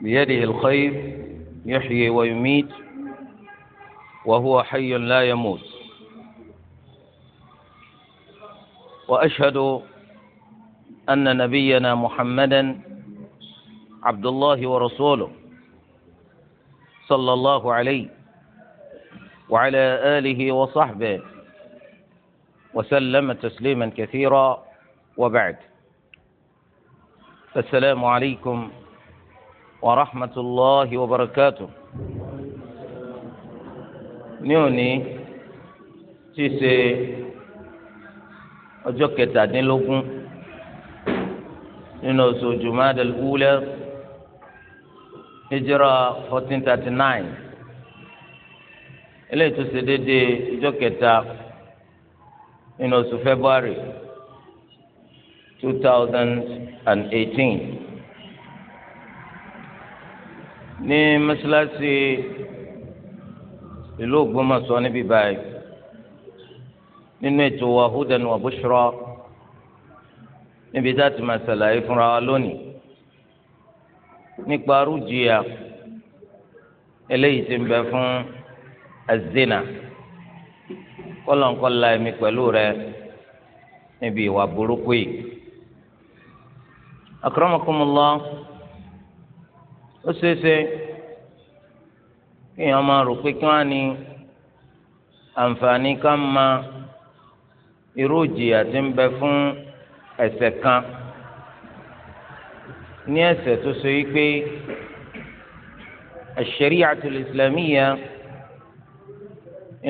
بيده الخير يحيي ويميت وهو حي لا يموت واشهد ان نبينا محمدا عبد الله ورسوله صلى الله عليه وعلى اله وصحبه وسلم تسليما كثيرا وبعد فالسلام عليكم ورحمة الله وبركاته ní òní tí í ṣe ọjọ́ kẹtàdínlógún nínú oṣù Jumada al-Ula hijira fourteen thirty nine eléyìí tó ṣe déédéé ọjọ́ kẹta nínú oṣù February two thousand and eighteen. ní mọ́ṣáláṣí ìlú Ògbómọ̀ṣọ́ níbí báyìí nínú ètò wa hudan wa níbi tá a ti wa lónìí nípa rújìyà eléyìí tí ń bẹ fún azina kọlọńkọlá ẹ̀mí pẹ̀lú rẹ níbi ìwà burúkú yìí ó ṣeéṣe kí èèyàn máa rò pé kí wọ́n á ní àǹfààní ká ma irú ìjìyà tí ń bẹ fún ẹ̀ṣẹ̀ kan ní ẹ̀ṣẹ̀ tó so yìí pé ash-shari'atu al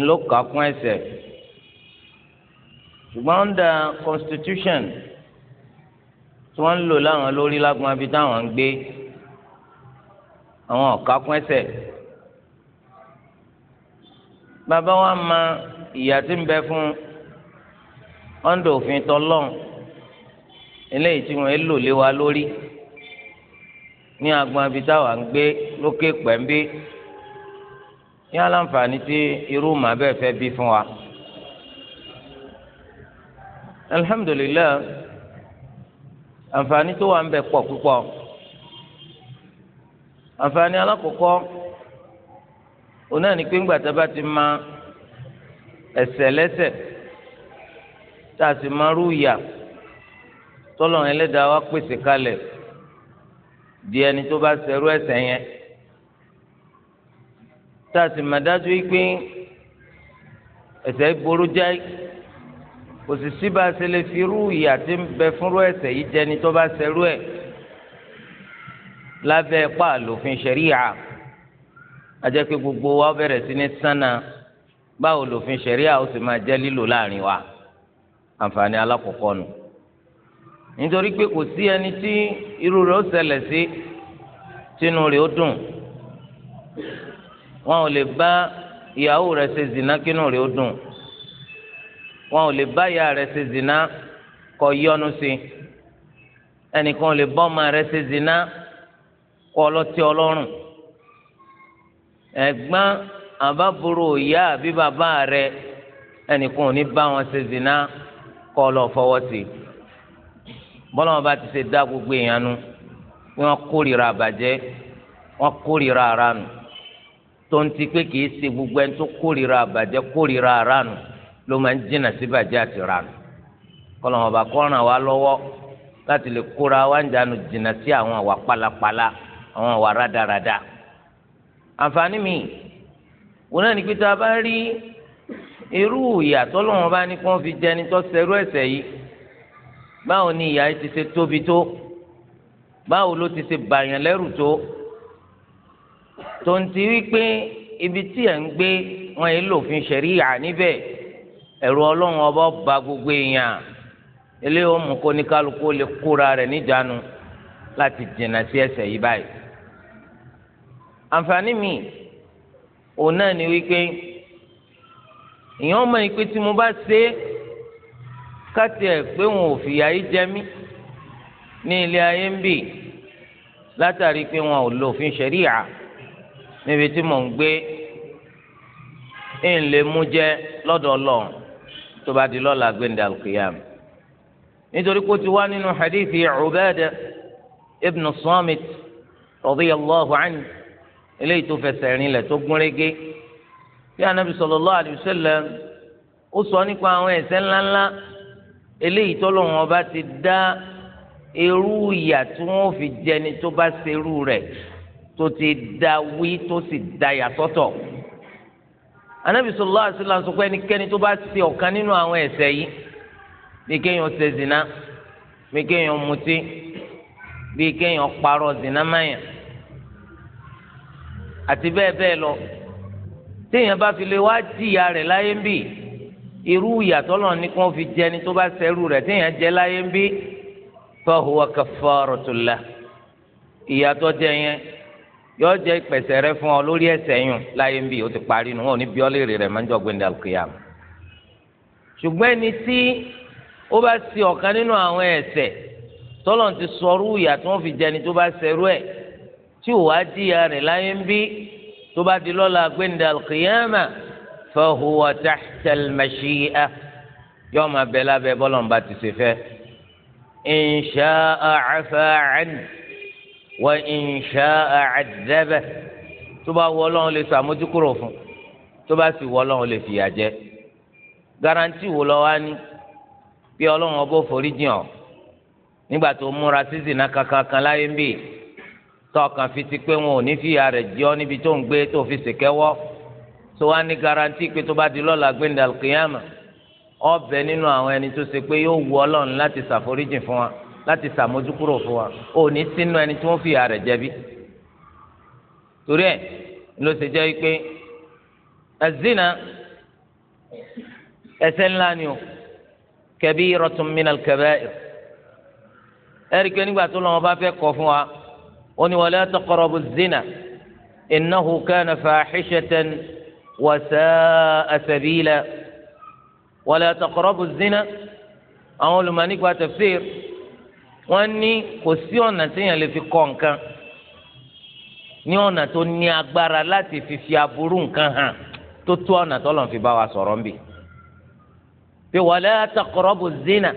ń ló kà kún ẹ̀ṣẹ̀ ṣùgbọ́n under constitution tí wọ́n ń lò láwọn lórí lágbọ́n abidá wọn gbé àwọn ọ̀ka kún ẹsẹ̀ bàbá wa ma ìyà tí ń bẹ fún ọ̀ǹdọ̀ òfin tọ́lọ́n eléyìí tí wọ́n lò lé wa lórí ní agbọn abidá wa ń gbé lókè pẹ́ńbé ní aláǹfààní tí irú màá bẹ́ẹ̀ fẹ́ bí fún wa. alhamdulilayi àǹfààní tó wà ń bẹ pọ̀ púpọ̀ àǹfààní alákọ̀ọ́kọ́ òun náà ní pé ńgbà tá a bá ti ma ẹ̀ṣẹ̀ lẹ́ṣẹ̀ tá a sì máa rú ìyà tọ́lọ̀ ẹlẹ́dàá wa pèsè kalẹ̀ di ẹni tó bá ṣerú ẹ̀ṣẹ̀ yẹn tá a sì máa dájú pé ẹ̀ṣẹ̀ ìgboro jáì kò sì síbà lè fi rú tí ń bẹ fúnrú ẹ̀ṣẹ̀ yìí jẹni tó bá ṣerú ẹ̀ lábẹ́ pààlòfin ṣẹ̀ríà ajẹ́ pé gbogbo wa bẹ̀rẹ̀ sí ní sánà báwo lòfin ṣẹ̀ríà ó sì máa jẹ́ lílò láàrin wa àǹfààní alákọ̀ọ́kọ́ nù nítorí pé kò sí ẹni tí irú rẹ̀ ó ṣẹlẹ̀ sí tínú rẹ̀ ó dùn wọn ò lè bá ìyàwó rẹ̀ ṣe zina kínú rẹ̀ ó dùn wọn ò lè bá ìyá rẹ̀ ṣe zina kó yọ́nú sí ẹnìkan ò lè bá ọmọ rẹ̀ ṣe zina kọ́ ọlọ́tí ọlọ́run ẹ̀gbọ́n àbábúrò ìyá àbí bàbá rẹ ẹnìkan ò ní bá wọn ṣe zina kọ́ ọ lọ fọwọ́ sí i bọ́lá wọn bá ti ṣe dá gbogbo èèyàn nu wọn kórìíra àbàjẹ́ wọn kórìíra ara nù tó ń ti pé kìí ṣe gbogbo ẹni tó kórìíra àbàjẹ́ kórìíra ara nù ló máa ń jìnnà sí bàjẹ́ àti ra nù kọ́lá wọn bá kọ́ ràn wá lọ́wọ́ láti lè kóra wá ń jìnnà sí àwọn àwa pálapàla. Pala àwọn àwa rádaràda àǹfààní mi wọn náà ní pé tá a bá rí irú ìyà tọ́lọ́wọ́n bá ní kí wọ́n fi jẹni tó ṣerú ẹ̀ṣẹ̀ yìí báwo ni ìyà yìí ti ṣe tóbi tó báwo ló ti ṣe bàyàn lẹ́rù tó tonti wípé ibi tí ẹ̀ ń gbé wọn yìí lòfin ṣẹ̀ríyà níbẹ̀ ẹ̀rù ọlọ́run ọba ba gbogbo èèyàn eléyìí ó mú kó ní kálukú lè kóra rẹ̀ níjànú láti jìnnà sí ẹ̀ṣẹ̀ yìí báyìí àǹfààní mi òun náà ni wípé èèyàn mọ̀ ìpè tí mo bá ṣe é káti ẹ̀ pé wọn ò fìyà yìí jẹ mí ní ilé ayé ń bì látàrí pé wọn ò lo òfin ṣẹ̀ríà níbi tí mò ń gbé ń lè mú jẹ lọ́dọ̀ Ọlọ́run tó bá di lọ́la gbẹ̀ndàlùkìyàm nítorí pé ó ti wá nínú hadithi Ubadah ibn samit radiyallahu anhu eléyìí tó fẹsẹ̀ rinlẹ̀ tó gún régé bí anabi sallallahu alayhi wa sallam ó sọ nípa àwọn ẹ̀ṣẹ̀ ńláńlá eléyìí tọ́lọ́run ọba ti dá irú ìyà tí wọ́n fi jẹni tó bá ṣerú rẹ̀ tó ti dá wí tó sì dá yà sọ́tọ̀ anabi sallallahu alayhi wa sallam sọ pé ẹnikẹ́ni tó bá ṣe ọ̀kan nínú àwọn ẹ̀ṣẹ̀ yìí bí kéèyàn ṣe zina bí kéèyàn mutí bíi kéèyàn parọ́ zinamaya àti bẹ́ẹ̀ bẹ́ẹ̀ lọ téèyàn bá fi lè wá jìyà rẹ̀ láyé ń bì irú ìyàtọ̀ lọ ní kó fi jẹni tó bá sẹ́rù rẹ̀ téèyàn jẹ láyé ń bì fahuwa kaffaratu lah ìyàtọ̀ jẹ yẹn yọ jẹ ìpèsè rẹ fún ọ lórí ẹ̀ṣẹ̀ yùn láyé ń bì ó ti parí nu wọn ò ní bí ọlẹ́rì máa ń jọ gbẹ̀ndà kìyàm ṣùgbọ́n ẹni tí ó bá sí ọ̀kan nínú àwọn ẹ̀ṣẹ̀ tọ́lọ̀ ti sọrú ìyà tí wọ́n fi jẹni tó bá ṣerú ẹ̀ tí ò wá jìyà rẹ̀ láyé ń bí tó bá di lọ́la gbẹ̀ndẹ̀ alqiyama fa huwa tahta al-mashi'a yọ máa bẹ lábẹ́ bọ́lọ̀ ń bá ti ṣe fẹ́. in sha'a afa anhu wa in tó bá wọ Ọlọ́run lè sàmójúkúrò fún tó bá sì wọ Ọlọ́run lè fìyà jẹ garanti wo lọ wá ní bí Ọlọ́run ọgbọ́ forí jìn nígbà tó múra sísì náà kankan kan láyé ń bì tọkàn fi ti pé wọn ò ní fìyà rẹ̀ jẹ ọ́ níbi tó ń gbé tó fi ṣèkẹ́wọ́ tó wá ní garanti pé tó bá di lọ́la gbẹ̀ndà kìyàmà ọbẹ̀ nínú àwọn ẹni tó ṣe pé yóò wu ọlọ́run láti ṣàforíjìn fún wa láti ṣàmójúkúrò fún wa ò ní sínú ẹni tí wọ́n fìyà rẹ̀ jẹbi torí ẹ̀ ló ṣe jẹ́ pé ẹ̀zínà ẹ̀ṣẹ̀ ńlá ni o kẹbí rọtùnmínà kẹbẹ́ ẹ̀rí pé nígbà tó lọ́wọ́ bá fẹ́ kọ́ fún wa ó ní wala taqrabu zina innahu kana fahishatan wa sa'a sabila wala taqrabu zina àwọn olùmọ̀ nípa tafsir wọ́n ní kò sí ọ̀nà téèyàn lè fi kọ́ nǹkan ní ọ̀nà tó ní agbára láti fi fi aburú nǹkan hàn tó tó ọ̀nà tó lọ́n fi bá wa sọ̀rọ̀ ń bì pé wala taqrabu zina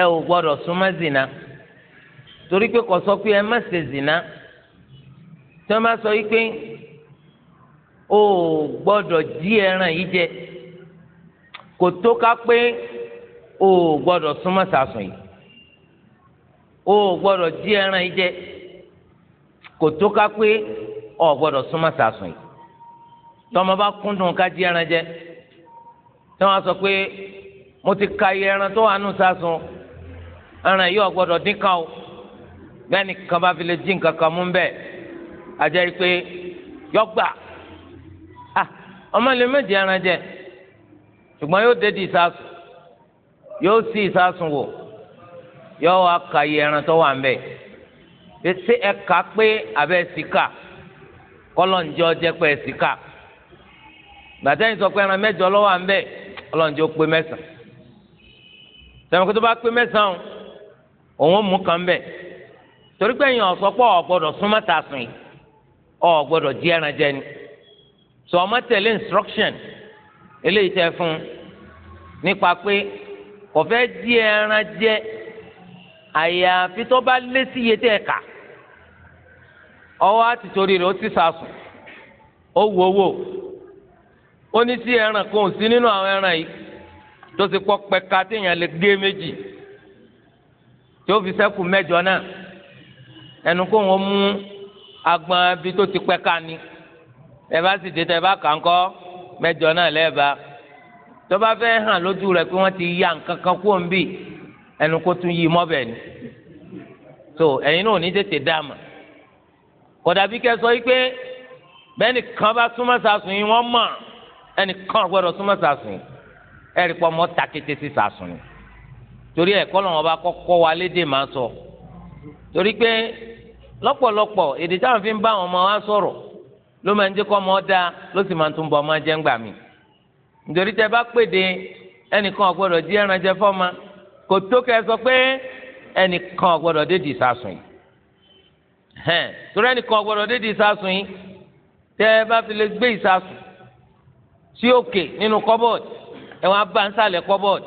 ẹ ò gbọ́dọ̀ súnmọ́ zina torí pé kò sọ pé ẹ má ṣe zina tí wọn bá sọ yìí pé o gbọ́dọ̀ jí ẹran yìí jẹ kò tó ká pé o gbọ́dọ̀ súnmọ́ sàsùn yìí o gbọ́dọ̀ jí ẹran yìí jẹ kò tó ká pé o gbọ́dọ̀ súnmọ́ sàsùn yìí tọmọ bá kúndùn ká jí ẹran jẹ tí wọn sọ pé mo ti ka iye ẹran tó wà nù sàsùn ẹran yìí o gbọ́dọ̀ dín kan o bẹ́ẹ̀ ni kan bá fi lè jí nǹkan kan mú bẹ́ẹ̀ àjẹ́ pé yọgbà ọmọ ilé méje ẹran jẹ ṣùgbọ́n yóò dé di ìsásùn yóò sí ìsásùn wò yóò wá ka iye ẹran tó wà ń bẹ̀ ṣé ẹ kà pé abẹ́ síkà kọ́lọ́njọ́ jẹ́ pé ẹ gbàtẹ́yìn sọ pé ẹran mẹ́jọ ló wà ń bẹ̀ pé mẹ́sàn-án tẹ̀wọ́n kó tó bá pé mẹ́sàn-án òun ó mú kan bẹ́ẹ̀. torí pé èèyàn sọ pé ọ̀gbọ́dọ̀ súnmọ́ ta sùn ọ̀gbọ́dọ̀ jí ẹran jẹ ni sọ ọmọ instruction eléyìí tẹ fún nípa pé kò fẹ́ jí ẹran jẹ àyàfi tó bá lé sí iye tẹ̀ kà ọwọ́ àti torí rẹ̀ ó ti sàsùn ó wò wò ó ní sí ẹran kò sí nínú àwọn ẹran yìí tó ti pọ̀ pẹ̀ka téèyàn lè gé méjì fi náà. ẹnu kó wọn mú agbọn bí tó ti pẹ́ ká ni ẹ bá sì dé tẹ ẹ bá kà ń kọ́ mẹ́jọ náà lẹ́ẹ̀bá tó bá fẹ́ hàn lójú rẹ̀ pé wọ́n ti ya nǹkan kó ń bì ẹnu kó tún yí mọ́bẹ̀ ni so ẹ̀yin náà ò ní tètè dáàmà kódà bí kẹ́ sọ yìí pé bẹ́ẹ̀ni kan bá súnmọ́ sàásùn yìí wọ́n mọ̀ ẹnì kan gbọ́dọ̀ súnmọ́ sàásùn yìí ẹ̀rì pọ̀ mọ́ ta kété sí sàásùn yìí torí ẹ̀kọ́ lọ́wọ́ bá kọ́kọ́ wa lédè máa sọ. So torí pé lọ́pọ̀lọpọ̀ èdè táwọn fi ń bá ọmọ wa sọ̀rọ̀ ló máa ń jẹ́ kọ́ ọmọ da ló sì máa ń tún bọ ọmọ jẹ́ ń gbà mí nítorí tẹ bá pèdè ẹnìkan ọ̀gbọ́dọ̀ jí ẹran jẹ fọ́ọ̀mà kò tó kẹ́ ẹ sọ pé ẹnìkan ọ̀gbọ́dọ̀ dédì ìsásùn yìí torí ẹnìkan ọ̀gbọ́dọ̀ dédì ìsásùn yìí tẹ bá fi lè gbé ìsásùn sí òkè nínú kọ́bọ̀d ń sàlẹ̀ kọ́bọ̀d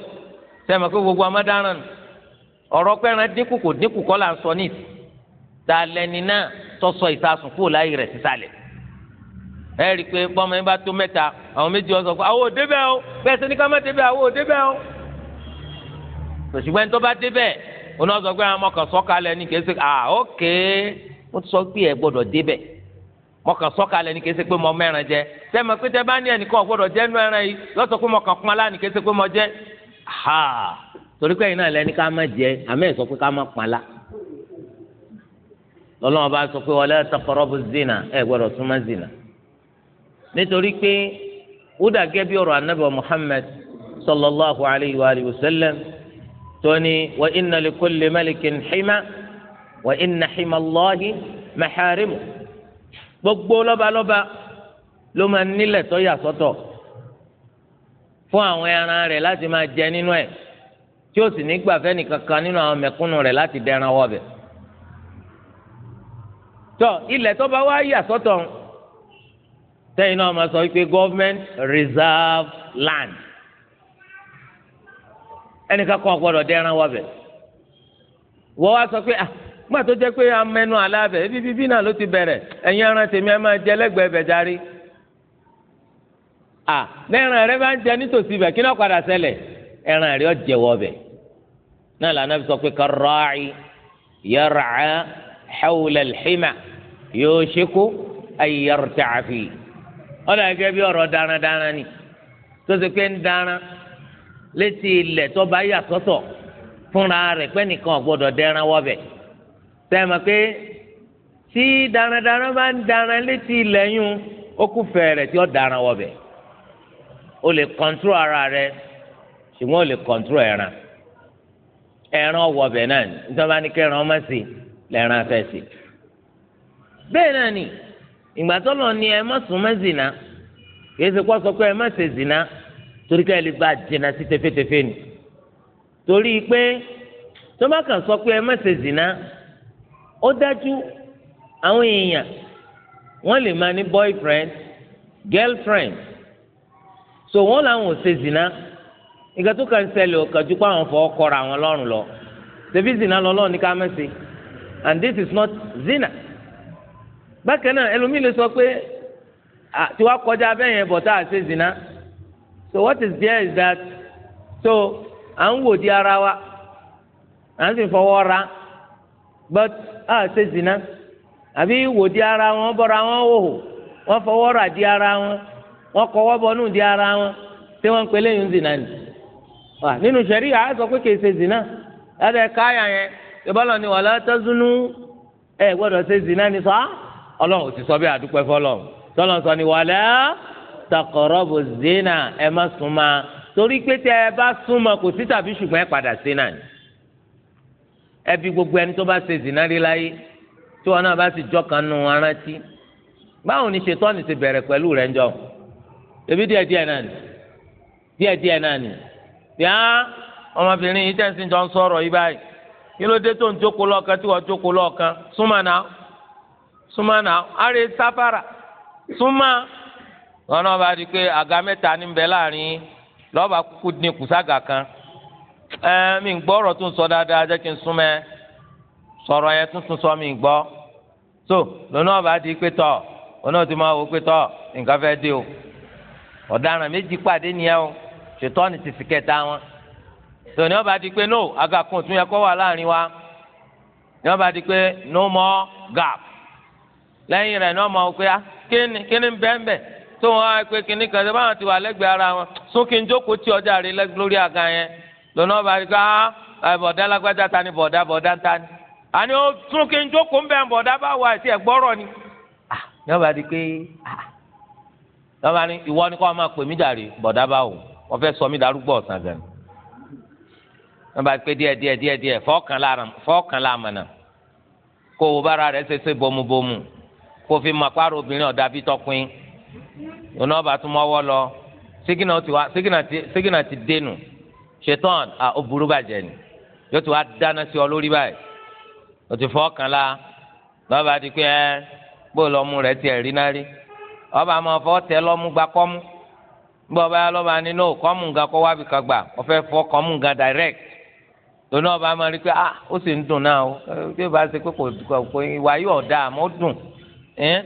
tẹ mọ̀ pé gbogbo nù ọ̀rọ̀ pẹ́ran dínkù kò dínkù kọ́ là ń sọ níìsì ta lẹni náà tọ́sọ ìsasùn kúrò láyé rẹ̀ sísàlẹ̀ ẹ rí i pé bọ́mọ yín bá tó mẹ́ta àwọn méjì wọn sọ pé àwọn ò débẹ̀ o bẹ́ẹ̀ sẹ́ni ká má débẹ̀ àwọn ò débẹ̀ o tòṣìgbẹ́ni tó bá débẹ̀ oní wọn sọ pé àwọn mọ̀kàn sọ́kalẹ̀ ni kìí ṣe ah ok mo sọ pé ẹ gbọ́dọ̀ débẹ̀ mọ̀kàn sọ́kalẹ̀ ni kìí ṣe pé mo mẹ́ran jẹ sẹ́mi pété bá ní ẹnìkan gbọ́dọ̀ jẹ́ nú ẹran yìí lọ́sọ̀ pé mọ̀kàn kún alá ni kìí ṣe pé mo jẹ́ ha torí pé ẹ̀yin náà lẹni ká má jẹ àmọ́ ẹ sọ pé ká má pàlà lọ́lọ́wọ́ bá sọ pé wala taqrabu zina ẹ gbọ́dọ̀ súnmọ́ zina nítorí pé ó dàgẹ́ bí ọ̀rọ̀ anábì Muhammad sallallahu alayhi wa sallam tóní wa inna li kulli malikin hima wa inna hima Allahi maharimu gbogbo lọ́balọ́ba ló máa nílẹ̀ tó yà sọ́tọ̀ fún àwọn ẹran rẹ̀ láti máa jẹ nínú ẹ̀ tí ó sì ní gbà fẹ́ nìkankan nínú àwọn mẹ̀kúnnù rẹ̀ láti dẹran wọbẹ̀. tọ́ ilẹ̀ tó bá wá yà sọ́tọ̀ tẹ́yìn náà máa sọ wípé government reserve land ẹnìkan kan gbọ́dọ̀ dẹran wọbẹ̀. wọ́n wá sọ pé ah gbà tó jẹ́ pé a mẹ́nu aláàbẹ̀ ebi bíbí náà ló ti bẹ̀rẹ̀ ẹ̀yin ẹran tèmi ẹ máa jẹ lẹ́gbẹ̀ẹ́ bẹ̀ darí. ah lẹ́ran rẹ bá ń jẹ nítòsí bẹ̀ kí náà padà ṣẹlẹ̀ ẹran rẹ ọ̀ jẹ̀wọ́ bẹ̀ náà lànà sọ pé karaaci yarca xawla lxima yóò ṣekú ayartacafi ọ̀nà gẹ́gẹ́ bí ọ̀rọ̀ dáradára ni tó ṣe pé ń dára létí ilẹ̀ tó bá yà sọ́tọ̀ fúnra rẹ̀ pé nìkan ọ̀gbọ́dọ̀ dẹran wọ́bẹ̀ sẹ́mi pé tí dáradára bá ń dára létí ilẹ̀ yún ó kú fẹ̀rẹ̀ tí ó dára wọ́bẹ̀ o lè kọ́ńtúrò ara rẹ ṣùgbọ́n o lè kọ́ńtúrò ẹran. ẹran ọwọ bẹ náà ni nítorí wọn ní kẹran ọmọ sí lẹran afẹ sí bẹ́ẹ̀ náà ni ìgbà tó lọ ní ẹ má sùn má kìí ṣe kó sọ pé ẹ má ṣe zìnà torí ká ẹ lè gba jìnà sí tẹfẹtẹfẹ ni torí pé tó bá kàn sọ pé ẹ má ṣe zìnà ó dájú àwọn èèyàn wọn lè máa ní boyfriend girlfriend so wọn làwọn ò ṣe ìgbà tó kàn ṣẹlẹ̀ òkàjú pé àwọn fọ́ kọ́ra àwọn lọ́rùn lọ ṣèbí zina lọ lọ́ọ̀ ní ká mẹ́sì and this is not zina bákan náà ẹlòmíì lè sọ pé tí wàá kọjá abẹ́ yẹn bọ̀ tá a ṣe zina so what is there is that so à ń wò di ara wa à ń sì fọwọ́ ra but a ṣe zina àbí wò di ara wọn bọ́ra wọn wò wọ́n fọwọ́ ra di ara wọn wọ́n kọ́wọ́ bọ́nú di ara wọn tí wọ́n ń pe lẹ́yìn zina nìyí. wa nínú sẹ̀rí àá sọ pé kèsè zina ẹ̀dá ẹ̀ka yẹn ìbọ́lọ̀ ni wàlá tazunu ẹ̀ gbọ́dọ̀ ṣe zina ni sọ́ ọlọ́run ti sọ bí àdúpẹ́ fọlọ́run tọ́lọ̀ sọ ni wàlá taqrabu zina ẹ má súnmọ́ torí pé tẹ ẹ bá súnmọ́ kò sí tàbí ṣùgbọ́n ẹ padà sí náà ni ẹ gbogbo ẹni tó bá ṣe zina rí láyé tí wọn náà bá sì jọ kan nù arántí báwo ni ṣètọ́ni ti bẹ̀rẹ̀ pẹ̀lú rẹ̀ ń jọ ebi díẹ̀ díẹ̀ náà ni díẹ̀ díẹ̀ náà ni bíá ọmọbìnrin yìí tẹ̀sí jọ ń sọ̀rọ̀ yìí báyìí kí ló dé tó ń jókòó lọ́ọ̀kan tí wọ́n jókòó lọ́ọ̀kan súnmọ́nà náà àrè sáfàrà súnmọ́ wọn náà bá di pé àga mẹ́ta ní kan ẹ mi gbọ́ ọ̀rọ̀ tó ń sọ dáadáa jẹ́ kí n súnmọ́ ẹ sọ̀rọ̀ yẹn sọ mi gbọ́ lọ́nà bá di pé tọ̀ máa pé ṣètọ́ni ti kẹta wọn tòní di pé no agakun tún yẹ wà láàrin wa ní ọba di no more gap lẹ́yìn rẹ̀ ní ya ah, kíni kíni bẹ́ẹ̀nbẹ́ tó wọn á pé kíní kan tó báwọn ti wà lẹ́gbẹ̀ẹ́ ara wọn sún kí jókòó tí ọjà lórí àga yẹn di pé ah bọ̀dá lágbájá ta ni bọ̀dá bọ̀dá ta ni àní jókòó wọ́n fẹ́ sọ mí darúgbó ọ̀sán gan wọ́n bá pé díẹ̀ díẹ̀ díẹ̀ díẹ̀ fọ́ọ̀kan láàmànà kó o bára rẹ̀ ṣeṣe bomubomu kó o fi mọ pàrọ̀ obìnrin ọ̀dà bí tọkùn ìnáwó ọba tún mọ́wọ́ lọ sígínà ti dénú ṣetán à ó burú bàjẹ́ ni yóò ti wá dáná sí ọ lórí báyìí o ti fọ́ọ̀kan la bàbá di pé ẹ bó lọ́mú rẹ̀ tiẹ̀ rí náà rí ọba àmọ́ fọ́ tẹ lọ́mú gbakọ́mú gbọ́ ọba yà lọ́ba ni no kọ́mù nǹkan kọ́ wá fi kan ọ̀fẹ́ fọ́ kọ́mù nǹkan direct lónà ọba máa rí pé ah ó sì ń dùn náà o bí ó bá ṣe pé kò kò ìwà yóò dá àmọ́ ó dùn ẹ́n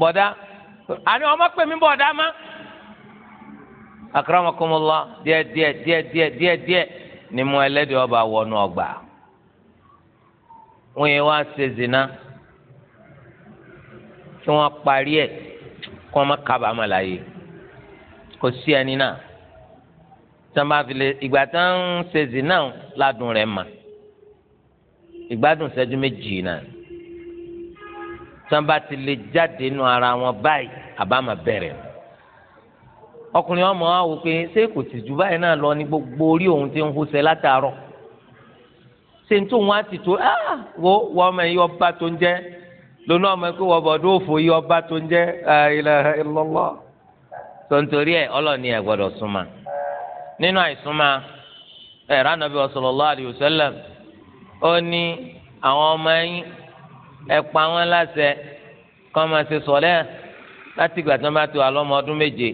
bọ̀dá àní ọmọ pè mí bọ̀dá má. akramakumullah díẹ̀ díẹ̀ díẹ̀ díẹ̀ díẹ̀ díẹ̀ ni mo ẹlẹ́dìí ọba wọnú ọgbà wọ́n yẹn wá ṣe zina tí wọ́n parí ẹ̀ kí wọ́n má kábàámà láyé kò sí ẹni náà tọ́mọ́fìlẹ̀ ìgbà tó ń ṣe zina ládùn rẹ̀ mà ìgbádùn ṣẹ́jú méjì náà tọ́mọ́ bá ti lè jáde nu ara wọn báyìí àbámọ̀ bẹ̀rẹ̀ ọkùnrin ọmọ wa wò pé ṣé kò sì jù báyìí náà lọ ní gbogbo orí òun ti ń húṣẹ látàárọ̀ ṣé n tó wọn ti tó ah, wo wọ́n ọmọ yìí ọba tó ń jẹ́ lónà ọmọ yìí pé wọ́n bọ̀ ọdún òfò yìí ọba tó ń jẹ́ ilẹ̀ ìlọ́lọ́ tontori ẹ ọlọ́ọ̀ni ẹ gbọ́dọ̀ súnmọ́ nínú àìsúnmọ́ ẹ ránàbí sallallahu alayhi wa sallam ó ní àwọn ọmọ yín ẹ pa wọ́n láṣẹ kọ́ máa ṣe sọ̀lẹ́ láti ìgbà tí wọ́n bá ti wà lọ́mọ ọdún méje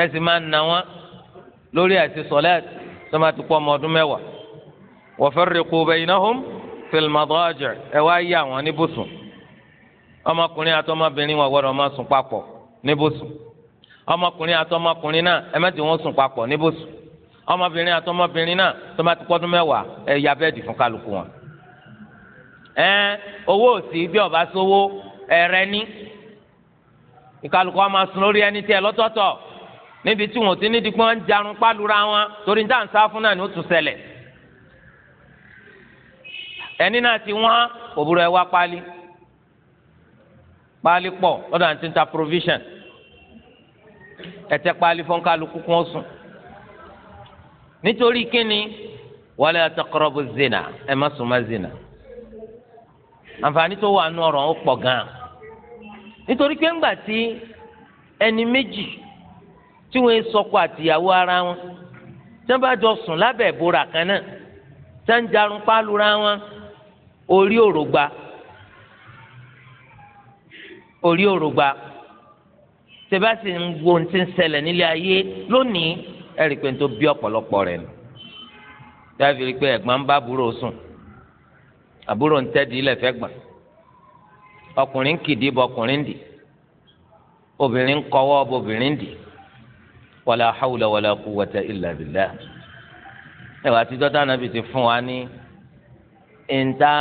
ẹ sì máa nà wọ́n lórí àìṣe sọ̀lẹ́ tí bá ti pọ̀ ọmọ ọdún mẹ́wàá wa farriqu baynahum fil madaji' ẹ wá yí àwọn níbùsùn ọmọkùnrin àti ọmọbìnrin wọn gbọ́dọ̀ máa sùn papọ̀ níbùsùn ọmọkùnrin àti ọmọkùnrin náà ẹ má ti wọn sùn papọ̀ níbùsùn ọmọbìnrin àti ọmọbìnrin náà tó bá ti pọ́dún mẹ́wàá ẹ ya bẹ́ẹ̀dì fún kálukú wọn. ẹ owó òsì bí ọba sówó ẹrẹ ní ìkálukú wọn máa sùn lórí ẹni tí ẹ lọ́tọ̀ọ̀tọ̀ níbi tí wọn ti ní dìgbọ́n ń jarun pálura wọn torí ní dáǹsá fún náà ni ó tún ṣẹlẹ̀ ẹni náà ti wọ́n òbúrò ẹ wá pálí páálí pọ̀ lọ́dọ̀ àti níta provision ẹ̀tẹ́ páálí fún kálukú kún sùn nítorí kíni wala taqrabu zina ẹ má sùn má zina àǹfààní tó wà nù ọ̀rọ̀ ó pọ̀ gan-an nítorí pé ńgbà tí ẹni méjì tí wọ́n sọkọ àtìyàwó ara wọn tí wọ́n bá jọ sùn lábẹ́ ìbora kan náà tí wọn orí òrògba orí òrùgba tẹ́básì ń wo ohun tí ń ṣẹlẹ̀ nílé ayé lónìí ẹ̀rí pé ń tó bí ọ̀pọ̀lọpọ̀ rẹ̀ nù dábì rí pé ẹ̀gbọ́n ń bá àbúrò sùn àbúrò ń tẹ́dí ilẹ̀ fẹ́ gbà ọkùnrin ń kìdí bọ ọkùnrin dì obìnrin ń kọ́wọ́ bọ obìnrin dì wàlá hawla wàlá quwwata illa billah ẹ̀wà àtijọ́ táwọn nàbì ti fún wa ní ìta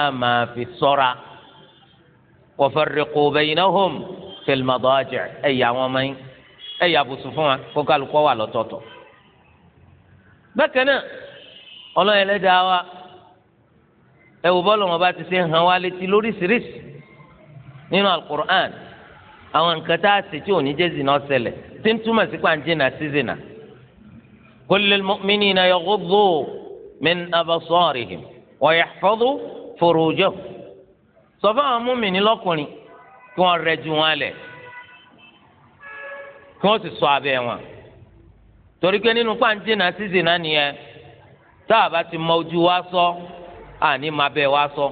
fi sọ́ra wa farriqu baynahum fil madaji' ẹ̀yà wọn mọ́ yín ẹ̀yà bùsùn fún wa kó kálukọ́ wà lọ́tọ̀ọ̀tọ̀. bákan náà ọlọ́run ẹlẹ́dàá wa ẹ̀wù bọ́ọ̀lù wọn bá ti ṣe hàn wá létí lóríṣiríṣi nínú alukur'an àwọn nǹkan tá a sì tí òní jẹ́ zina ọ̀sẹ̀lẹ̀ tí ń túmọ̀ sí pàǹjìnà sí zina. kullil mu'minina yaghuddu min abasarihim wa yahfadhu furujahum sọ fáwọn múmìnì lọ́kùnrin kí wọ́n rẹ ju wọn lẹ̀ kí wọ́n sì ṣọ́ abẹ́ wọn torí pé nínú pàǹtí náà sísè náà nìyẹn tá a bá ti mọ ojú wa ṣọ́ àní máa bẹ wa ṣọ́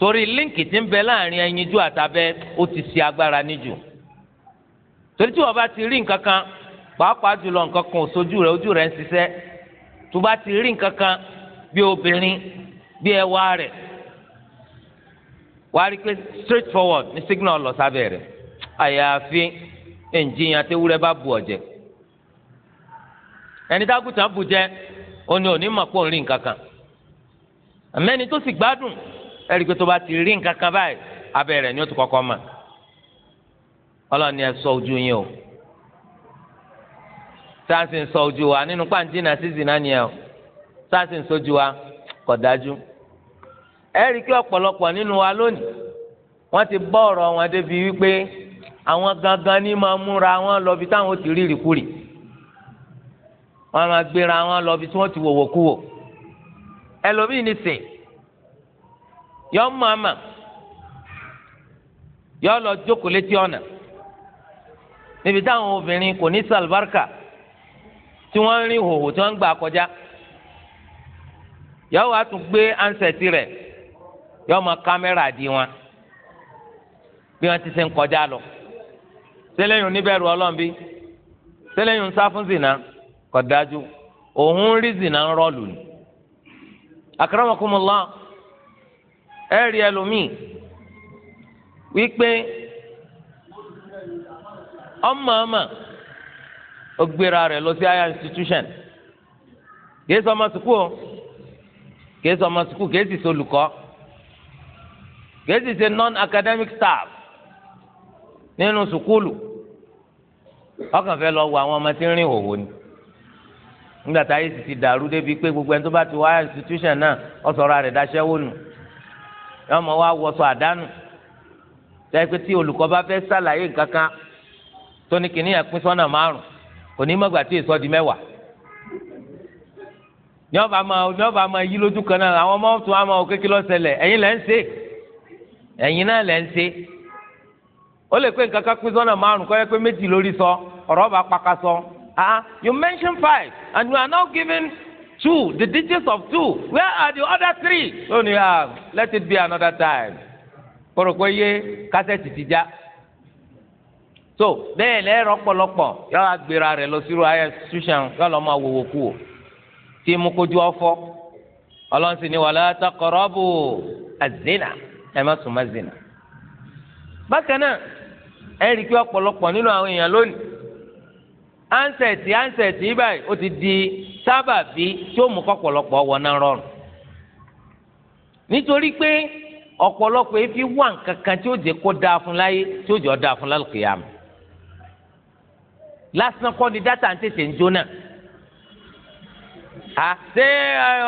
torí líǹkì tí ń bẹ láàrin ẹyinjú àtàbẹ́ ó ti ṣe agbára níjù torí tí wọ́n bá ti rí nǹkan kan pàápàá jùlọ nǹkan kan ò sojú ojú rẹ̀ ń ṣiṣẹ́ tó bá ti rí nǹkan kan bí obìnrin bí ẹwà rẹ̀ wàá rí pé straight forward ní signal lọ sábẹ́ rẹ̀ àyàfi ẹnjìyàn àtẹwúrẹ́ bá bu ọ̀jẹ̀ ẹni dágùtà bù jẹ́ oní onímọ̀ kó ń rí nǹkan kan àmẹ́ni tó sì gbádùn ẹ̀rí pé tó bá ti rí nǹkan kan báyìí abẹ́ rẹ̀ ni ó ti kọ́kọ́ mọ̀ ọlọ́ni ẹ ṣọ́ ojú yín o sáà sì ń ṣọ́ ojú wa nínú pàǹtí náà sí zìnnà nìyẹn o sáà ń ṣọ́ ojú wa kò dájú ẹ rí i kí ọ̀pọ̀lọpọ̀ nínú wa lónìí wọ́n ti bọ́ ọ̀rọ̀ wọn débi wípé àwọn gangan ní máa múra wọn lọ bí táwọn ti rí ìrìkúrì wọ́n máa gbéra wọn lọ bí tí wọ́n ti wòwò kúwò ẹlòmíì ní sè yọ màmá yọ lọ jókòó létí ọ̀nà níbi táwọn obìnrin kò ní sàlùbáríkà tí wọ́n ń rí hòhò tí wọ́n ń gbà kọjá yọ wàá tún gbé ansẹ̀tì rẹ̀ yọ ọmọ kámẹ́rà di wọn bí wọn ti ṣe ń kọjá lọ sẹlẹyìn oníbẹ̀rù ọlọmọbi sẹlẹyìn sá fún òun rí zina ń rọlù ni akramakumullah ẹ rí ẹlòmíì wípé ọmọ ọmọ lọ sí higher institution kìí sọ ọmọ sukùl kìí sọ ọmọ kìí sì sọ So gẹ̀ẹ́sì ṣe non-academic staff nínú sùkúlù ọkàn fẹ́ lọ wọ àwọn ọmọ tí ń rìn òwò ni nígbà tá ayé sì ti dàrú débi pé gbogbo ẹni tó bá ti wá institution náà ọ̀sọ̀rọ̀ rẹ̀ daṣẹ́ wò nù yọ ọmọ wa wọṣọ àdánù tẹ́ pé tí olùkọ́ bá fẹ́ ṣàlàyé nǹkan kan tó ní kìnìyàn pín sọ́nà márùn kò ní mọ̀gbà tí èso di mẹ́wàá ní ọba máa ní ọba máa yí lójú kan náà àwọn ọmọ tó wá máa kékeré ọ̀sẹ̀lẹ̀ ẹ̀yin lẹ́ ń ṣe ẹ̀yin náà lẹ́ ń ṣe ó lè pé nǹkan kan pín sọ́nà márùn-ún yẹ pé méjì lórí sọ ọ̀rọ̀ bá paka sọ ah you mentioned five and you are now giving two the digits of two where are the other three lónìí ah let it be another time kóró yé kásẹ̀tì ti já so bẹ́ẹ̀ lẹ́rọ pọ̀lọpọ̀ yọ agbèrè rẹ̀ lọ sírò ayé ṣùṣàn yọ lọ́ máa wòwò kú o tí mú kojú ọ̀fọ̀ ọlọ́sìn ni wàlá taqrabu az-zina ẹ má sùn má zina bákan náà ẹ rí i pé ọ̀pọ̀lọpọ̀ nínú àwọn èèyàn lónìí ansẹ̀tì ansẹ̀tì báyìí ó ti di sábàbí tí ó mú kọ́pọ̀lọpọ̀ wọná rọrùn nítorí pé ọ̀pọ̀lọpọ̀ efi wà nǹkankan tí ó jẹ́ kó dáa fún láyé tí ó jẹ́ ọ́ dáa fún lálùkìyàmù lásán kọ́ ni dátà ń tètè ń jóná à ṣé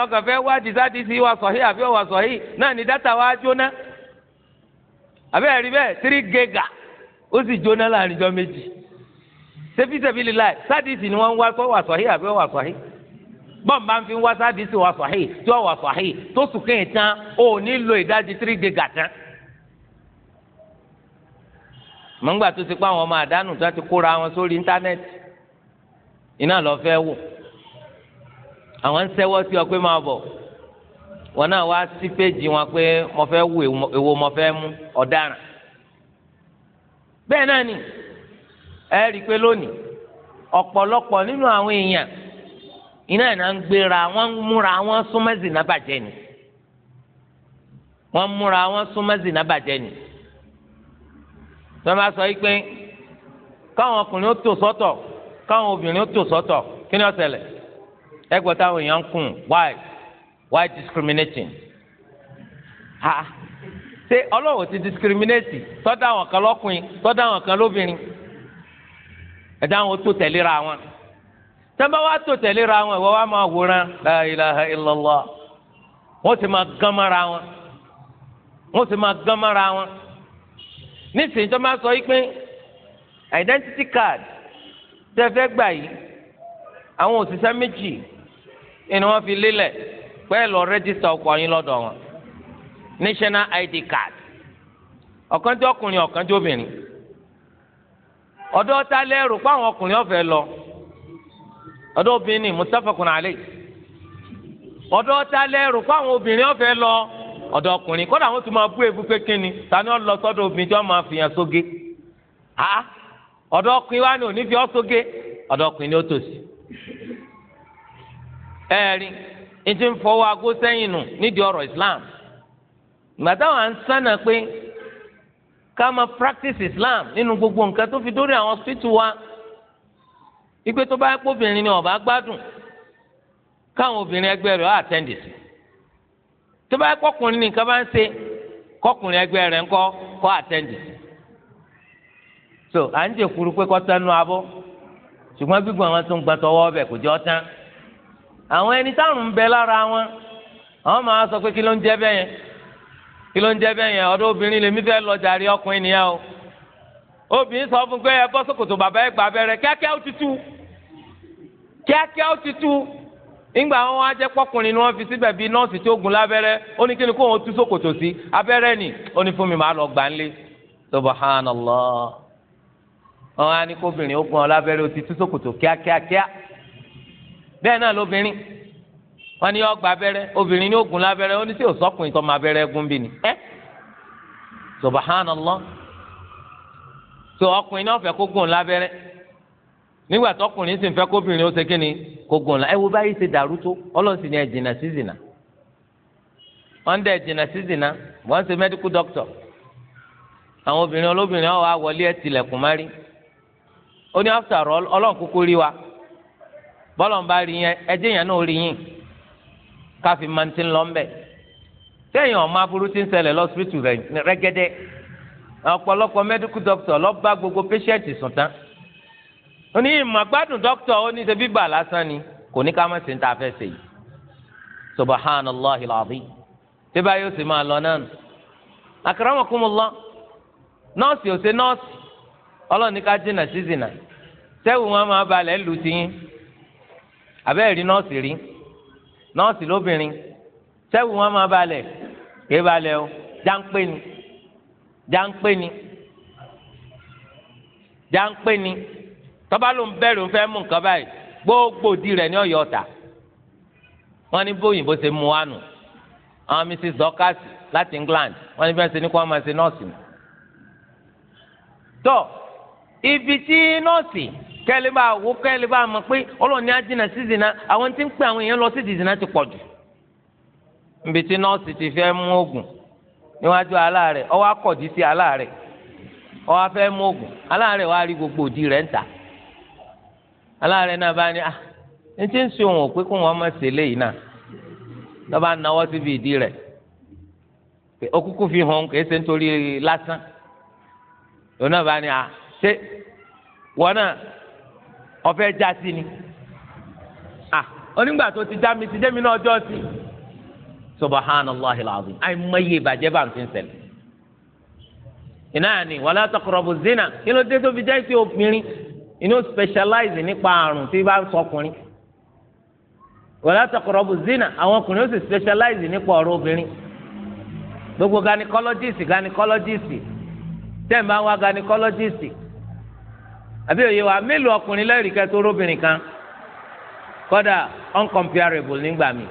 ọkàn fẹ́ wá dìsá dìsí wa sọ̀hí àbí ọ̀wà sọ̀hí náà ni dátà wa jóná. àbẹ́ rí bẹ́ẹ̀ tiri gẹ́gà ó sì jóná láàrin ìjọ méjì sẹ́físẹ́fílì láì sádìsì ni wọn ń wá pé wà sọ̀hí àbí wà bá ń fi wá sádìsì wà sọ̀hí tí wọ́n wà sọ̀hí tó sùn kéèyàn tán ó ní lo ìdajì tírí tán. tó ti pa àwọn ọmọ àdánù tó ti kóra wọn sórí íńtánẹ́ẹ̀tì iná lọ fẹ́ wò àwọn ń sẹ́wọ́ sí wọn náà wá sí péjì wọn pé mo fẹ́ wo èwo mo fẹ́ mú ọ̀daràn bẹ́ẹ̀ náà ni ẹ rí i pé lónìí ọ̀pọ̀lọpọ̀ nínú àwọn èèyàn iná ìná ń gbéra wọ́n ń múra wọ́n súnmẹ́sì náà bàjẹ́ ni wọ́n ń múra wọ́n súnmẹ́sì náà bàjẹ́ ni tó sọ yìí káwọn ọkùnrin ó tò sọ́tọ̀ káwọn obìnrin ó tò sọ́tọ̀ kí ni ó ṣẹlẹ̀ ẹ gbọ́ táwọn èèyàn ń kùn wáyé why discriminating ha ṣé ọlọ́wọ́ ti discriminate tọ́da àwọn kan lọ́kùnrin tọ́da àwọn kan lóbìnrin ẹ̀dá àwọn tó tẹ̀léra wọn tẹ́nbà wá tó tẹ̀léra wọn ìwọ wa máa wòran la ilaha illallah wọ́n sì máa gán mọ́ra wọn wọ́n sì máa gán mọ́ra wọn nísìnyí tó máa sọ yìí pé identity card tẹ́ fẹ́ gbà yìí àwọn òṣìṣẹ́ méjì ni wọ́n fi lélẹ̀ pẹ́ lọ rẹ́jísítà ọkọ̀ yín lọ́dọ̀ wọn national id card ọ̀kan tí ọkùnrin ọ̀kan tí obìnrin ọ̀dọ́ ta lẹ́rù pé ọkùnrin ọ̀fẹ́ lọ ọ̀dọ́ obìnrin ni mustafakun ali ta lẹ́rù pé obìnrin lọ ọkùnrin àwọn tó máa bú ebú pé kínni ha ọkùnrin wa ni fi ọ́ sóge eji ìfọwọ́ agó sẹ́yìn nù nídìí ọ̀rọ̀ islam gbàdáwà ń sànà pé ká máa practice islam nínú gbogbo nǹkan tó fi dórí àwọn wa ìgbé tó bá kóbìnrin ni ọba gbádùn káwọn obìnrin egbe rẹ̀ á àtẹ́ǹdì sí tó bá kọkùnrin nìkan bá ń ṣe kọkùnrin ẹgbẹ́ rẹ̀ ńkọ́ kọ àtẹ́ǹdì sí so à ń jẹ kuru pé kọ́ tẹnu abọ́ ṣùgbọ́n gbígbọ́n àwọn tó ń gbàtọ́wọ́ àwọn ẹni táwọn ń bẹ lára wọn àwọn máa sọ pé kí ló ń jẹ bẹyẹn yẹn kí ló ń jẹ bẹ́ẹ̀ obìnrin lèmi fẹ́ lọ jàre ọkùnrin nìyẹn o obìnrin sọ fún pé ẹ bọ́ sókòtò bàbá ẹ gbà abẹ́rẹ́ kíákíá ó ti tú kíákíá ó ti tú nígbà wọn wá ni fi síbẹ̀ bíi nọ́ọ̀sì tó gun kó wọn tú sókòtò sí abẹ́rẹ́ ni ó ní fún mi lọ gbà ń lé wọn bẹ́ẹ̀ náà lóbìnrin wọn ni ọgbà abẹ́rẹ́ obìnrin ní ogun lábẹ́rẹ́ ó ní sí òsọkùnrin tó máa abẹ́rẹ́ gún bí ni ẹ́ lọ. so ọkùnrin náà fẹ́ kó gùn lábẹ́rẹ́ nígbà tọkùnrin sì ń fẹ́ obìnrin ó ṣe ni kó gùn lá ẹ wo báyìí ṣe dàrú tó ọlọ́run sì ni ẹ sí zìnnà wọ́n dẹ̀ wọ́n ṣe medical doctor àwọn obìnrin olóbìnrin ọ̀ wá wọlé ẹ̀ tilẹ̀kùn ó ní ọlọ́run wa bọ́lọ̀ ń bá rí yẹn ẹjẹ́ yẹn náà rí yín káfí máa ń ti lọ ń bẹ̀ sẹ́yìn ọ̀ma burú ti ń ṣẹlẹ̀ lọ́sibítù rẹ̀ rẹ́gẹ́dẹ́ ọ̀pọ̀lọpọ̀ mẹ́díkù dọ́kítọ̀ lọ bá gbogbo péṣẹ́ǹtì sùn tán ó ní ìmọ̀ gbádùn dọ́kítọ̀ ó ní ṣebí bà lásán ni kò ní ká má ṣe ń ta afẹ́ sèyí subhanallahi alazim tí báyìí ó sì máa lọ náà akramakumullah nọ́ọ̀sì ò nọ́ọ̀sì ọlọ́ọ̀ni ká jìnnà sí jìnnà sẹ́wù wọn máa balẹ̀ lù tiyín abẹ́ẹ̀ rí nọ́ọ̀sì rí nọ́ọ̀sì lóbìnrin sẹ́wù wọn máa balẹ̀ kéé balẹ̀ o jáńpé ni jáńpé ni jáńpé ni tọ́ba ló ń bẹ̀rù ń fẹ́ mú nǹkan báyìí gbogbo di rẹ̀ ní ọ̀yọ́ ọ̀tà wọ́n ní bóyìnbó ṣe mú wa nù àwọn mrs dorcas láti England wọ́n ní bẹ́ẹ̀ ṣe ní kó wọ́n máa ṣe nọ́ọ̀sì nù. tọ́ ibi tí nọ́ọ̀sì. kẹ́lẹ́ bá wo kẹ́lẹ́ bá mọ̀ pé ọlọ́run ní ajínà sí zina àwọn tí ń pè àwọn èèyàn lọ sí ti pọ̀ jù. níbi tí nọ́ọ̀sì ti fẹ́ mú oògùn níwájú aláàrẹ̀ ọwọ́ akọ̀dí sí aláàrẹ̀ ọwọ́ afẹ́ gbogbo òdì rẹ̀ ń ta. aláàrẹ̀ náà bá ní ah, ń òun pé kó wọn fi hàn ṣe nítorí lásán bá ní ah, wọn náà ọ̀fẹ́ já sí ni à ah, onígbà tó ti já mi ti jẹ́mi náà jọ́ sí subahánàláhi làwọn àìmọye ìbàjẹ́ bá ń fi ń ṣẹlẹ̀ ìnáyà ni wàlá taqrabu zina kí ló dé tó fi jẹ́ pé obìnrin inú specialize nípa àrùn tí bá ń sọkùnrin wàlá taqrabu zina àwọn ọkùnrin ó sì specialize nípa ọ̀rọ̀ obìnrin gbogbo gynecologist gynecologist tẹ̀ ń bá wá gynecologist àbí òye wa mélòó ọkùnrin lẹ́rìí kẹ́ tó róbìnrin kan kọ́dà uncomparable nígbà mi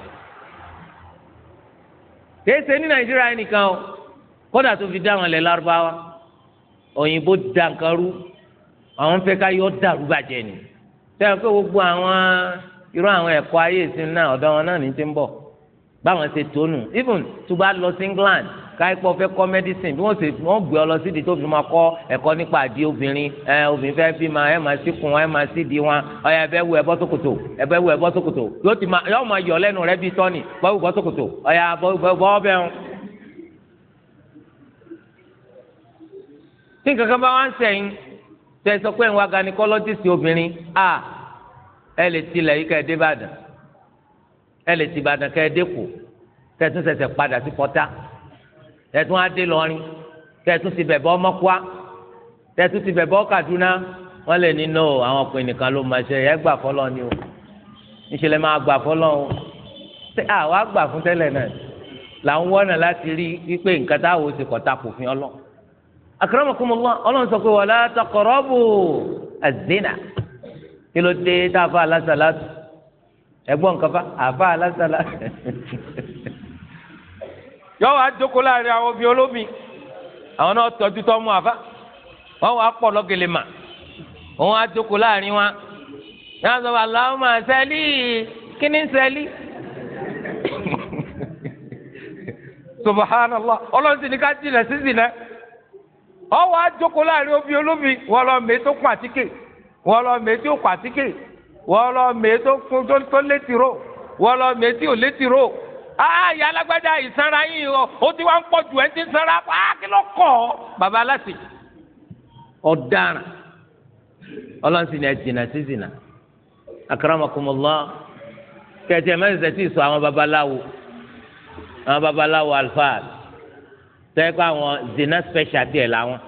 kèése ní nàìjíríà nìkan o kọ́dà tó fi dá wọn lẹ̀ lárúbáwá òyìnbó da nǹkan rú àwọn fẹ́ ká yọ dàrú ni sẹ́yìn pé gbogbo àwọn irú àwọn ẹ̀kọ́ ayé ìsinmi náà ọ̀dọ̀ wọn náà ní ti ń bọ̀ báwọn ṣe tónù even tó bá lọ sí England káyipọ̀ fẹ́ kọ́ medicine bí wọ́n ṣe wọ́n gbé ọ lọ sídìí tó fi máa kọ́ ẹ̀kọ́ nípa àdí obìnrin ẹ obìnrin fẹ́ fi máa ẹ máa sí kun máa sí wọn ọyà ẹ bẹ́ wù ẹ bọ́ sókòtò ẹ bẹ́ wù ẹ bọ́ sókòtò yóò ti máa yọ máa yọ lẹ́nu rẹ bíi tọ́ni bọ́ wù bọ́ sókòtò ọyà bọ́ bẹ́ ń ẹ lè ti Ìbàdàn kẹ́ ẹ dẹ́kù kẹ́ ẹ tún ṣẹ̀ṣẹ̀ padà sí Pọ́tà kẹ́ ẹ tún adé lọ́rin kẹ́ ẹ tún ti bẹ̀bẹ̀ ọmọkúá kẹ́ ẹ tún ti bẹ̀bẹ̀ ọkàdúná wọ́n lè nínú àwọn ọkùnrin nìkan ló máa ṣe ẹ gbà fọlọ́ ni o níṣẹ́ lẹ́ máa gbà fọlọ́ o àwa gbà fún tẹ́lẹ̀ náà là ń wọ́nà láti rí wípé nǹkan táwọn ò ti kọ̀ ta kò fi ọlọ́ akramakumullah ọlọ́run sọ pé wala taqrabu az-zina kí ló dé táfa alásàlátù ẹ̀gbọ́n nǹkan fa àfa alásàlá yọ láàrin àwọn obi olómi àwọn náà tọ́jú tọ́ mú wọn wà pọ̀ lọ́gẹ̀lẹ̀ mà wọn láàrin wa yàrá sọ Allahumma sẹ́lí kíní sẹ́lí ní ká ọ obi tó wọ́n lọ mèé tó fún tó létí ró wọ́n lọ mèé tí ò létí ró ayé ah, alágbádá ìsanra yìí ó ti wá ń pọ̀ jù ẹ́ ti sanra ah, kí ló kọ̀ ọ́ baba aláṣẹ ọ̀daràn ọlọ́sìn ni ẹ jìnnà sí jìnnà akaramakumullah kẹtì ẹ mẹsẹsẹ tí sọ àwọn babaláwo àwọn babaláwo alfaal tẹ́ pé àwọn zina special díẹ̀ làwọn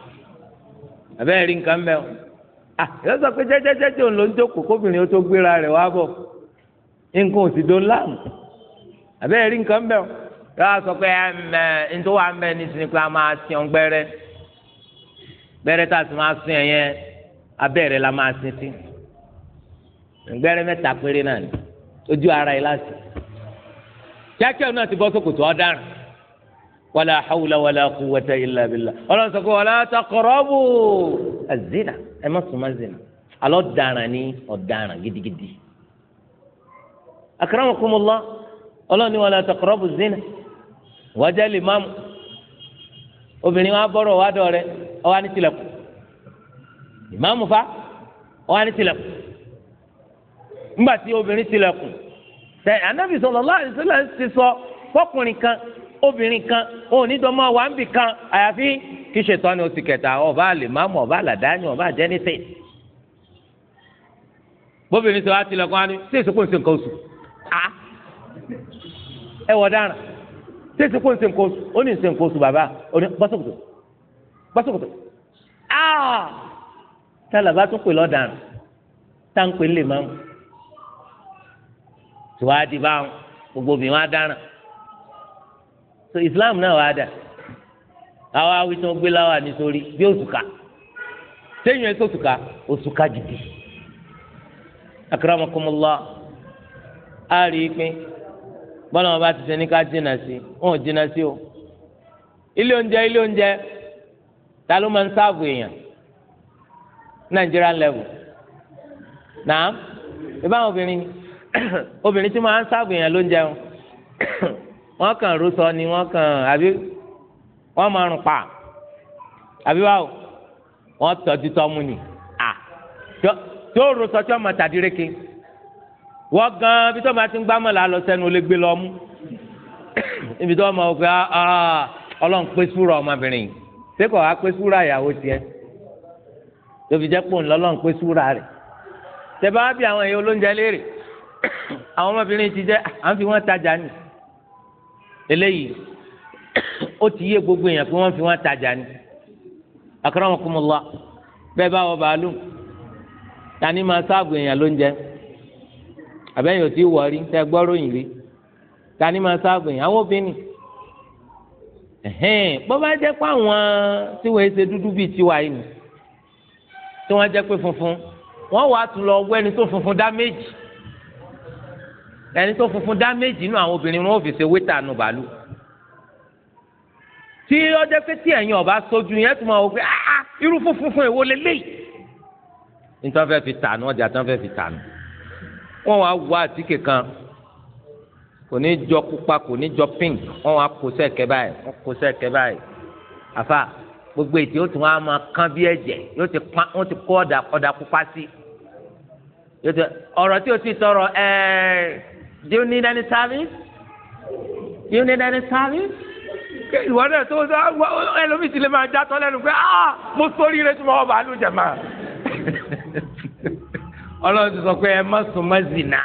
abẹ́rẹ́ rí nǹkan mẹ́wọ́ Ah, yọ sọ pé jẹ́jẹ́jẹ́jẹ́ òun ló ń jókòó kóbìnrin ó tó gbéra rẹ̀ wá bọ̀ nǹkan ò sì dó láàmú àbẹ́rẹ́ rí nǹkan bẹ́ẹ̀ yọ sọ pé ẹ ntọ́ wa mẹ́ ní sinmi pé a máa sin ọ́n gbẹ́rẹ́ gbẹ́rẹ́ tá a sì máa sin ẹ̀yẹn abẹ́rẹ́ la máa sin sí gbẹ́rẹ́ mẹ́ta péré náà ni ojú ara yìí láti kíákíá náà ti bọ́ sókòtò ọ̀daràn wala hawla wala quwwata illa billah ọlọ́run sọ pé wala taqrabu azina ẹ má sùn má zina alọ́ daran ní ọ̀daràn gidigidi akramakumullah ọlọ́run ní wala taqrabu zina wájà lè má mu obìnrin wa bọ́rọ̀ wá dọ̀ rẹ ọwọ́ á ní tilẹ̀kùn ìmáàmù fa ọwọ́ á ní tilẹ̀kùn ńgbà tí obìnrin tilẹ̀kùn tẹ anábì sallallahu alaihi ti sọ fọkùnrin kan obìnrin kan òun ní dọ́mọ wà ń bì kan àyàfi kí ṣètò ni oṣù kẹta ọba àlèmámù ọba àlàdáyìn ọba àjẹnìtì. bóbìnrin sọ wá tilẹ̀ kan á ní sí ìsìnkú ìsìn kan oṣù á ah, ẹ wọ dára sí ìsìnkú ìsìn kan oṣù ó ní ìsìn kan oṣù bàbá ó ní bọ́sọ̀kòtò bọ́sọ̀kòtò ah! á tún pè lọ́dàrán táǹpẹ̀ lè máa mú tùwádìí báwọn gbogbo obìnrin wa dára so islam náà wàá dà àwọn awi tí nítorí bí òṣùkà sẹ́yìn ẹ kó òṣùkà òṣùkà bọ́lá wọn bá ti ká jìnnà o ilé oúnjẹ ilé oúnjẹ ta ló máa ń sáàbù level náà ìbáwọn obìnrin obìnrin tí máa ń sáàbù èèyàn ló ń wọ́n kàn rúsọ ni wọ́n kàn àbí wọ́n máa rùn pa àbí wàá wọ́n tọ́jú tọ́mú ni à tó rúsọ tí wọ́n máa tàdíreke wọ́n gan ibi tó máa ti ń gbámọ̀ là lọ sẹ́nu ó lè gbé lọ́mú ibi tó máa gbé ah, ah, ọlọ́run pé súra ọmọbìnrin yìí ṣé kò wá pé súra ìyàwó tiẹ̀ tóbi jẹ́ pò ń pé súra rẹ̀ tẹ bí àwọn èèyàn olóúnjẹ léèrè àwọn ọmọbìnrin ti jẹ́ à ń fi wọ́n tajà nìyí eléyìí ó ti yé gbogbo èèyàn pé wọ́n fi wọ́n tajà ni akramakumullah bẹ́ẹ̀ bá wọ bàálù tani máa sáàbù èèyàn ló ń jẹ àbẹ́yìn ò tí wọ̀ rí tẹ́ gbọ́ròyìn rí tani máa sáàbù èèyàn àwọn obìnrin ẹ̀hẹ́n bó bá jẹ́ pé àwọn tí wọ́n ṣe dúdú bíi tiwa yìí ni tí wọ́n jẹ́ pé funfun wọ́n wàá tún lọ wẹ́ni tó funfun dá méjì ẹni tó funfun dá méjì nínú àwọn obìnrin wọn ò fi ṣe wétà nù bàálù tí ọjọ́ pé tí ẹ̀yin ọba sojú yẹn tún máa wò pé ah, ah irú funfun fún èwo lélẹ́yìí nítorí wọ́n fẹ́ fi tànù ọjà tí wọ́n fẹ́ fi tànù wọ́n wá wọ àtíkè kan kò ní jọ pupa kò ní jọ pink wọ́n wá kó sẹ́ẹ̀kẹ́ báyìí wọ́n kó sẹ́ẹ̀kẹ́ báyìí àfà gbogbo ètò yóò tún wá máa kán bí ẹ̀jẹ̀ yóò ti pa wọ́n ti kó ọ̀dà ọ̀dà pupa sí ọ̀rọ̀ tí o ti tọrọ ẹ̀ẹ́ do you need any service do you need any service ìwọ náà tó ẹlòmíì sì lè máa já tọ́ lẹ́nu pé ah mo sórí rẹ tí mo bá lù jẹ̀ máa ọlọ́run ti sọ pé ẹ má sùn má zìnà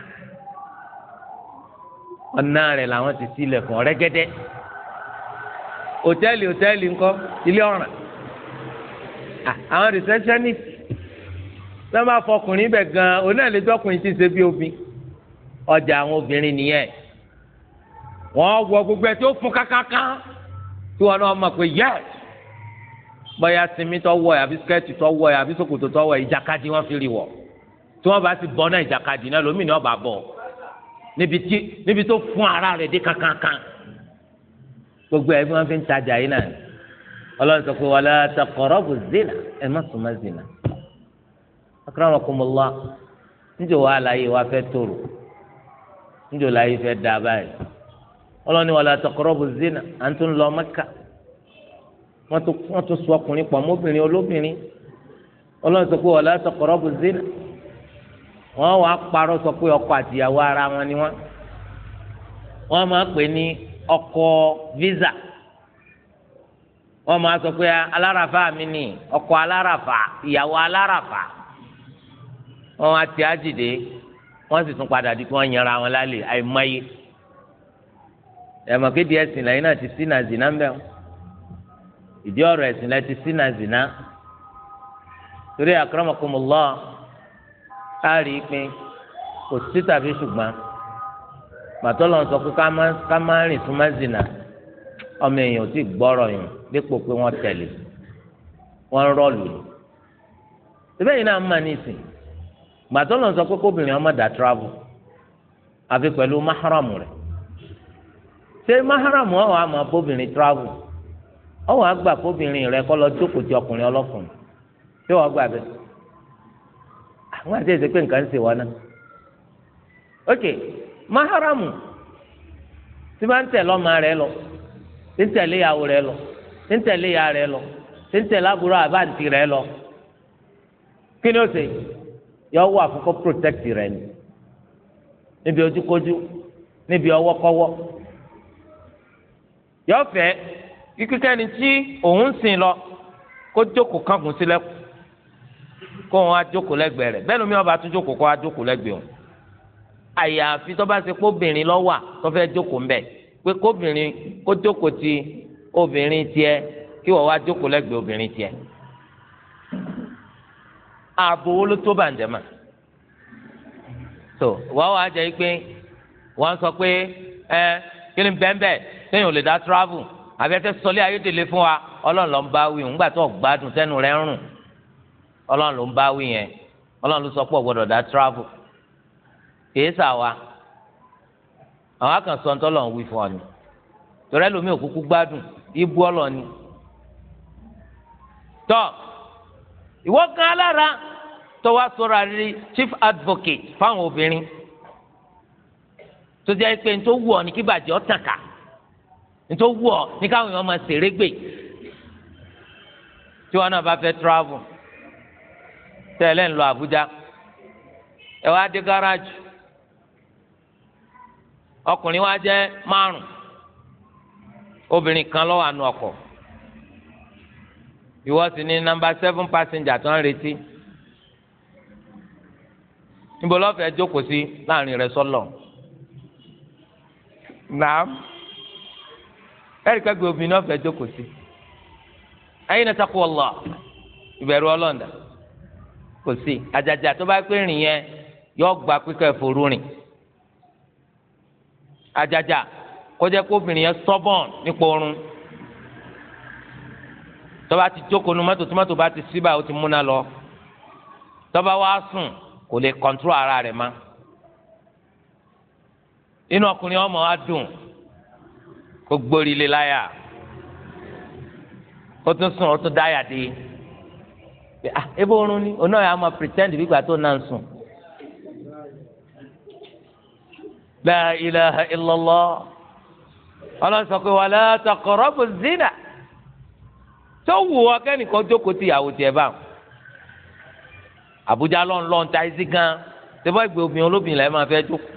ọ̀nà rẹ̀ làwọn ti sílẹ̀ fún ọ̀rẹ́gẹ́dẹ́ hòtẹ́ẹ̀lì hòtẹ́ẹ̀lì ńkọ́ ilé ọ̀ràn àwọn receptionist náà máa fọkùnrin bẹ̀ gan-an onílẹ̀ lẹ́jọ́ ọkùnrin ti ṣe bí obìnrin. ọjà àwọn obìnrin nìyẹn wọn wọ gbogbo ẹ̀ tí ó fún kankankan tí wọ́n náà mọ̀ pé yẹ bóyá sinmi tó wọ̀ àbí skẹ́ẹ̀tì tó wọ̀ àbí ṣòkòtò tó wọ̀ ìjàkadì wọn fi rí tí wọ́n bá ti bọ́ náà ìjàkadì náà lómìnira ọba bọ níbi tó fún ara rẹ dé kankankan gbogbo bí fi ń tajà náà ọlọ́run sọ pé zina ẹ zina níjọ láyé fẹ́ dá báyìí ọlọ́ni wàlá taqrabu zina à ń tún lọ mẹ́ka wọ́n tún sọ ọkùnrin pọ̀ mọ́bìnrin olóbìnrin ọlọ́ni sọ pé wàlá taqrabu zina wọ́n wàá parọ́ sọ pé ọkọ àtìyàwó ara wọn ni wọ́n wọ́n máa pè ní ọkọ visa wọ́n máa sọ pé aláràfà mi ni ọkọ aláràfà ìyàwó aláràfà wọ́n á ti wọ́n sì tún padà di kí wọ́n yanra wọn lálẹ́ àìmọye ẹ̀mọ̀ kéde ẹ̀sìn lẹ́yìn náà ti sí náà zìnnà ń bẹ̀ wọ́n ìdí ọ̀rọ̀ ẹ̀sìn lẹ́yìn ti sí náà zìnnà torí akramakumullah á rí i pé kò sí tàbí ṣùgbọ́n màtọ́lọ́ sọ pé ká má rìn súnmọ́ zìnnà ọmọ èèyàn ò tí gbọ́rọ̀ yàn dípò pé wọ́n tẹ̀lé wọ́n rọ́ọ̀lù síbẹ̀ yìí náà ń mà nísìnyí gbàtọ́ lọ sọ pé kóbìnrin ọmọ dà travel àfi pẹ̀lú mahram rẹ̀ ṣé mahram ọ̀hún àmọ́ kóbìnrin travel ọ̀hún àgbà kóbìnrin rẹ̀ kọ́ lọ jókòó ti ọkùnrin ọlọ́kùnrin tí wọ́n gbà bẹ́ẹ̀ àwọn àti ẹ̀sẹ̀ pé nǹkan ń ṣe wọn náà ok ń tẹ̀ lọ́mọ rẹ̀ lọ ń tẹ̀lé ìyàwó rẹ̀ lọ ń tẹ̀lé ìyá yọ wà fún kó protect rẹ ni níbi ojúkójú níbi ọwọ́kọ́wọ́ yọ fẹ́ kíkí kẹ́ni tí òun sìn lọ kó jókòó kankun sílẹ̀kùn kó wọn á jókòó lẹ́gbẹ̀ẹ́ rẹ̀ bẹ́ẹ̀ lómi ọba tún jókòó kó á jókòó lẹ́gbẹ̀ẹ́ òun àyàfi tó bá ṣe kó obìnrin lọ wà tó fẹ́ jókòó ń bẹ̀ pé kó obìnrin kó jókòó ti obìnrin tiẹ̀ kí wọ́n wá jókòó lẹ́gbẹ̀ẹ́ obìnrin tiẹ̀. ààbò wo ló tó so wàá wàá jẹ́ pé wọ́n sọ pé ẹ kí bẹ́ẹ̀nbẹ́ sẹ́yìn ò lè dá travel sọlé ayédèlé fún wa ọlọ́run ló ń bá wí tó gbádùn sẹ́nu rẹ̀ ń rùn ọlọ́run ló travel kìí sà wa àwọn kan sọ ntọ́ lọ́n wí fún ọ ni torí òkúkú gbádùn ibú ìwọ gan alára tó wá sọ̀rọ̀ àrírí chief advocate fáwọn obìnrin tó jẹ́ pé nítorí wù ọ́ ní kí bàjẹ́ ọ́ tàn ká nítorí wù ọ́ ní káwọn èèyàn máa travel tẹ́lẹ̀ ń lọ Àbújá ẹ wá dé ọkùnrin wa jẹ́ kan ọkọ̀ ìwọ sì ni nọmba seven passenger tó ń retí níbo lọ́fẹ̀ẹ́ jókòó sí láàrin rẹ sọ́lọ̀ náà ẹ̀ríkà gbé obìnrin náà fẹ́ jókòó sí ayé náà takò ọlọ́ ìbẹ̀rù ọlọ́ọ̀dà kò sí àjàjà tó bá pé rìn yẹn yọ gba pípẹ́ rìn àjàjà tọba ti jókòó nu mọ́tò tí bá ti ó ti lọ tọba wá sùn kò lè kọ́ńtró ara rẹ má inú ọkùnrin ọmọ wa dùn kó gbórí lé láyà ó tún sùn ó tún dáyà dé ah, ebe oorun ni oná yà á máa pretend bí tó náà ń sùn. la ilaha illallah ọlọ́sọ̀kè zina. tó wù ọ kẹ́nìkan jókòó ti ìyàwó tiẹ̀ bá wọn. àbújá lọ́n lọ́n ta ẹsí gan tẹ́fọ́ ìgbé obìnrin olóbìnrin làwọn máa fẹ́ jókòó.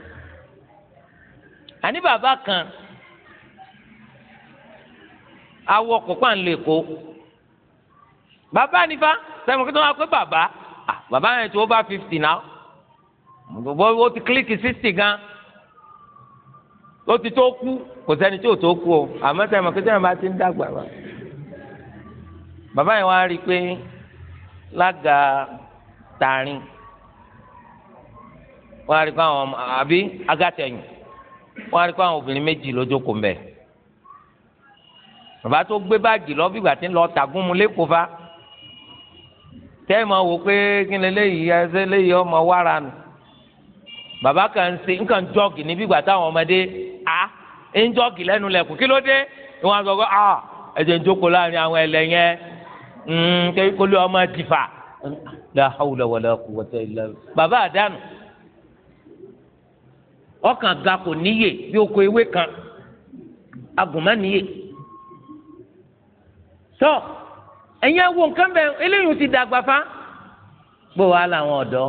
àní bàbá kan awọ kọ̀ọ̀kan lè kó bàbá nífa sẹ́mi kí tó máa pé bàbá bàbá yẹn tó bá fifty náà ó ti kílíkì sixty gan ó ti tó kú kò sẹ́ni tó tó kú o àmọ́ sẹ́mi kí sẹ́mi bá ti ń dàgbà báyìí bàbá yẹn wá rí i pé lága tààrin wọ́n á rí i pé àwọn ọmọ àbí agátẹ̀yìn wọ́n á rí i pé àwọn obìnrin méjì lójókòó ń bẹ̀. bàbá tó gbé báàgì lọ bí ìgbà tí ń lọ tàgún mu lẹ́kọ̀ọ́ fa tẹ́ máa wò pé kí ni léyìí ẹsẹ̀ léyìí ọmọ wàrà nù. bàbá kan ṣe nǹkan jọ́ọ̀gì níbi ìgbà táwọn ọmọdé a ń jọ́ọ̀gì lẹ́nu lẹ̀kùn kí ló dé? ìwọ̀n a ẹ̀jẹ̀ ń jókòó láàrin àwọn ẹlẹ́yẹn Mm, kẹ́kẹ́ kólú ọmọ tìfà la hawla wala quwwata illa bàbá àdánù ọkàn ga kò níyè bí oko ewé kan agùnmá níyè tọ́ ẹ̀yin ẹ̀ nǹkan bẹ́ẹ̀ eléyìí ti dàgbà fa gbọ́ wàá làwọn ọ̀dọ́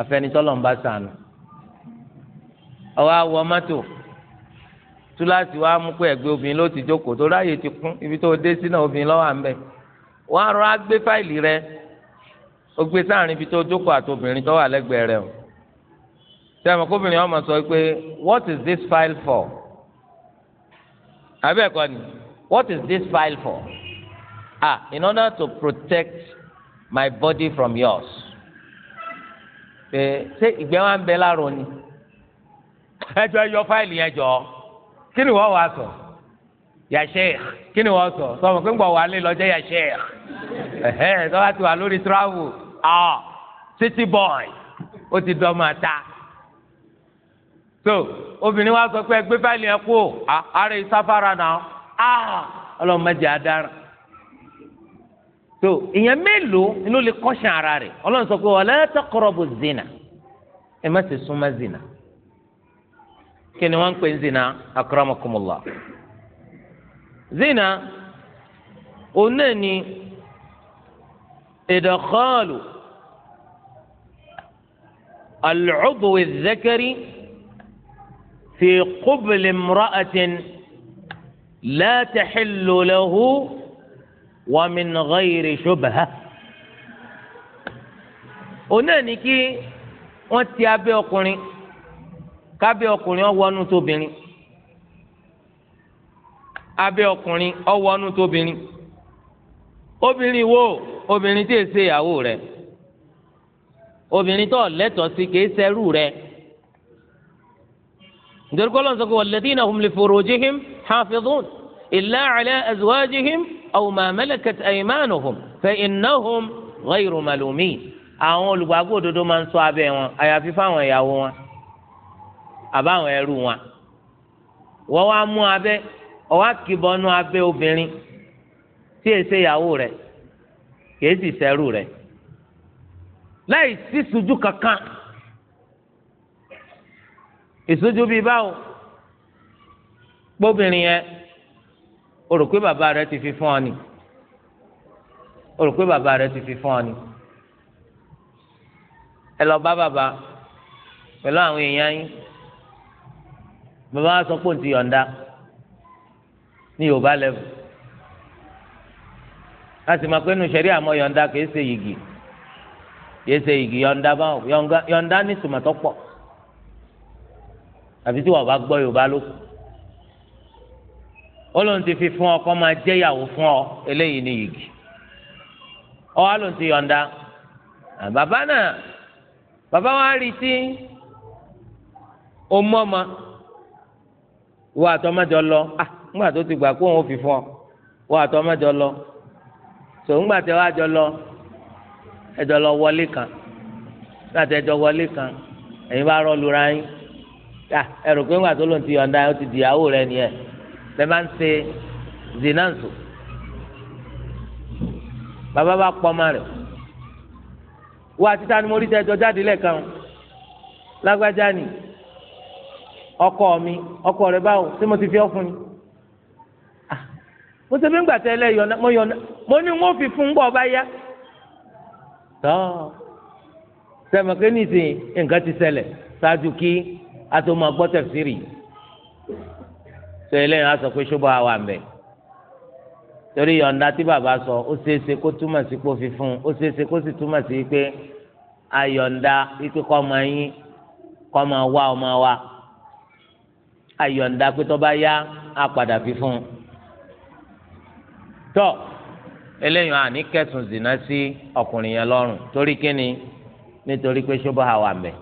afẹnitọ́lọ̀ ń bá sànù ọwọ́ awọ mọ́tò túláàsì wa mú pé ẹ̀gbẹ́ obìnrin ló ti jókòó tó ráàyè ti kún ibi tó dé sí obìnrin lọ́wọ́ à ń bẹ̀ wọ́n á rọ agbé fáìlì rẹ ó gbé sáàrin ibi tó jókòó àti obìnrin tó wà lẹ́gbẹ̀ẹ́ rẹ o sẹ́wọ̀n kóbìnrin ọmọ sọ pé what is this file for abẹ́ẹ̀kọ́ ni what is this file for ah in order to protect my body from yours ṣe ṣe ìgbẹ́ wa ń bẹ láàrọ̀ ni ẹ jọ yọ fáìlì yẹn jọ kí ni wọ́n wàá sọ. So? ya sheikh kí ni wọ́n sọ sọ ma pé ń lọ́jọ́ ya sheikh ẹ̀hẹ́ sọ́wọ́ ti wà lórí travel ah city boy ó ti dọ́ so obìnrin wa sọ pé ẹgbẹ́ fáìlì ẹ kú àárẹ̀ náà ah ọlọ́mọdé adára so ìyẹn mélòó inú lè kọ́ṣẹ́ ara rẹ̀ ọlọ́run sọ pé wala zina ẹ má ti súnmọ́ zina kí ni wọ́n ń pè ń zina akramakumullah. zina òun náà ni ìdọ̀kọ́ọ̀lù العضو الذكري في قبل امرأة لا تحل له ومن غير شبهة ọ̀nà ni kí wọ́n ti abẹ́ ọkùnrin kábẹ́ ọkùnrin ó wọnú tóbìnrin abẹ́ ọkùnrin ọwọ́nú tóbìnrin obìnrin wo obìnrin tí èsè ìyàwó rẹ̀ obìnrin tó lẹ́tọ̀ọ́ sí kìí ṣẹ́rù rẹ̀ nítorí kọ́ lọ́n sọ pé walladhina hum li furujihim hafidhun illa ala azwajihim aw ma malakat aymanuhum fa innahum ghayru malumin àwọn olùgbàgbọ́ òdodo máa ń ṣọ́ abẹ́ wọn àyàfi fáwọn ìyàwó wọn àbáwọn ẹrú wọn wọ́n wá mú abẹ́ ọwọ́ akíbọnú abẹ́ obìnrin tí èsè ìyàwó rẹ̀ kìí sì sẹ́rù rẹ̀ láì sí ìṣújú kankan ìṣújú bíi báwo gbóbìnrin yẹn o rò pé bàbá rẹ ti fi fún ọ ni o rò bàbá rẹ ti fi fún ọ ni ẹ lọ bá bàbá pẹ̀lú àwọn èèyàn yín bàbá wa sọ pé òun ti yọ̀ǹda ní yorùbá level a sì máa pé nu sẹ́rí àmọ́ yọ̀ǹda kìí ṣe yìgì kìí ṣe yìgì yọ̀ǹda báwò yọ̀ǹda ní tòmọ̀tò pọ̀ àfi tí wọ́n bá gbọ́ yorùbá ló kù ó lóun ti fi fún ọ kọ́ máa jẹ́ ìyàwó fún ọ eléyìí ní yìgì ọ wá lóun ti yọ̀ǹda bàbá náà bàbá wa rí i tí ó mọ́ ọmọ ìwà àtọ́mọ́jọ lọ ah ńgbà tó ti gbà kó òun fi fún ọ wọ́n àtọ́ mẹ́jọ lọ tó ńgbà tẹ wá jọ lọ ẹjọ lọ wọlé kan láti ẹjọ wọlé kan ẹ̀yin bá rọ́ lura yín yà ẹ̀rù pé ńgbà tó lòun ti yọ̀ǹda ó ti dìyàwó rẹ nìyẹn lẹ́ bá ń ṣe zinanso bàbá bá pọ́ ọmọ rẹ̀ wọ́n àti tani mo rí tẹ́jọ jáde lẹ́ẹ̀kan lágbájá ni ọkọ mi ọkọ rẹ báwo ṣé mo ti fi ọ fún ni mo ṣe fi ń gbàtẹ́ lẹ yọ̀nà mo yọ̀nà mo ní wọ́n fi fún bọ́ ọba yá tọ́ sẹ́mọ̀kẹ́ nìsín nǹkan ti ṣẹlẹ̀ ṣáájú kí a tó máa gbọ́ tẹ̀síìrì tó eléyìí á sọ pé ṣubú àwa mẹ́ torí yọ̀ǹda tí bàbá sọ ó ṣeéṣe kó túmọ̀ sí pé ó fi fún ó ṣeéṣe kó sì túmọ̀ sí pé ayọ̀ǹda ikú kọ́ máa yín kọ́ máa wá ọ máa wá ayọ̀ǹda pé tó bá yá á padà fi fún un tọ́ eléyìí àní kẹsùn zìnà sí ọkùnrin yẹn lọ́rùn torí kíni nítorí pé ṣọ́bọ̀ àwà mẹ́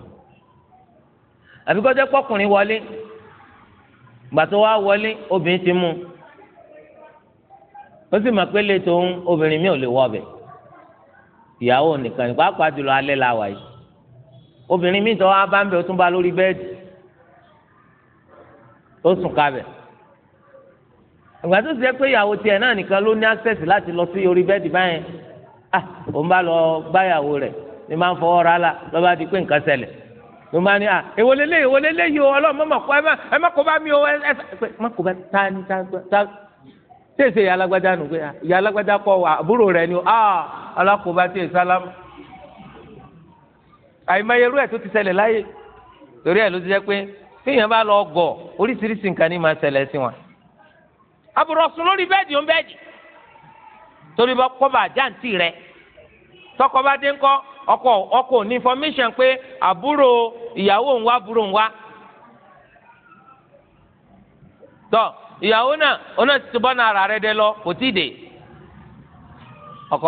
àbíkọ́jẹ́ pọ́kùnrin wọlé gbàtọ́ wa wọlé obìnrin ti mú ó sì mọ̀ pé lẹ́tọ̀ òun obìnrin mi ò lè wọ ọbẹ̀ ìyàwó nìkan ní pàápàá jùlọ alẹ́ la wà yìí obìnrin mi tọ́ wa bá ń bẹ̀ ó tún bá lórí bẹ́ẹ̀dì ó sùn kábẹ̀ ìgbà tó ṣe pé ìyàwó tiẹ̀ náà nìkan ló ní access láti lọ sí orí bẹ́ẹ̀dì báyẹn ah òun bá lọ gbáyàwó rẹ̀ ní máa ń fọwọ́ ra la lọ́ba di pé nǹkan ṣẹlẹ̀ ló máa o ọlọ́run ẹ mi o ẹ ẹ má kó bá ta ni ta ta ìyá alágbádá nù pé ìyá alágbádá àbúrò rẹ̀ ni alákòóbá ti sálámù àyìnbáyẹrú ẹ̀ tó ti ṣẹlẹ̀ láyé torí ẹ̀ ló ti lọ gọ̀ oríṣiríṣi nǹkan ní máa ṣẹlẹ̀ sí abụrụ sùn lórí bẹ́ẹ̀dì ó ń bẹ́ẹ̀dì torí bá kọ́ bá àjáǹtì rẹ dé ọkọ ọkọ ní information pé aburo ìyàwó ń wá nwa ń wá na ìyàwó náà ọ̀nà ti ara rẹ dẹ lọ kò tí ì fi mu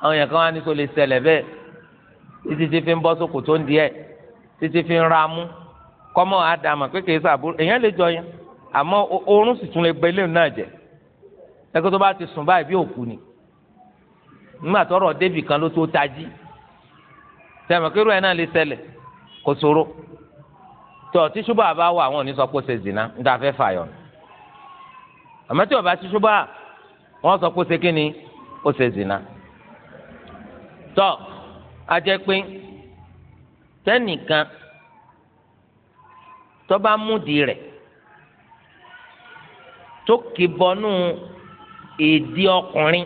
àwọn yẹn kan wá ní kó lè ṣẹlẹ̀ títí tí fi ń ń títí fi ń ra àmọ́ oorun sì tún lè gbẹ ilé náà jẹ ẹgbẹ́ tó bá ti sùn báyìí bí òkú ni nígbà tọrọ débì kan ló tó tají sẹ́mi kí irú ẹ̀ náà lè ṣẹlẹ̀ kò ṣòro tọ́ tí ṣùgbọ́n àbá wà wọn ò ní sọ pé ó ṣe zìnà ń ta fẹ́ fàyọ̀ ni tí ọba ti ṣùgbọ́n wọn sọ pé ó ṣe kí ni ó ṣe zìnà tọ́ ajẹ́ pé tẹ́nìkan tọ́ba múdi rẹ̀ tó kìbọnú ìdí ọkùnrin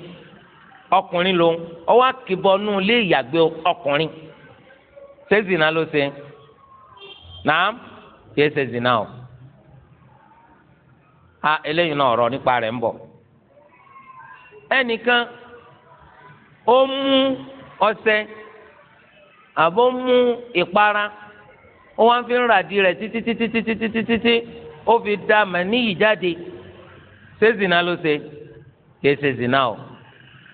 ọkùnrin ló ó wá kìbọnú ilé ìyàgbẹ́ ọkùnrin ṣé zina ló ṣe nàám kìí ṣe o a eléyìí náà ọ̀rọ̀ nípa rẹ̀ ń bọ̀ ẹnìkan ó mú ọṣẹ àbó mú ìpara ó wá fi ń ràdí rẹ̀ títí títí títí títí títí ó fi dá màníyì jáde. ṣé zina ló ṣe kìí ṣe zina o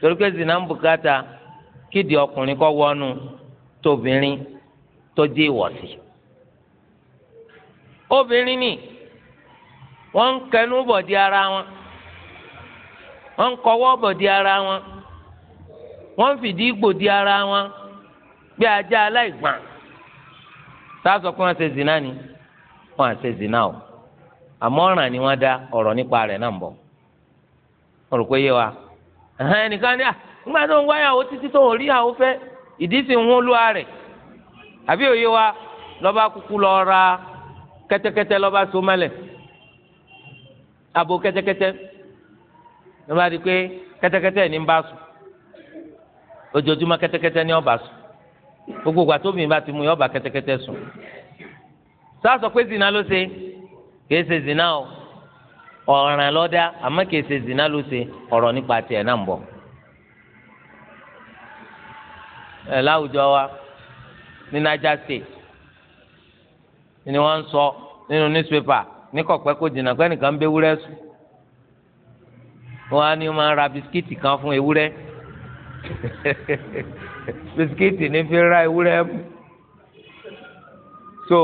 torí pé zina ń bùkátà kídi ọkùnrin kọ́ wọnú tóbìnrin tó dé ìwọ̀sí. obìnrin ni wọ́n ń kẹnu bọ̀ di ara wọn wọ́n ń kọwọ́ bọ̀ di ara wọn wọ́n ń fìdí igbó di ara wọn bí ajá aláìgbọ̀n tá a sọ pé wọ́n ṣe zina ni wọ́n á zina o. àmọ́ ni wọ́n dá ọ̀rọ̀ nípa rẹ̀ náà ń bọ̀ ọ̀rọ̀ pé yé wa ẹnìkan ní à nígbà tó ń wáyàwó títí tó ń rí àwọn fẹ́ ìdí sì ń rẹ̀ àbí òye wa lọ́ba kúkú lọ ra kẹ́tẹ́kẹ́tẹ́ lọ́ba so mẹ́lẹ̀ abo kẹ́tẹ́kẹ́tẹ́ lọ́ba di pé kẹ́tẹ́kẹ́tẹ́ ní ń bá sùn ojoojúmọ́ kẹ́tẹ́kẹ́tẹ́ ní ọba sùn gbogbo ìgbà tóbi ìbá ọba kẹ́tẹ́kẹ́tẹ́ sùn sáà pé zina kìí ṣe zina o ọ̀ràn lọ́dá àmọ́ kìí ṣe zina ló ṣe ọ̀rọ̀ nípa tiẹ̀ náà ń bọ̀. ẹ̀ láwùjọ wa ní Niger state ni wọ́n ń sọ nínú newspaper ní kọ̀pẹ́ kò jìnnà pé nìkan ń bẹ ewúrẹ́ sùn wọ́n á ní wọ́n máa ra bisikíìtì kan fún ewúrẹ́ bisikíìtì ní fi ra ewúrẹ́ mú so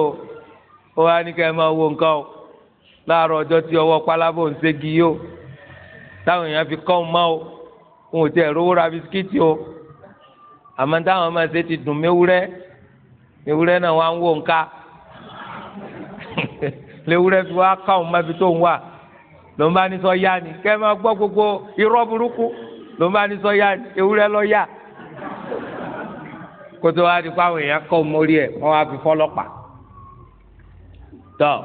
wọ́n á ní ká ẹ máa wo nǹkan o láàárọ̀ ọjọ́ tí ọwọ́ pálábò ń ségi yó táwọn èèyàn fi kọ́ ọ mọ́ o òun ò tẹ̀ rówó ra bisikíìtì o àmọ́ táwọn máa ṣe ti dùn méwúrẹ́ ewúrẹ́ náà wá ń wò nká lewúrẹ́ fi wá ká òun máa tó ń wà ló ń bá ní sọ yá ni kẹ́ ẹ máa gbọ́ gbogbo irọ́ burúkú ló ń bá ní sọ yá ni ewúrẹ́ lọ yá kótó wá di pé àwọn èèyàn kọ́ mórí ẹ̀ wọ́n wá fi fọ́lọ́pàá tọ́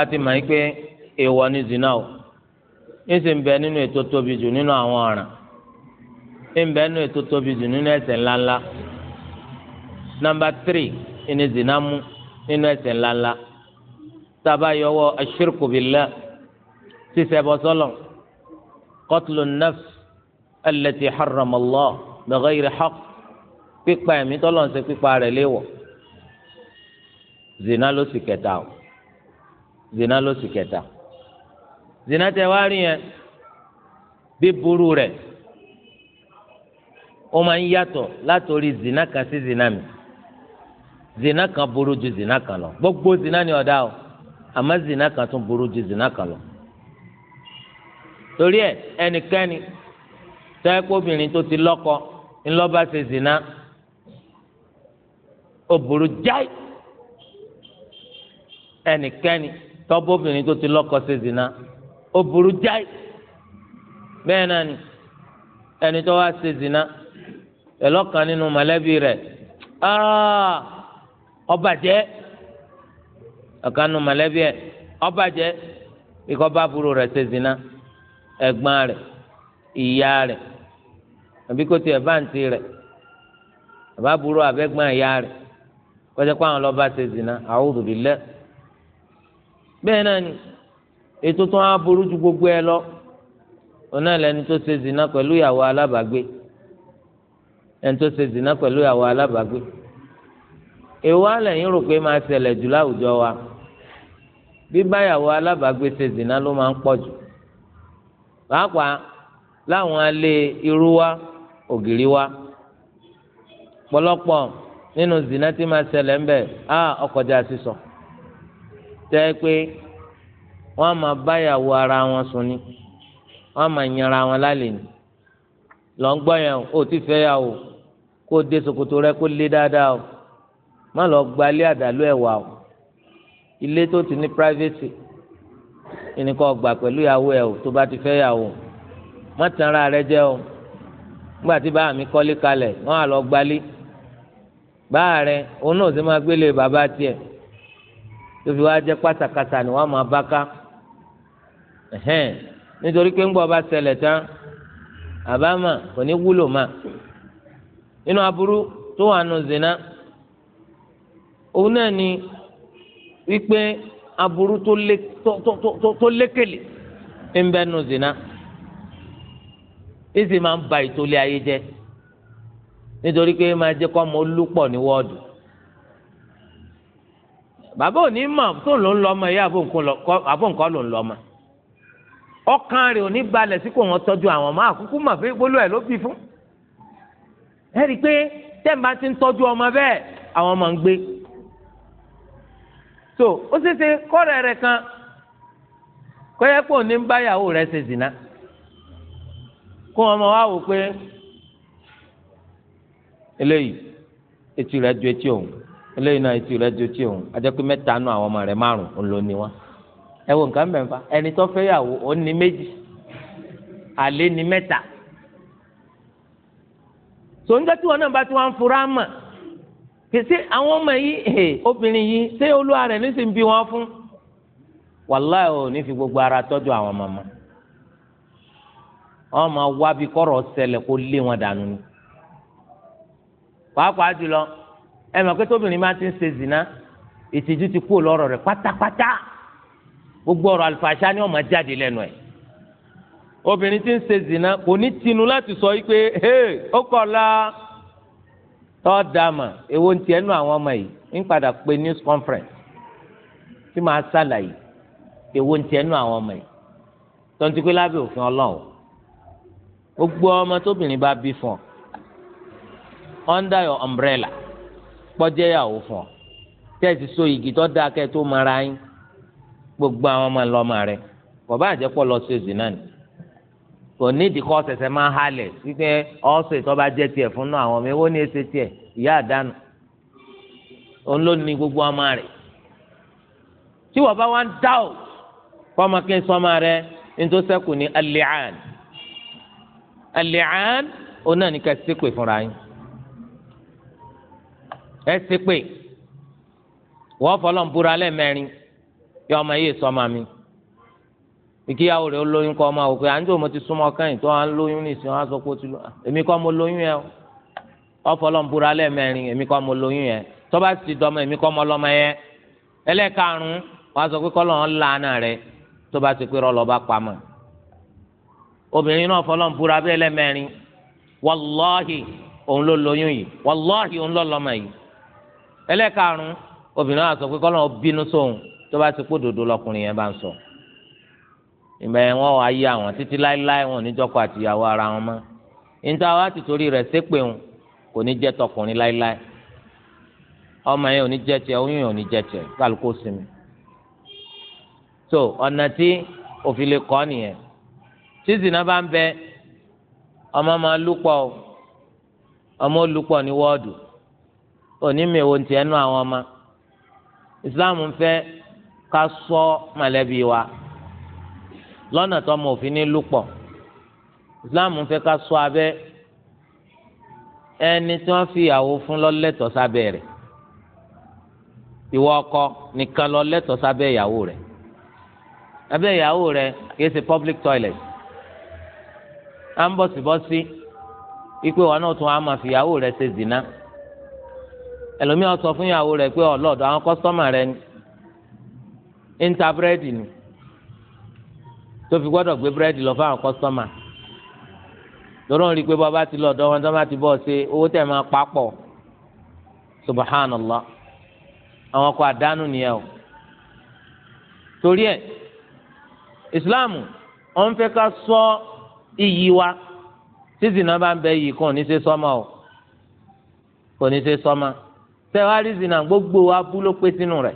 a ti mọ̀ pé èèwọ̀ ni zina o ẹsẹ̀ ń bẹ nínú ètò tóbi jù nínú àwọn ọ̀ràn ń bẹ nínú ètò tóbi jù nínú ẹ̀ṣẹ̀ ńláńlá nàmbà tírì ẹni zina mú nínú ẹ̀ṣẹ̀ ńláńlá sábà yọwọ́ ashirku billah sísẹ bọ sọlọ qatlu nafs allati harrama Allah bighayri haqq pípa ẹ̀mí tọ́lọ̀ ń ṣe pípa rẹ̀ léwọ̀ zina ló sì kẹta o zina ló sì kẹta zina tẹ wá rí yẹn bí burú rẹ̀ ó máa ń yàtọ̀ látòrí zina kan sí zina mi zina kan burú ju zina kan lọ gbogbo zina ni ọ̀dà o àmọ́ zina kan tún burú ju zina kan lọ torí ẹ ẹnikẹ́ni tẹ́kọ̀bìnrin tó ti lọ́kọ ńlọ́ba ṣe zina ó buru jáì ẹnikẹ́ni tọ́bọ̀bìnrin tó ti lọ́kọ ṣe zina ó burú jáì bẹ́ẹ̀ náà ni ẹni tó wá zina ẹlọ́kan nínú mọ̀lẹ́bí rẹ̀ ọbàjẹ́ ọ̀kan nínú mọ̀lẹ́bí ẹ̀ ọbàjẹ́ ikọ́ bá burú rẹ̀ ṣe zina ẹ̀gbọ́n rẹ̀ ìyá rẹ̀ àbí kò tiẹ̀ báǹtì rẹ̀ àbá burú abẹ́gbọ́n ìyá rẹ̀ kọjá pé àwọn lọ́ba zina bẹ́ẹ̀ náà ni ètò tó ń aburú ju gbogbo ẹ lọ ọ̀nà lẹni tó ṣe zina pẹ̀lú ìyàwó alábàágbé ẹni tó ṣe zina pẹ̀lú ìyàwó alábàágbé èwo alẹ́yìn rò pé máa ṣẹlẹ̀ jù láwùjọ wa bíbáyàwó alábàágbé ṣe zina ló máa ń pọ̀ jù pàápàá láwọn alẹ́ irú wa ògiri wa pọ̀lọpọ̀ nínú zina tí máa ṣẹlẹ̀ ń bẹ á ọkọjà sísọ. So tẹ́ pé wọ́n á máa báyàwó ara wọn sùn ni wọ́n á máa yanra wọn lálẹ́ ni lọ ń gbọ́ yẹn o ti fẹ́ yà o kó de ṣòkòtò rẹ kó lé dáadáa o má lọ gba ilé àdàlú ẹ̀wà o ilé tó ti ní private ìnìkan ọgbà pẹ̀lú ìyàwó ẹ̀ o tó bá ti fẹ́ yà o má tan ara rẹ jẹ́ o nígbà tí báà mi kọ́lé kalẹ̀ wọ́n á lọ gbalé báà rẹ òun náà sì máa gbélé bàbá tiẹ̀ tóbi wá jẹ́ pátákátá ni wọ́n máa bá ká ẹ̀hẹ́n nítorí pé ńgbọ́ bá ṣẹlẹ̀ tán àbámà kò ní wúlò mà nínú aburú tó wà nù zina òun náà ni wípé aburú tó lékele ń bẹ nù zina ìsì máa ń ba ìtòlé ayé jẹ́ nítorí pé máa jẹ́ kó ọmọ olùpọ̀ ní wọ́ọ̀dù bàbá ò ní mọ̀ tó ń lò ń lọ ọmọ yẹ àbọ̀nkọ́ ló ń lọ ọmọ ọkàn rẹ̀ ò ní balẹ̀ sí kò wọ́n tọ́jú àwọn ọmọ àkúkú mọ̀ pé gbólóò ẹ̀ ló bí fún ẹ rí i pé tẹ́ǹbà ti ń tọ́jú ọmọ bẹ́ẹ̀ àwọn ọmọ ń gbé so ó ṣeéṣe kọ́rẹ́ rẹ̀ kan kọ́yẹ́ pé òní ń báyàwó rẹ̀ ṣe zìnà kó ọmọ wa wò pé eléyìí etí rẹ̀ ju etí òun eléyìí náà etí rẹ̀ jọ tí òun adẹ́pẹ́ mẹ́ta nù àwọn ọmọ rẹ̀ márùn ún ló ní wọn. ẹ wo nǹkan mẹ́fà ẹni tó fẹ́ yàwó ó ní méjì àlè ní mẹ́ta. sòńjẹ́ tí wọn náà bá ti wọn fura mọ̀ kìsì àwọn ọmọ yìí obìnrin yìí ṣé olúwa rẹ̀ ní sì ń bí wọn fún. wàláì ò ní fi gbogbo ara tọ́jú àwọn màmá wọn máa wá bí kọ́rọ̀ ṣẹlẹ̀ kó lé wọn dànù ni. pàápàá jùlọ ẹ mọ̀ pé tóbìnrin máa ti ń ṣe zina ìtìjú ti kúrò lọ́rọ̀ rẹ̀ pátápátá gbogbo ọ̀rọ̀ àlùfàṣà ni ó máa jáde lẹ́nu ẹ̀ obìnrin ti ń ṣe zina kò ní tinú láti sọ yìí pé hey ó kọ̀ọ̀la tọ́ọ̀dàmà èwo ń tiẹ̀ nù àwọn ọmọ yìí ń padà pé news conference tí màá ṣàlàyé èwo ń tiẹ̀ nù àwọn ọmọ yìí tọ́ntí pé lábẹ́ òfin ọlọ́run gbogbo ọmọ tóbìnrin bá bí fún ọ under your umbrella kpọ́jẹ́yàwó fún ọ tẹ́sí so igi tó dáa kẹ́ tó mara yín gbogbo àwọn ọmọ ńlọmọ rẹ bàbá àjẹpọ̀ lọ sí òsì náà ni kò nídìí kọ́ sẹ̀sẹ̀ máa halẹ̀ wípé ọ̀sẹ̀ tó bá jẹ́ tiẹ̀ fún náà àwọn ọmọ ewó ní ẹsẹ̀ tiẹ̀ ìyá àdánù òun ló ní gbogbo ọmọ rẹ̀ tí wọ́n bá wá ń dá o fọmọ kí n sọmọ rẹ nítorí sẹ́kù ní alẹ́ àn òun náà ní ká ṣépè fúnra yín. ẹ ti pé wọ́n fọlọ́n búra lẹ́ẹ̀mẹrin yọ ọmọ yìí sọ ọmọ mi ìkíyàwó rẹ̀ ó kọ́ ọmọ àwọn òkè àńjọ mo ti súnmọ́ kẹ́yìn tó ń lóyún nìsín wọn á sọ pé ó ti lóyún èmi kọ́ mo lóyún yẹn wọ́n fọlọ́n búra lẹ́ẹ̀mẹrin èmi kọ́ mo lóyún yẹn tọ́ba ti dọ́mọ èmi kọ́ mo lọ́mọ yẹn ún wọ́n á sọ pé ti pé bá ẹlẹ́karùn-ún obìnrin náà sọ pé kọ́lọ́ bínú sóhun tó bá ti kó dòdò lọkùnrin yẹn bá ń sọ ìgbà yẹn wọn wá yí àwọn títí láéláé wọn níjọkọ àtìyàwó ara wọn mọ́ níta wá ti torí rẹ̀ ṣépè wọn kò ní jẹ́ tọkùnrin láéláé ọmọ yẹn ò ní jẹ́ tiẹ̀ oyún yẹn ò ní jẹ́ tiẹ̀ kálukó sinmi so ọ̀nà tí òfin lè kọ́ nìyẹn tí zina bá ń bẹ ọmọ máa lúpọ̀ ọmọ olùpọ̀ ní wọ́ọ̀dù onímọ̀ ohun tiẹ̀ nú àwọn ọmọ islam ń fẹ́ ká ṣọ́ mọ̀lẹ́bí wa lọ́nà tó ọmọ òfin ní lùpọ̀ islam ń fẹ́ ká ṣọ́ abẹ́ ẹni tí wọ́n fi ìyàwó fún lọ́lẹ́tọ̀ọ́ sábẹ́ rẹ̀ ìwọ ọkọ nìkan lọ́lẹ́tọ̀ọ́ sábẹ́ ìyàwó rẹ̀ abẹ́ ìyàwó rẹ̀ kìí ṣe public toilet à ń bọ̀sibọ́sí ikú ìwà náà tún á máa fi ìyàwó rẹ̀ ṣe zina ẹlòmíràn sọ fún ìyàwó rẹ̀ pé ọlọ́dọ̀ àwọn kọ́sọ́mà rẹ ni ń ta búrẹ́dì ni tó fi gbọ́dọ̀ gbé búrẹ́dì lọ fáwọn kọ́sọ́mà lọ́rọ̀ ń rí i pé bọ́ba ti lọ ọ̀dọ̀ wọn tó máa ti bọ́ ṣe owó tẹ̀ máa papọ̀ subhanallah àwọn ọkọ̀ àdánù nìyẹn o torí ẹ̀ ìsìláàmù wọn fẹ́ ká sọ iyì wa tí zina bá ń bẹ yìí kò ní ṣe sọ́mà o kò ní ṣe sọ́mà tẹwárí zina gbogbo wa bú ló pé sínú rẹ̀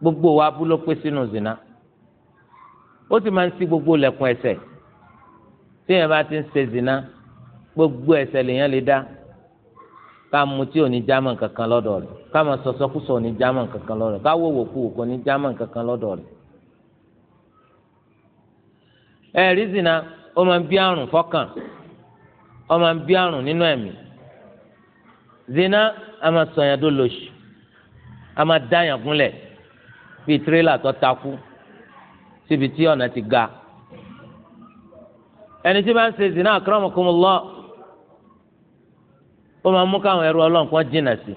gbogbo wa bú ló pé sínú zina ó sì máa ń ṣí gbogbo lẹ̀kùn ẹ̀ṣẹ̀ tí èèyàn bá ti ń ṣe zina gbogbo ẹ̀ṣẹ̀ lèèyàn lè dá ká mutí òní jámọ̀ kankan lọ́dọ̀ rẹ̀ ká máa sọ̀sọ́kùsọ̀ òní jámọ̀ kankan lọ́dọ̀ rẹ̀ ká wòwò kú òkò òní jámọ̀ kankan lọ́dọ̀ rẹ̀. ẹ̀rí zina ó máa ń bí àrùn fọ́kàn ó máa ń bí àrùn nínú ẹ̀mí zina a máa sọ yẹn tó lòṣì a máa dá yẹn gúnlẹ̀ bíi tirẹ́là tó takú síbi tí ọ̀nà ti ga ẹni tí bá ń ṣe zina akramakumullah ó máa mú káwọn ẹrú ọlọ́run kan jìnnà sí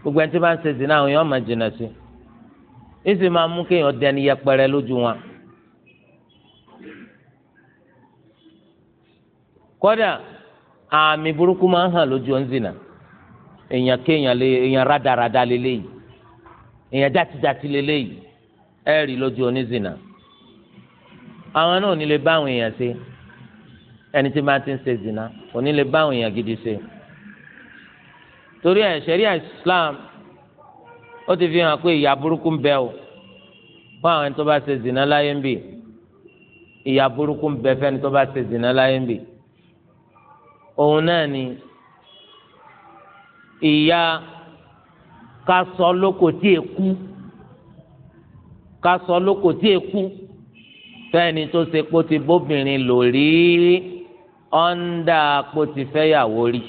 gbogbo ẹni tí bá ń ṣe zina àwọn èèyàn máa jìnnà sí ìsì máa mú kéèyàn dẹni yẹpẹrẹ lójú wọn. kódà àmì burúkú máa ń hàn lójú ọ̀nzìnà èèyàn kéèyàn lé èèyàn rádaràda lélẹ́yìí èèyàn dátidàti lélẹ́yìí ẹ rí lójú onízìnà àwọn náà ò ní lè bá àwọn èèyàn ṣe ẹni tí máa ti ń ṣe zìnà ò lè bá àwọn èèyàn gidi ṣe torí ẹ ṣẹ̀ríà Islam ó ti fi hàn pé ìyà burúkú ń bẹ o fún àwọn ẹni tó bá ṣe zìnà láyé ń bì ìyà burúkú ń bẹ fẹ́ni tó bá ṣe zìnà láyé ń bì òun náà ni ìyá kásọ lóko tí è kú kásọ lóko tí è kú fẹ́ni tó ṣe pé ó ti bóbìnrin lò rí ọ́ndà pé ó ti fẹ́yàwó rí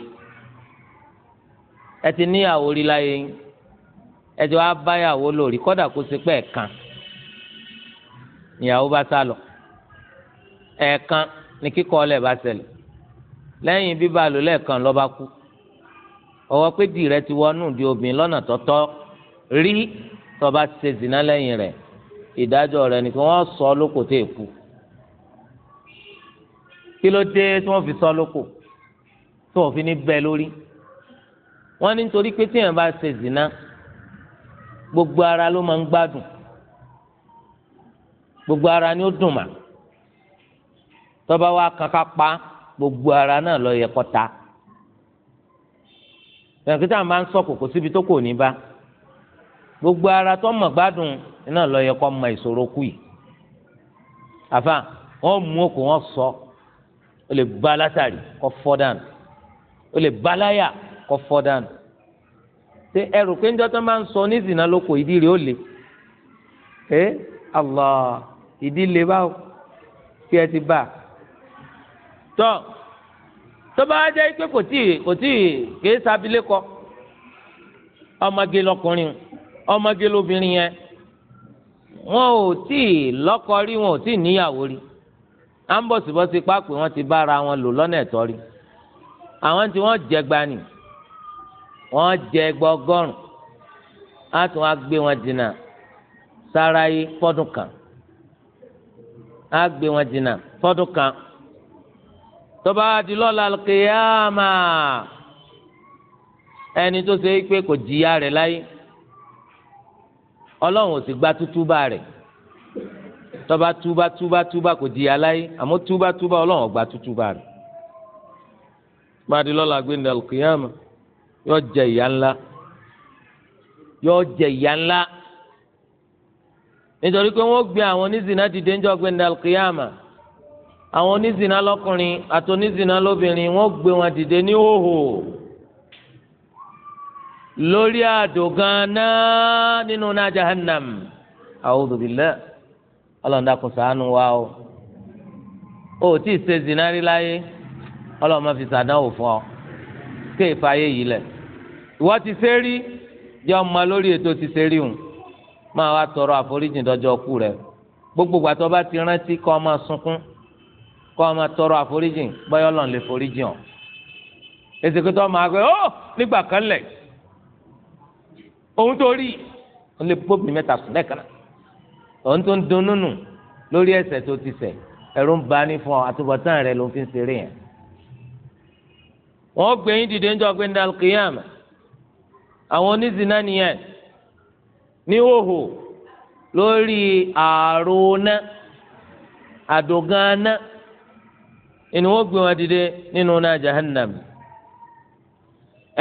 ẹ ti níyàwó rí láyé yín ẹ ti wá báyàwó lò rí kọ́dà kó ṣe pé ẹ̀kan ìyàwó bá sá lọ ẹ̀ẹ̀kan ni kíkọ́ ọlẹ̀ bá ṣẹlẹ̀ lẹ́yìn bíbá lò lẹ́ẹ̀kan lọ́ba kú ọwọ́ pé dì rẹ ti wọnú di obìnrin lọ́nà tọ́tọ́ rí tó ṣe zina lẹ́yìn rẹ̀ ìdájọ́ rẹ̀ ni kí wọ́n sọ lóko tó èkú kí ló dé tí wọ́n fi sọ lóko tí wọ́n fi ní bẹ́ẹ̀ lórí wọ́n ní nítorí pé tíyẹn bá ṣe zina gbogbo ara ló máa ń gbádùn gbogbo ara ni ó dùn mà tó bá kankan pa gbogbo ara náà ló yẹ kó dókítà máa ń sọ kòkò síbi tó kò ní bá gbogbo ara tó mọ̀ gbádùn iná lọ yẹ kó mọ ìṣòro kù yìí àfa wọn mú okò wọn sọ ó lè ba látàrí kó fọ́ dànù ó lè ba láyà kó fọ́ dànù ṣe ẹrù pé njọ́ tó máa ń sọ ní ìsìnà lóko ìdí rẹ̀ ó le ẹ Allah ìdí le báwo kí ẹ ti bá tọ́ tọ́ba á jẹ́ pé kò tíì kò tíì kìí sábìlẹ́kọ ọmọge lọkùnrin ọmọge lobìnrin yẹn wọn ò tíì lọ́kọ rí wọn ò tíì níyàwó rí à ń bọ̀ síbọ̀ sí pápẹ́ wọn ti bára wọn lò lọ́nà ẹ̀tọ́ rí àwọn tí wọ́n jẹ gbani wọ́n jẹ gbọ́gọ́rùn á tún wá gbé wọn dínà sáráyé fọ́dún kan á gbé wọn dínà fọ́dún kan tọba di lọ́la kéámà ẹni tó ṣe é pé kò jìyà rẹ̀ láyé ọlọ́run ò sì gba tútúbà rẹ̀ tọba túbà túbà túbà kò jìyà láyé àmọ́ túbà túbà ọlọ́run ò gba tútúbà rẹ̀ tọba di lọ́la gbẹ̀ndà kéámà yóò jẹ ìyà ńlá yóò jẹ ìyà ńlá nítorí pé wọ́n gbé àwọn oníṣìnà dìde ńjọ́ gbẹ̀ndà kéámà àwọn onízìnnà lọ́kùnrin àti onízìnnà lóbìnrin wọ́n gbé wọn dìde ní hòhò lórí àdògán náà nínú náà jahannam a'udhu billah ọlọ́run dákun ṣàánú wa o ò tí ì ṣe zìnnà rí láyé ọlọ́run má fi ṣàdánwò fún ọ ké ìfàyè yìí lẹ̀ ìwọ ti ṣe rí jẹ́ ọmọ lórí ètò ti ṣe rí hùn máa wá tọrọ àforíjì dọ́jọ́ kú rẹ̀ gbogbo gbàtọ́ bá ti rántí kọ́ ọ sunkún kọ́ ọ máa tọrọ àforíjìn bọ́yọ́ lọ́n lè foríjìn ọ́ ezekete ọmọ àgbẹ̀ ó nígbà kan lẹ̀ òun tó rí ó lè bóbi mẹ́ta sùn lẹ́ẹ̀kan náà òun tó ń dunnú nù lórí ẹ̀ṣẹ̀ tó ti ṣẹ̀ ẹ̀rù ń ba ní fún ọ àtúbọ̀tán rẹ ló fi ń ṣeré yẹn wọ́n gbé dìde ń jọ gbé ndal kiyam àwọn onízìnnà nìyẹn ní lórí àrò náà àdògán náà ni wọ́n gbé wọn dìde nínú náà jahannam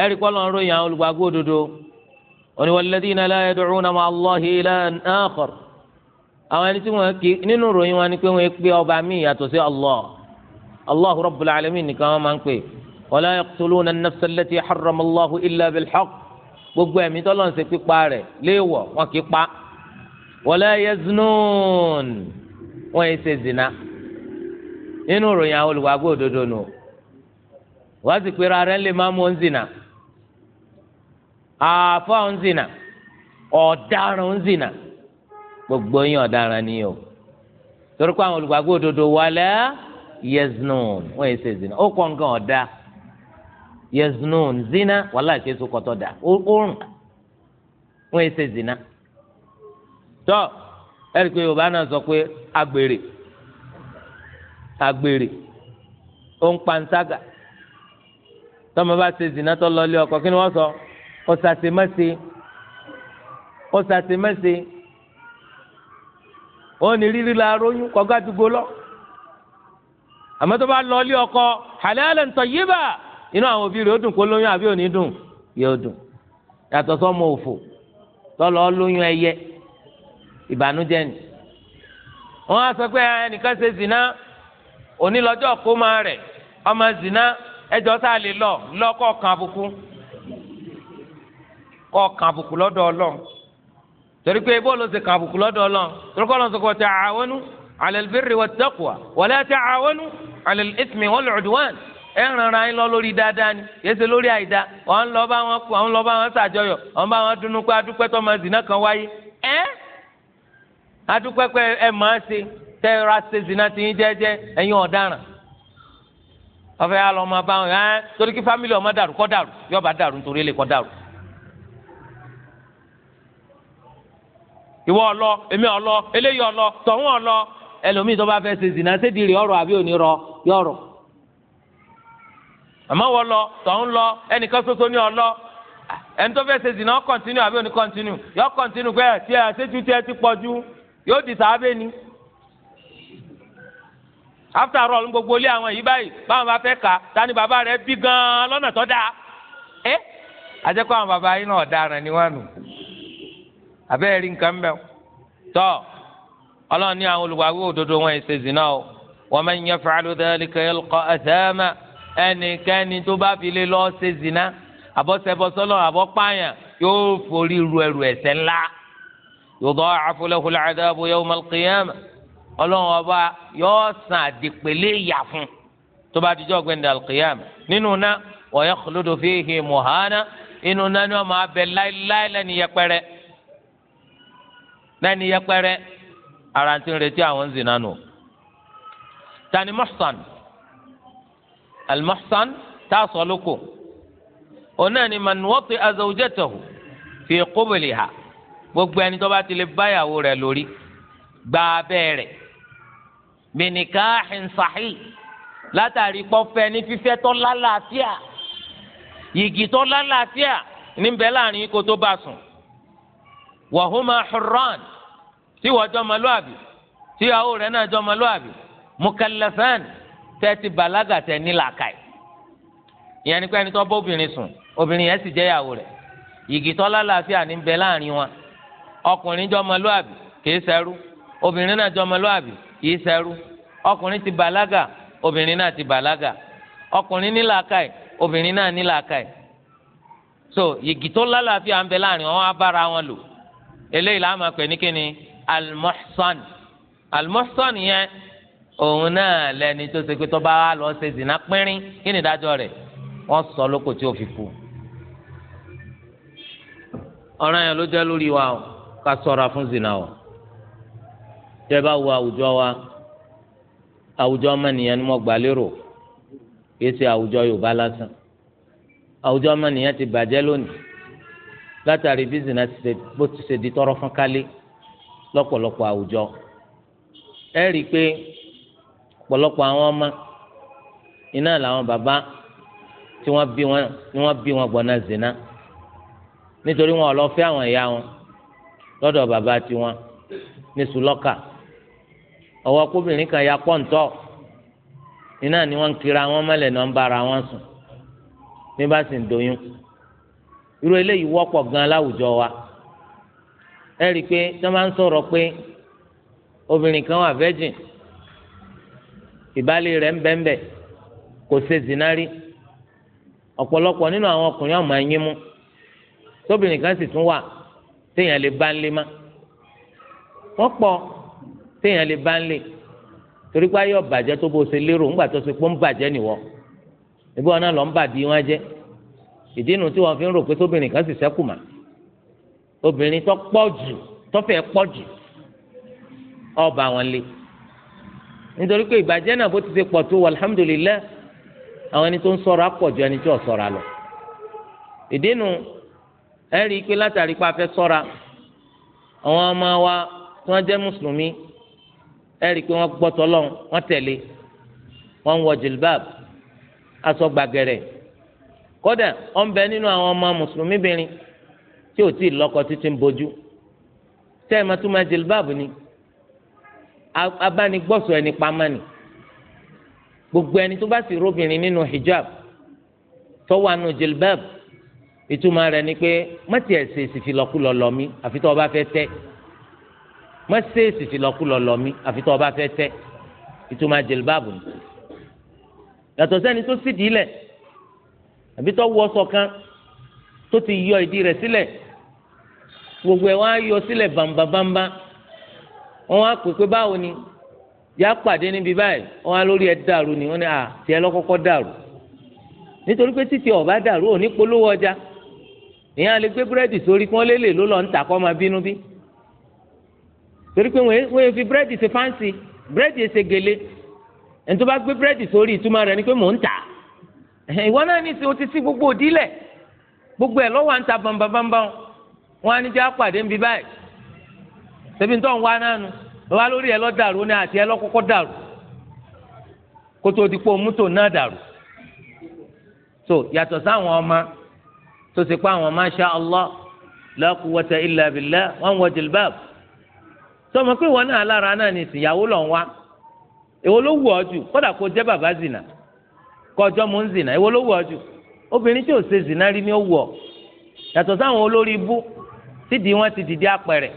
ẹ̀rí kọ́ lọ́n ròyìn àwọn olùgbàgbọ́ òdodo òní walladhina la yad'una ma'a Allahi ilahan akhar àwọn ẹni tí wọ́n kì nínú ròyìn wọn ni pé wọ́n pe ọba míì yàtọ̀ sí Allah Allahu rabbul alamin nìkan wọ́n máa ń pè wala yaqtuluna an-nafsa allati harrama Allahu illa gbogbo ẹ̀mí tọ́lọ́ ń ṣe pípa rẹ̀ léèwọ̀ wọn kì í pa wala yaznun wọn yìí ṣe zina. nínú ìròyìn àwọn olùwàgbọ́ òdodo nù wọ́n sì pera rẹ̀ lè má mú ọ́nzìnà àfọ́ ọ́nzìnà ọ̀daràn ọ́nzìnà gbogbo yín ọ̀daràn ni o torí pé àwọn olùgbàgbọ́ òdodo wà lẹ́ yẹznùn wọ́n yẹ ṣe zina ó kọ́ nǹkan ọ̀dà yẹznùn zina wàhálà kéésù kọ́tọ́ dà wọ́n agbèrè ó ń panṣágà tọ́mọ bá ṣe zìnà tó lọlé ọkọ kí ni wọ́n sọ ó ṣàṣe mẹ́sẹ̀ ó ṣàṣe mẹ́sẹ̀ ó ní rírí la róyún kọ́gá dùgbò lọ àmọ́ tó bá lọlé ọkọ halalan tayyiba inú àwọn òbí rẹ̀ ó dùn kó lóyún àbí ò dùn yóò dùn yàtọ̀ sọ́mọ òfò tọ́lọ́ lóyún ẹyẹ ìbànújẹ́ ni wọ́n á sọ pé ẹnìkan ṣe zìnà onílọ́jọ́ kó máa rẹ̀ ọmọ zina ẹjọ́ tá a lè lọ lọ́kọ̀ kan àbùkù kọ́ kan àbùkù lọ́dọ̀ ọlọ́run torí pé bó ló ṣe kan àbùkù lọ́dọ̀ ọlọ́run torí kọ́ ló ń sọ pé ta'awanu 'ala al-birri wat-taqwa wa la ta'awanu 'ala al-ithmi wal-'udwan ẹ ń ràn ara yín lọ lórí dáadáa ni yéésẹ lórí àìda ọ̀ ń lọ bá wọn kú ọ̀ ń lọ bá wọn ṣàjọyọ̀ ọ̀ ń bá wọn dùnnú pé adúpẹ́ tó máa zìnà kan wáyé ẹ́ adúpẹ́ pé ẹ máa ṣe tẹ́ra ṣe zina ti yín jẹ́jẹ́ ẹ̀yin ọ̀daràn ọ̀fẹ́ yà ọmọ bá wọn torí kí fámìlì ọmọ dàrú kọ́ dàrú yọba dàrú nítorí ilé kọ́ dàrú. ìwọ ọlọ èmi ọlọ eléyìí ọlọ tọ̀hún ọlọ ẹlòmíì tó bá fẹ́ ṣe zina ṣé àbí òní rọ yọrọ àmọ́ wọ́n lọ tọ̀hún lọ ẹnìkan ṣoṣo ní ọlọ ẹni tó fẹ́ ṣe zina kọ́ntínú àbí òní kọ́ntínú yọ kọ́ntínú pé ẹ̀ tí ẹ̀ ti pọ̀ yóò di sàábẹ́ ni after all gbogbo ilé àwọn yìí báyìí báwọn bá fẹ́ kà tani bàbá rẹ̀ bí gan-an lọ́nà tó dáa ẹ́ àjẹkọ́ àwọn bàbá yìí náà daràn ni wọ́n nù abẹ́rẹ́ rí nǹkan mẹ́wọ́ tọ́ ọlọ́run ní àwọn olùwàwí òdodo wọn ṣe zina o wa man yaf'alu dhalika yalqa athama ẹnikẹ́ni tó bá fi lé lọ́ọ́ ṣe zina àbọ̀sẹ̀bọ̀sọ́lọ́ àbọ̀páyà yóò forí ru ẹrù ẹ̀ṣẹ̀ ńlá yudha'afu lahu al'adhabu yawma al-qiyamah ọlọ́run ọba yóò san àdìpẹ̀lẹ́ ìyà fún tó bá dijọ́ gbẹ̀ndẹ̀ alqiyam nínú náà wa yakhludu fihi muhana inú náà ni wọ́n máa bẹ láéláé lẹ́ni yẹpẹrẹ lẹ́ni yẹpẹrẹ ara ti ń retí àwọn zina nù. tani muhsan almuhsan tá a ọ̀nà ni man wati'a zawjatahu fi qubliha gbogbo ẹni tó bá ti lè báyàwó rẹ̀ lórí gba rẹ̀ bìnìkáhìn sàhí látàrí pọ́fẹ́ ní fífẹ́ tó lálàáfíà yìgì tó lálàáfíà níbẹ̀ láàrin kó tó bá sùn wàhùnmá hurran tí wọ́n jọ ọmọlúàbí tí ìyàwó rẹ̀ náà jọ ọmọlúàbí mukallafan tẹ́ ti bàlágà tẹ́ nílàkàì ìyẹn ni pé ẹni tó bá obìnrin sùn obìnrin yẹn sì jẹ́ ìyàwó rẹ̀ yìgì tó lálàáfíà níbẹ̀ láàrin wọn ọkùnrin jọ ọmọlúàbí kìí ṣẹrú obìnrin náà jọ ọmọlúàbí kìí ṣẹrú ọkùnrin ti bàlágà obìnrin náà ti bàlágà ọkùnrin ní làákàyè obìnrin náà ní làákàyè so yìgì tó lálàáfíà ń bẹ láàrin wọn á bára wọn lò eléyìí la máa pè ní kíni almohsan almohsan yẹn òun náà lẹni tó ṣe pé tó bá wà lọ ṣe zina pínrín kí ni ìdájọ́ rẹ̀ wọ́n sọ lóko tí ó fi kú ọ̀ràn yẹn ló jẹ́ lórí wa ká ṣọ́ra fún zina o tẹ́ bá wo àwùjọ wa àwùjọ ọmọnìyàn ni mo gbà lérò kìí ṣe àwùjọ Yorùbá lásán àwùjọ ọmọnìyàn ti bàjẹ́ lónìí látàrí bísínà bó ti ṣe di tọrọ fún kálí lọ́pọ̀lọpọ̀ àwùjọ ẹ rí i pé pọ̀lọpọ̀ àwọn ọmọ iná làwọn bàbá tí wọ́n bí wọn ni wọ́n bí wọn gbọ́nà zina nítorí wọn ò lọ fẹ́ àwọn ìyá wọn lọ́dọ̀ bàbá tiwọn ní sùlọ́kà ọwọ́ kóbìnrin kan ya pọ́ǹtọ́ iná ni wọ́n ń kiri àwọn mọ́lẹ̀ náà ń bára wọn sùn ní bá sì ń doyún irú eléyìí wọ́pọ̀ gan láwùjọ wa ẹ rí i pé tí wọ́n bá ń sọ̀rọ̀ pé obìnrin kan wà virgin ìbálé rẹ̀ ń bẹ́ńbẹ́ kò ṣe zinari ọ̀pọ̀lọpọ̀ nínú àwọn ọkùnrin ọ̀mọ̀ ẹ̀yìn mú tóbìnrin kan sì tún wà téèyàn lè bá ń lé má wọ́n pọ̀ téèyàn lè bá ń lè torí pé ayé ọ̀bàjẹ́ tó bó ṣe lérò ńgbà tó ṣe pé ń bàjẹ́ nìwọ níbí wọn náà lọ ń bàbí wọn jẹ́ ìdí inú tí wọn fi ń rò pé tóbìnrin kan sì ṣẹ́kù mà obìnrin tó pọ̀ jù tó fẹ́ pọ̀ jù ọba wọn lé nítorí pé ìbàjẹ́ náà bó ti ṣe pọ̀ tó alhamdulillah àwọn ẹni tó ń sọ̀rọ̀ àpọ̀jù ẹni tí ò sọ̀rọ̀ lọ ìdí inú ẹ pé látàrí pé a fẹ́ sọ̀ra àwọn ọmọ wa tí wọ́n jẹ́ mùsùlùmí ẹ rí i pé wọ́n gbọ́ tọ́lọ́n wọ́n tẹ̀lé wọ́n wọ jilbab aṣọ gbàgẹ̀rẹ̀ kódà wọ́n bẹ nínú àwọn ọmọ mùsùlùmí bìnrin tí ò tí ì lọ́kọ títí ń bojú tẹ́ ẹ̀ máa tún máa jilbab ni abánigbọ́sọ̀ ẹni pamọ́ ni gbogbo ẹni tó bá sì róbìnrin nínú hijab tó wà jilbab ìtumọ̀ rẹ̀ ni pé mọ́tì ẹ̀ ṣèṣì fi lọ́kùlọ́ àfi tó bá fẹ́ tẹ́ má ṣe èsì fìlọ́kùlọ́ lọ mí àfi tó o bá fẹ́ tẹ́ ìtumọ̀ jìlbáàbù ni yàtọ̀ sẹ́ni tó sì dìílẹ̀ àbí tó wọ ọsọ kan tó ti yọ ìdí rẹ̀ sílẹ̀ gbogbo ẹ̀ wọ́n á yọ sílẹ̀ bàǹbàǹbàǹbà wọ́n á pè pé báwo ni yà á pàdé níbi báyìí wọ́n á lórí ẹ̀ dàrú ni wọ́n ní à tiẹ̀ lọ́kọ́kọ́ dàrú nítorí pé títí ọ̀bá dàrú ò ní polówó ọjà ìyẹn lè gbé búrẹ́dì sórí kí wọ́n lé lè ló lọ ń tà kọ́ máa bínú bí. Bi torí pé wọ́n yẹ fi búrẹ́dì ṣe fáǹsì búrẹ́dì ṣe gèlè ẹni tó bá gbé búrẹ́dì sórí ìtumọ̀ rẹ̀ ni pé mò ń tà ìwọ náà ní sè o ti sí gbogbo òdílẹ̀ gbogbo ẹ̀ lọ́wọ́ à ń ta bambambamba wọn á ní jẹ́ àpàdé ń bi báyìí ṣebí tó ń wá náà nu wá lórí ẹ̀ lọ́ dàrú ní àti ẹ̀ lọ́kọ́kọ́ dàrú kótó dípò mútò náà dàrú so yàtọ̀ sáwọn ọmọ tó ti pa àwọn masha Allah la quwwata illa billah wọn wọ jìlbáàbù sọmọ pé wọn náà lára náà ní ìsìnyàwó lọ ń wá èwo ló wù ọ jù kódà kó bàbá zìnà kọjọ mò ń zìnà ló wù ọ jù obìnrin tí ò ṣe ni ó wù ọ yàtọ̀ sáwọn olórí ibú sídìí wọn ti dìde di apẹ̀rẹ̀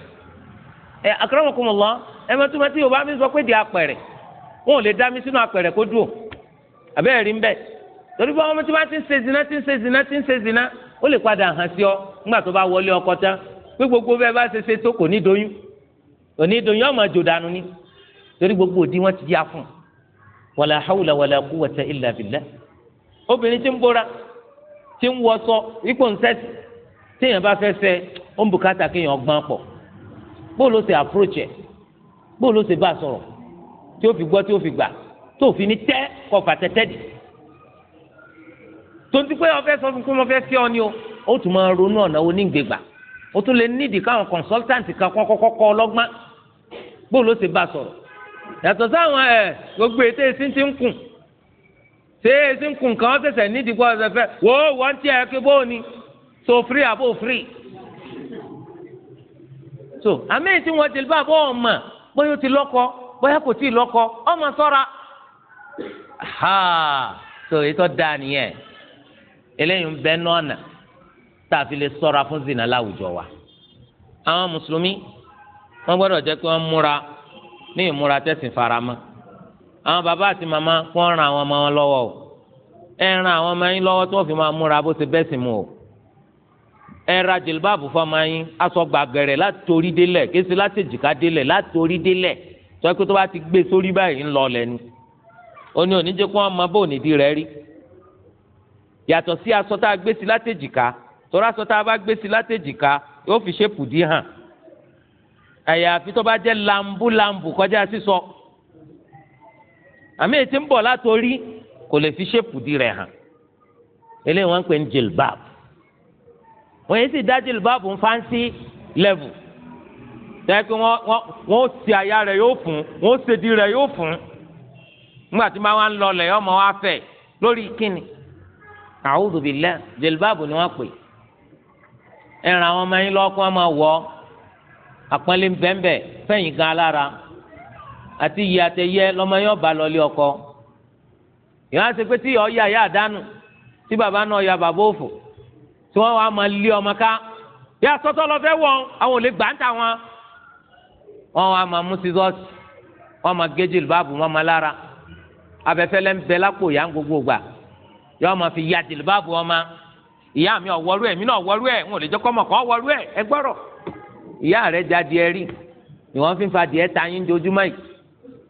wọn ò lè dá mi sínú apẹ̀rẹ̀ kó dùn àbẹ́rẹ́ ń bẹ̀ torí wọn tí wọn ti ń ṣe zìnà ti ń ṣe zìnà ti ń ṣe zìnà ó lè padà hàn ọ nígbà tó bá wọlé ọkọ tán pé gbogbo bẹ́ẹ̀ bá ṣe ṣe tó kò onídùn yóò máa jò dànù ni torí gbogbo òdi wọn ti yá fún wàlà hawla wàlà quwwata illa billah obìnrin tí ń bóra tí ń wọṣọ ipò ńsẹsì téèyàn bá fẹ́ fẹ́ ó ń bùkátà kéèyàn gbọ́n pọ̀ bóòlù ṣe approach ẹ̀ bóòlù ṣe bá sọ̀rọ̀ tí ó fi gbọ́ tí ó fi gbà tó fi ní tẹ́ kọ fàtẹ́tẹ́ dì tonti pé ó sọ fún pé mo fẹ́ fẹ́ ọ ni o ó tún máa ronú ọ̀nà onígbègbà ó tún lè nídìí káwọn consultant kan kọ́kọ́kọ́ ọlọ́gbọ́n bó ló ṣe bá sọ̀rọ̀ yàtọ̀ sáwọn ẹ̀ gbogbo ètò èsì ti ń kùn ṣé èsì ń kùn kàn án ṣẹ̀ṣẹ̀ nídìí kó ọ̀sẹ̀ fẹ́ wò ó wọ́n ti ẹ̀ kí bóò ni so free abo free so àmì tí wọ́n ti bá bọ́ ọ̀mà bóyá ó ti lọ́kọ bóyá kò tí ì lọ́kọ ọmọ sọ́ra ha so ètò dáa nìyẹn eléyìí ń bẹ náà nà tá a fi lè sọ́ra fún zina láwùjọ wa àwọn mùsùlùmí wọ́n gbọ́dọ̀ jẹ́ pé wọ́n múra ní ìmúra tẹ̀sìn faramọ́ àwọn bàbá àti màmá kó ń ran àwọn ọmọ wọn lọ́wọ́ o ẹ ran àwọn ọmọ yín lọ́wọ́ tí wọ́n fi máa múra bó ṣe bẹ́sìn mu o ẹ ra jìlbáàbù fọmọ yín aṣọ gbàgẹ̀rẹ̀ láti orí délẹ̀ kéṣe láti èjìká délẹ̀ láti orí délẹ̀ sọ pé tó bá ti gbé sórí báyìí ń lọ lẹ́nu òní òní jẹ́ kó wọ́n mọ bó nídìí rẹ̀ rí yàtọ̀ sí aṣọ tá láti èjìká torí aṣọ bá gbé láti èjìká yóò fi ṣépù dí hàn àyàfi tó bá jẹ́ lambúlambù kọjá sísọ àmì ètí ń bọ̀ látòrí kò lè fi ṣépù di rẹ̀ hàn eléyìí wọ́n ń pè ní jilbab wọ́n yìí sì dá jilbab ń fáńsì lẹ́vù tẹ́ pé wọ́n ó ṣe àyà rẹ̀ yóò fún wọ́n ó ṣèdí rẹ̀ yóò fún nígbà tí wọ́n ń lọ lẹ̀ ọmọ wa fẹ̀ lórí kíni a'udhu billah jilbab ni wọ́n pè ẹ̀ràn àwọn ọmọ yín lọ́kọ́ máa wọ̀ ọ́ àpọ́nlé bẹ́ẹ̀nbẹ́ fẹ́yìn gan alára àti yìí àtẹ̀yẹ lọ́mọ yóò bá lọ́lé ọkọ ìyá ṣe pé tí ọ̀ya yá àdánù tí bàbá náà ya bàbá òfò tí wọ́n wá máa lé ọmọ ká yá sọ́tọ́ lọ fẹ́ wọ̀ àwọn ò lè gbà ń tà wọn wọ́n wá máa mú sísọ́ọ̀sì wọ́n máa géjì báàbù wọn máa lára abẹ́fẹ́lẹ́ ń bẹ lápò ìyá ń gbogbo gbà yọ máa fi ya jìlbáàbù wọn máa ìyá mi ọ̀wọ́rú ẹ̀ mi náà ọ̀wọ́rú ẹ̀ wọn ìyá rẹ̀ jáde ẹrí ni wọ́n fi ń fa adìẹ ta yín dojúmọ́ yìí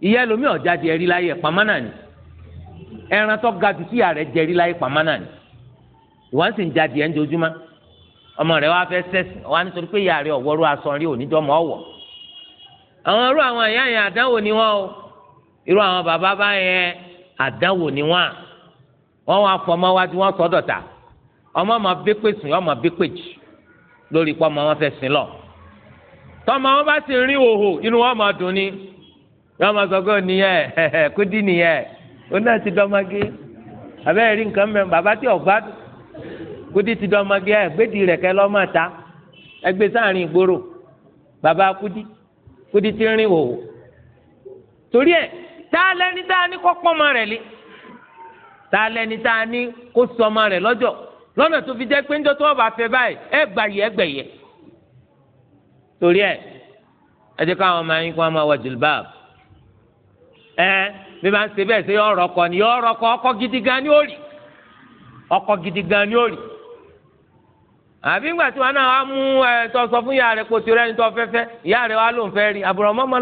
ìyá ẹlòmíì ọ̀ jáde ẹrí láyé pamọ́ náà ni ẹran tó ga jù sí ìyá rẹ̀ jẹrí láyé pamọ́ náà ni ìwọ́n sì ń jáde ẹ̀ ń dojúmọ́ ọmọ rẹ̀ wá fẹ́ sẹ́sìn wá nítorí pé ìyá rẹ̀ ọ̀wọ́rú aṣọ onídọ́mọ ọ̀wọ́ àwọn irú àwọn ìyá yẹn àdánwò ni wọ́n o irú àwọn bàbá bá yẹn àdánwò ni wọ́n wọ́n wá fọmọ wájú wọn sọ́dọ̀ta ọmọ ọmọ bẹ́pẹ̀ ọmọ bẹ́pẹ̀ lórí pọ́ ọmọ wọn fẹ́ sin lọ́ọ̀ tọ́mọ wọn bá sì rí òhò inú wọn ni yọọ máa sọ pé ò nìyẹn kó dín ó náà ti dọ́mọgé abẹ́rẹ́ rí nǹkan mẹ́rin bàbá tí ọ̀gbá kó dín ti rẹ̀ kẹ́ ta ẹgbẹ́ sáàrin ìgboro bàbá kúdí ti rin òhò torí ẹ̀ tá a lẹ́ni tá a ní kó pọ́n ọmọ rẹ̀ lé tá a lẹ́ni tá a ní kó sọ ọmọ rẹ̀ torí ẹ ẹ jẹ́ káwọn ọmọ yín kó wọn máa wọ jìlbáàb ẹ bí máa ń ṣe bẹ́ẹ̀ ṣe yọ ọrọ kọ ni yọ kọ ọkọ gidi gan ni ó ọkọ gidi gan ni ó rì àbí ńgbà tí wọn náà wá mú ẹ tó sọ fún ìyá rẹ kó tirẹ ní tó ìyá rẹ wá rí àbúrò ọmọ ọmọ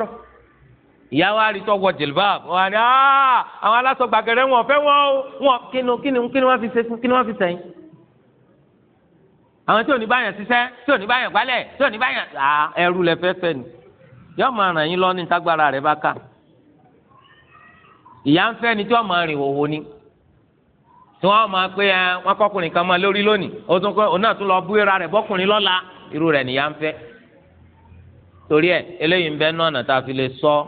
lọ ìyá wa rí tọwọ jìlbáàb wọn ni àwọn aláṣọ gbàgẹrẹ wọn fẹ́ wọn o wọn kíni kíni kíni wọn fi ṣe fún kíni wọn fi sẹ́yìn àwọn tí ò ní báyàn ṣiṣẹ́ tí ò ní báyàn gbálẹ̀ tí ò ní báyàn ẹrú lẹ fẹ́ fẹ́ ni yóò máa ràn yín lọ ní tágbára rẹ bá kà ìyá ń fẹ́ ni tí wọ́n máa rìn wòwò ni tí wọ́n máa pé ẹ wọ́n kọ́kùnrin kan máa lórí lónìí ó tún kọ́ òun náà tún lọ bú ìra rẹ̀ bọ́kùnrin lọ́la irú rẹ̀ nìyá ń fẹ́ torí ẹ eléyìí ń bẹ náà nà tá a fi lè sọ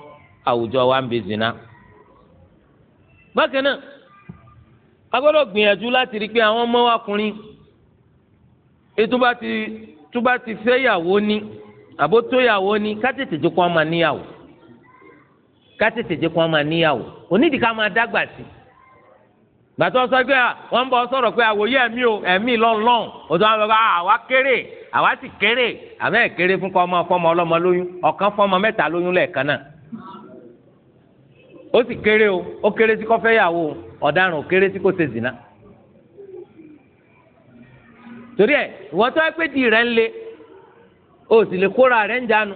àwùjọ wa ń bi zina. bákan náà a gbọ́dọ̀ gbìyànjú láti rí i pé àwọn ọmọ wa kùnrin ètùbá ti túbá ti fẹ́ yàwó ní àbó tó yàwó ní ká tètè jẹ́ kó ọmọ níyàwó ká tètè jẹ́ kó ọmọ níyàwó onídìí ká máa dàgbà sí i gbàtọ́ sọ pé wọ́n ń bọ̀ sọ̀rọ̀ pé àwòye ẹ̀mí o ẹ̀mí lọ́nlọ́n o tó wọn bá àwa kéré àwa sì kéré àmẹ́ kéré fún kọ́ ọmọ fọmọ ọlọ́mọ lóyún ọ̀kan fọmọ mẹ́ta lóyún lẹ́ẹ̀kan náà ó sì kéré o ó kéré sí kó fẹ́ yàwó ọ̀daràn ó kéré sí kó ṣe zìnà torí ẹ ìwọ tó ẹ pé di rẹ ń le o sì lè kóra rẹ ń jánu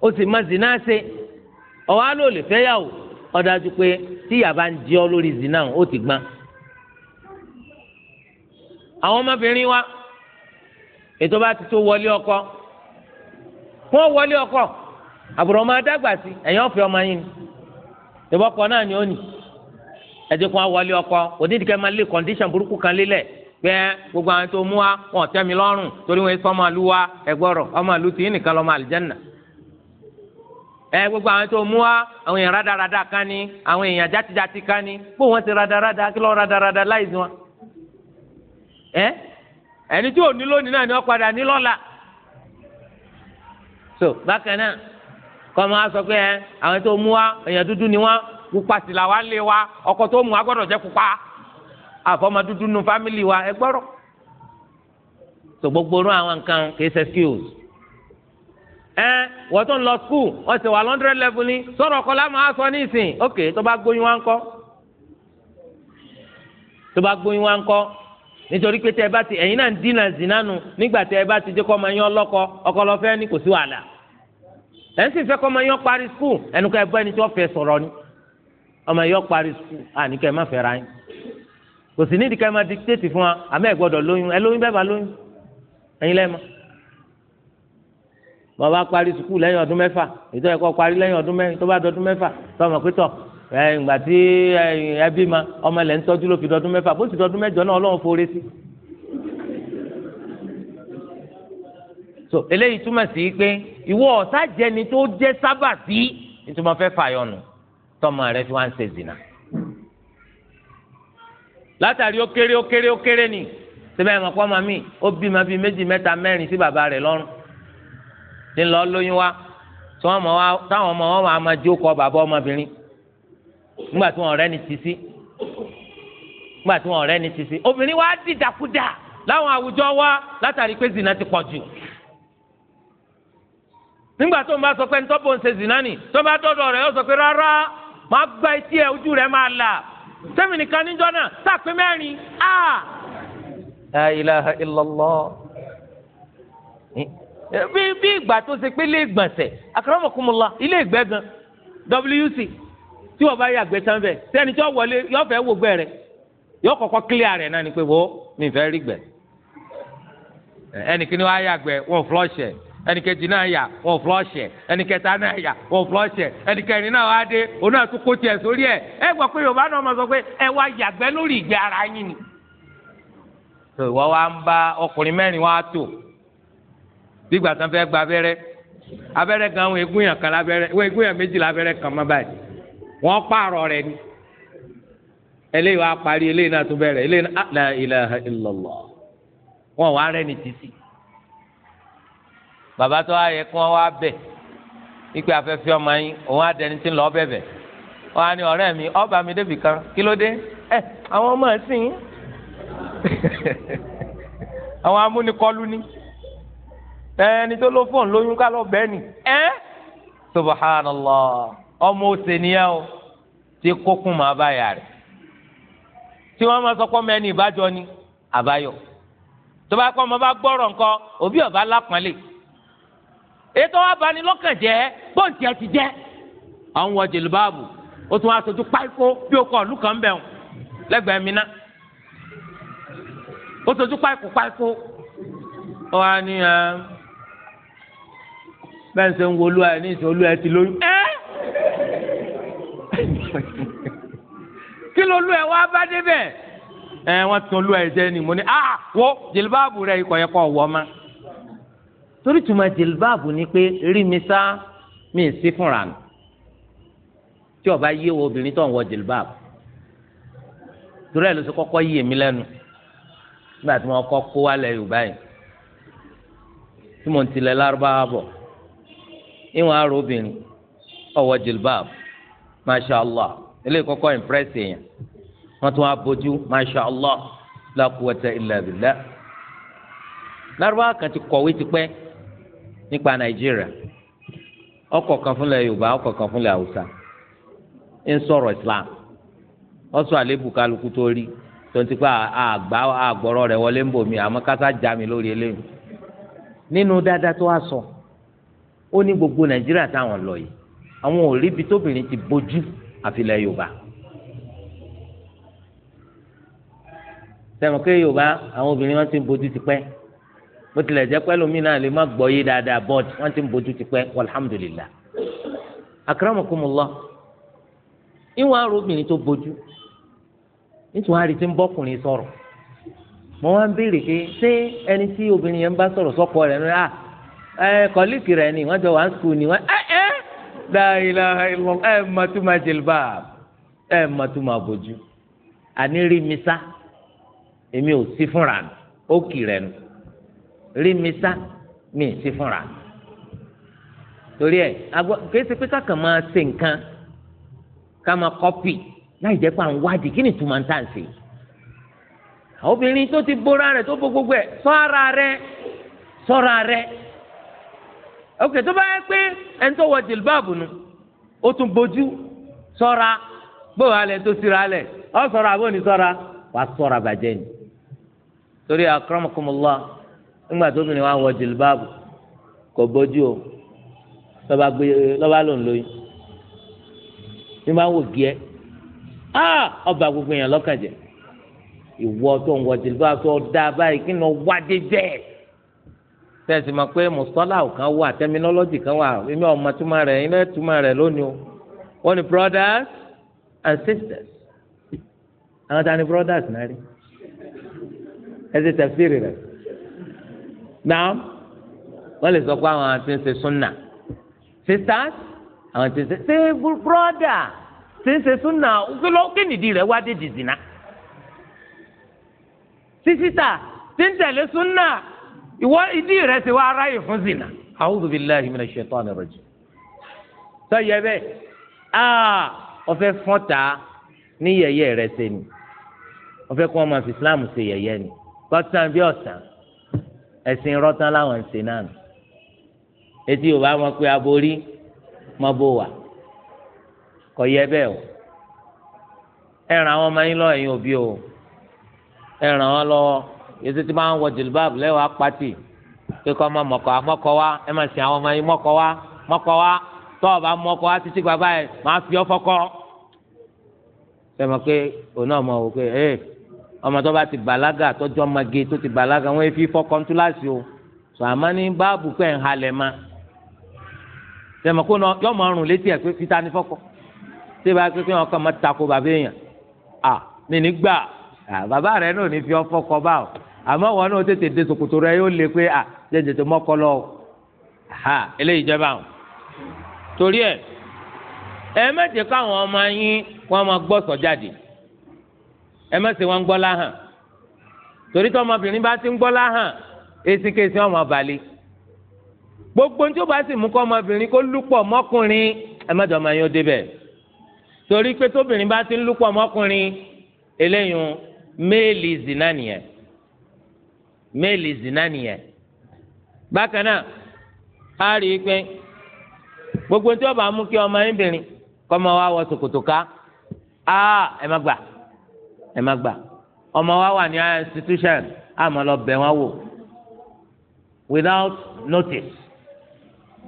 o sì má zìnà ṣe ọwọ́ á lò lè fẹ́ yàwó ọ̀dájú pé tí yàrá ń jẹ́ ọ lórí zìnà ó ti gbọ́n àwọn ọmọbìnrin wa ètò bá ti tó wọlé ọkọ fún wọlé ọkọ àbùrọ̀ ọmọ adágbà sí ẹ̀yìn ọ̀fẹ́ ọmọ yín ni ìbọkọ náà ni ó nì ẹdí kan wọlé ọkọ onídìkẹ́ máa lé kọ́ndíṣàn burúkú kan lélẹ̀ pé gbogbo àwọn tó mú wa wọn ò tẹ́ mi lọ́rùn torí wọn sọ ọmọ àlú wa ẹgbọ́rọ̀ ọmọ àlú tì í nìkan lọ́mọ àlìjẹ́nà ẹ gbogbo àwọn tó mú wa àwọn èèyàn rádaràda kan ni àwọn èèyàn játijàti kan ni pé wọn ti rádaràda kí lọ rádaràda láì zun wa ẹ ẹni tí ò ní lónìí náà ni wọn padà ní lọ́la so bákan náà kọ́ máa sọ pé ẹ àwọn tó mú wa èèyàn dúdú ni wọ́n pupa sì là wá lé wa ọkọ tó mú wa gbọ́dọ̀ jẹ́ pupa àfọmọ dúdú nu fámìlì wa ẹ gbọ́rọ̀ tó gbogbo rún àwọn nǹkan kì í ṣe skills ẹ wọ́n tó ń lọ skul wọ́n ti wà lọ́ndrẹ́ lẹ́fù ni sọ̀rọ̀ ọkọ láwọn sọ ní ìsìn ok tó bá gbóyún wa ń kọ́ tó bá gbóyún wa ń kọ́ nítorí pé tẹ ẹ bá ti ẹ̀yin náà ń dínà zìnnánu nígbà tẹ ẹ bá ti dé kọ́ ọmọ yín ọlọ́kọ ọkọ lọ fẹ́ ní kò sí wàhálà ẹ̀ ń sì fẹ́ kọ́ ọmọ yọ parí skul ẹnu ká ẹ bọ́ ẹni tí wọ́n fẹ́ sọ̀rọ̀ ni ọmọ yọ parí skul àní ká ẹ má fẹ́ ra yín kò sì nídìí ká ẹ má dikitéètì fún wa àmọ́ ẹ gbọ́dọ̀ lóyún ẹ lóyún bẹ́ẹ̀ bá lóyún ẹ̀yin lẹ́ẹ̀ma bọ́ bá parí skul lẹ́yìn ọdún mẹ́fà ètò ẹ̀kọ́ parí lẹ́yìn ọdún mẹ́rin tó bá dọdún mẹ́fà tọmọ pé tọ ẹ̀ ǹgbà tí ẹbí ma ọmọ ilẹ̀ ń tọ́jú ló fi dọdún mẹ́fà bó ti dọdún mẹ́jọ náà ọlọ́run foore sí so eléyìí túmọ̀ sí pé ìwọ ọ̀sá jẹni tó jẹ́ sábà sí nítorí fẹ́ fàyọnù tọmọ rẹ fi wá ń ṣe zina látàrí ó kéré ó kéré ó kéré ni síbẹ̀ ẹ̀ mọ̀ pọ́ mami ó bí ma bí méjì mẹ́ta mẹ́rin sí bàbá rẹ̀ lọ́rùn tí ń lọ lóyún wa táwọn ọmọ wọn máa ma jó kọ bàbá ọmọbìnrin nígbà tí wọn ọ̀rẹ́ ni ti sí nígbà tí wọn ọ̀rẹ́ ni ti sí obìnrin wa dìdàkudà láwọn àwùjọ wa látàrí pé zina ti pọ̀ jù nígbà tó ń bá sọ pé ntọ́ bó ń ṣe zìnnà ni tó bá dọ́dọ̀ rẹ̀ yóò sọ pé rárá máa gba etí ẹ ojú rẹ̀ máa là sẹ́mi nìkan níjọ́ náà sàpé mẹ́rin a. ilaha illallah bí bí ìgbà tó ṣe pé ilé ìgbọ̀nsẹ̀ akramakumullah ilé ìgbẹ́ gan wc tí wọ́n bá yàgbẹ́ tán bẹ́ẹ̀ sẹ́ni tí wọ́n wọlé yọ fẹ́ wò gbẹ́ rẹ̀ yọ kọ́kọ́ clear rẹ̀ náà ni pé wọ́n mi fẹ́ rí gbẹ́ ẹnì kí ni wọ́n á yàgbẹ́ wọ́n flush ẹ̀ ẹnìkejì náà yà wọn fúlọ́ọ̀ṣẹ̀ ẹnìkẹta náà yà wọn fúlọ́ọ̀ṣẹ̀ ẹnìkẹrin náà wá dé òun náà tún kó tiẹ̀ sórí ẹ̀ ẹ gbọ́ pé yorùbá náà mọ̀ sọ pé ẹ wá yàgbẹ́ lórí ìgbẹ́ ara yín ni. tó ìwọ wa ń bá ọkùnrin mẹ́rin wá tò dígbà tán fẹ́ gba abẹ́rẹ́ abẹ́rẹ́ gan wọn egún yàn kan lábẹ́rẹ́ wọn egún méjì lábẹ́rẹ́ kan mọ́ báyìí wọ́n pààrọ̀ rẹ̀ ni eléyìí bàbá tó wá yẹ kí wọ́n wá bẹ̀ ikú afẹ́fẹ́ ọmọ yín òun á tí ń lọ bẹ̀bẹ̀ wọ́n á ní ọ̀rẹ́ mi ọba mi débì kan kí ló dé ẹ àwọn ọmọ ẹ̀ sìn àwọn amúnikọ́lù ni ẹni tó ló fóònù lóyún ká lọ bẹ́ẹ̀ ni ẹ subhanallah ọmọ òsè nìyẹn o tí kókún máa bá yà rẹ̀ tí wọ́n máa sọ pé ìbájọ ni àbáyọ tó bá kọ́ ọmọ bá gbọ́rọ̀ nǹkan òbí ọba lápọ́nlé. ètò abanilọ́kàn jẹ́ bóńtì jẹ́ àwọn wọ jìlìbáàbù ó tún wá sojú páíkó bí o kọ ọ̀lú kan bẹ̀ lẹ́gbẹ̀ẹ́ mi náà ó sojú páíkó páíkó ó wá ní ẹ bẹ́ẹ̀ ṣe ń ti lóyún kí ló ẹ wá bá débẹ̀ ẹ ah wo jìlìbáàbù rẹ yẹ kọ́ torí tuma jìlbáàbù ni pé rí mi sá mi sí fúnra mi tí ó bá yé wo obìnrin tó ń wọ jìlbáàbù torí ẹ ló ṣe kọ́kọ́ yé mi lẹ́nu nígbà tí wọ́n kọ́ kó wá lẹ Yorùbá yìí tí mo ń tilẹ̀ lárúbáwá bọ̀ ìwọ̀n arọ obìnrin ó wọ masha allah eléyìí kọ́kọ́ ìmpírẹ́sì yẹn wọ́n tún wá bójú masha allah la quwwata illa lárúbáwá kan ti kọ̀wé tipẹ́ nípa nàìjíríà ọkọ̀ kan fúnlẹ̀ yorùbá ọkọ̀ kan fúnlẹ̀ haúsá ń sọ̀rọ̀ islam ọsọ àlébù kálukú tó rí tonti pa àgbà àgbọ̀rọ̀ rẹ̀ wọlé ń bò mí kásá já mi lórí eléyìí nínú dáadáa tó wá sọ ó ní gbogbo nàìjíríà táwọn lọ yìí àwọn ò rí ibi tóbìnrin ti bójú àfilẹ̀ yorùbá sẹ́wọ̀n pé yorùbá àwọn obìnrin wọn ti ń bójú ti bó tilẹ̀ jẹ́ pẹ́ mi náà lè má gbọ́ yé dáadáa wọ́n ti ń bójú ti pẹ́ alhamdulillah akramakumullah ìwọ̀n arọ obìnrin tó bójú nítorí àrí tí ń bọ́kùnrin sọ̀rọ̀ mo wá ń béèrè pé ṣé ẹni tí obìnrin yẹn ń bá sọ̀rọ̀ sọ́kọ rẹ̀ ní ẹ kọ́líìkì rẹ̀ ni wọ́n jọ wá ń sùkúù ni wọ́n ẹ ẹ dáìlà ẹ mọ̀túmọ̀ jìlbà ẹ mọ̀túmọ̀ àbójú àní rí mi sá rí mi sá mi sí fúnra torí ẹ kìí ṣe pé kákan máa ṣe nǹkan ká máa kọ́pì láì jẹ́ pé à ń wádìí kí ni ìtumọ̀ ń tà ń ṣe obìnrin tó ti bóra rẹ̀ tó bó gbogbo ẹ̀ sọ ara rẹ̀ sọ́ra rẹ̀ ok tó bá yẹ pé ẹni tó wọ jìlbáàbù nu ó tún gbójú sọ́ra gbóhùn alẹ́ tó síra alẹ́ ọ sọ́ra àbọ̀ ní sọ́ra wà sọ́ra bàjẹ́ ni torí akramakumullah nígbà tó obìnrin wa wọ jìlbáàbù kò bójú o lọ́ba gbé lọ́ba ló ń lóyún ní bá wò gíẹ́ ọba gbogbo èèyàn lọ́kàn jẹ́ ìwọ tó ń wọ jìlbáàbù tó dá a báyìí kí ni wá dé bẹ́ẹ̀ tẹ̀sí ma pé mùsọ́là kan wà tẹ́minọ́lọ́jì kan wà èmi ọmọ túmọ̀ rẹ̀ iná túmọ̀ rẹ̀ lónìí o wọ́n ní brothers and sisters àwọn ta ni brothers náà rí ẹ ti tẹ̀síìrì rẹ̀ náà wọ́n lè sọ pé àwọn ti ń ṣe súnà sisters àwọn ti ń ṣe ṣe broda ti ń ṣe súnà kí nìdí rẹ̀ wá dé dìzínà sísítà ti ń tẹ̀lé súnà ìwọ ìdí rẹ̀ ti wá aráyè fún zìnà. a'udhu billahi minash shaitani rajim. sọ yẹ bẹ́ẹ̀ aa ọfẹ fọta ní yẹ̀yẹ́ rẹ̀ ṣe ọfẹ kọ ọmọ fi islam ṣe yẹ̀yẹ́ ni kọtàn bí ọsàn ẹ̀sìn rọ́tán láwọn ń ṣe náà nù etí yorùbá wọn pé aborí mọ bó wà kò yẹ bẹ́ẹ̀ o ẹ ràn àwọn ọmọ yín lọ ẹ̀yin òbí o ẹ ràn wọn lọ́wọ́ yẹtí tí máa ń wọ jìlbáàb lẹ́wọ̀ apáti kíkọ́ ọmọ mọ̀kọ́ wa wa ẹ máa sìn àwọn ọmọ yín mọ́kọ́ wa mọ́kọ́ wa tọ́ ọ̀bá mọ́kọ́ wa títí bàbá ẹ̀ máa fi ọ́ fọ́kọ́ sẹ́mi pé òun náà mọ̀ wò pé ẹ̀ẹ́ ọmọ tó bá ti bàlágà tọjọ mage tó ti bàlágà wọn fi fọkàn tó láti o sọ àmọ́ ní báàbù pẹ ń halẹ̀ ma tẹmọ kó nà yọmọ ọrùn létí ẹ pé fita ní fọkọ tí bá pé kéwọn kàn má tako bàbá èèyàn à mí ní gbà bàbá rẹ náà ní fi ọ fọkọ báwò àmọ́ wọn náà tètè dé ṣòkòtò rẹ yóò lè pé à jẹjẹ tó mọkọ lọ ha eléyìí jẹba àwọn torí ẹ ẹ mẹjẹ káwọn ọmọ yín wọn máa gbọ́ sọ jáde ẹ má ṣe wọn gbọ́ láhàn torí tí ọmọbìnrin bá ti ń gbọ́ láhàn esikesi ọmọ balẹ̀ gbogbo tí ó bá sì mú kọ́ ọmọbìnrin kó lúpọ̀ mọ́kùnrin ẹ má jọ máa yán débẹ̀ torí pé tóbìnrin bá ti ń lúpọ̀ mọ́kùnrin eléyìí méèlì zina nìyẹn méèlì zina nìyẹn bákan náà a rí i pé gbogbo tí ó bá mú kí ọmọ yín bìnrin kọ́ ọmọ wa wọ ṣòkòtò ká a ẹ má gbà ẹ má gbà ọmọ wa wà ní institution àmọ́ lọ bẹ̀ wọ́n wò without notice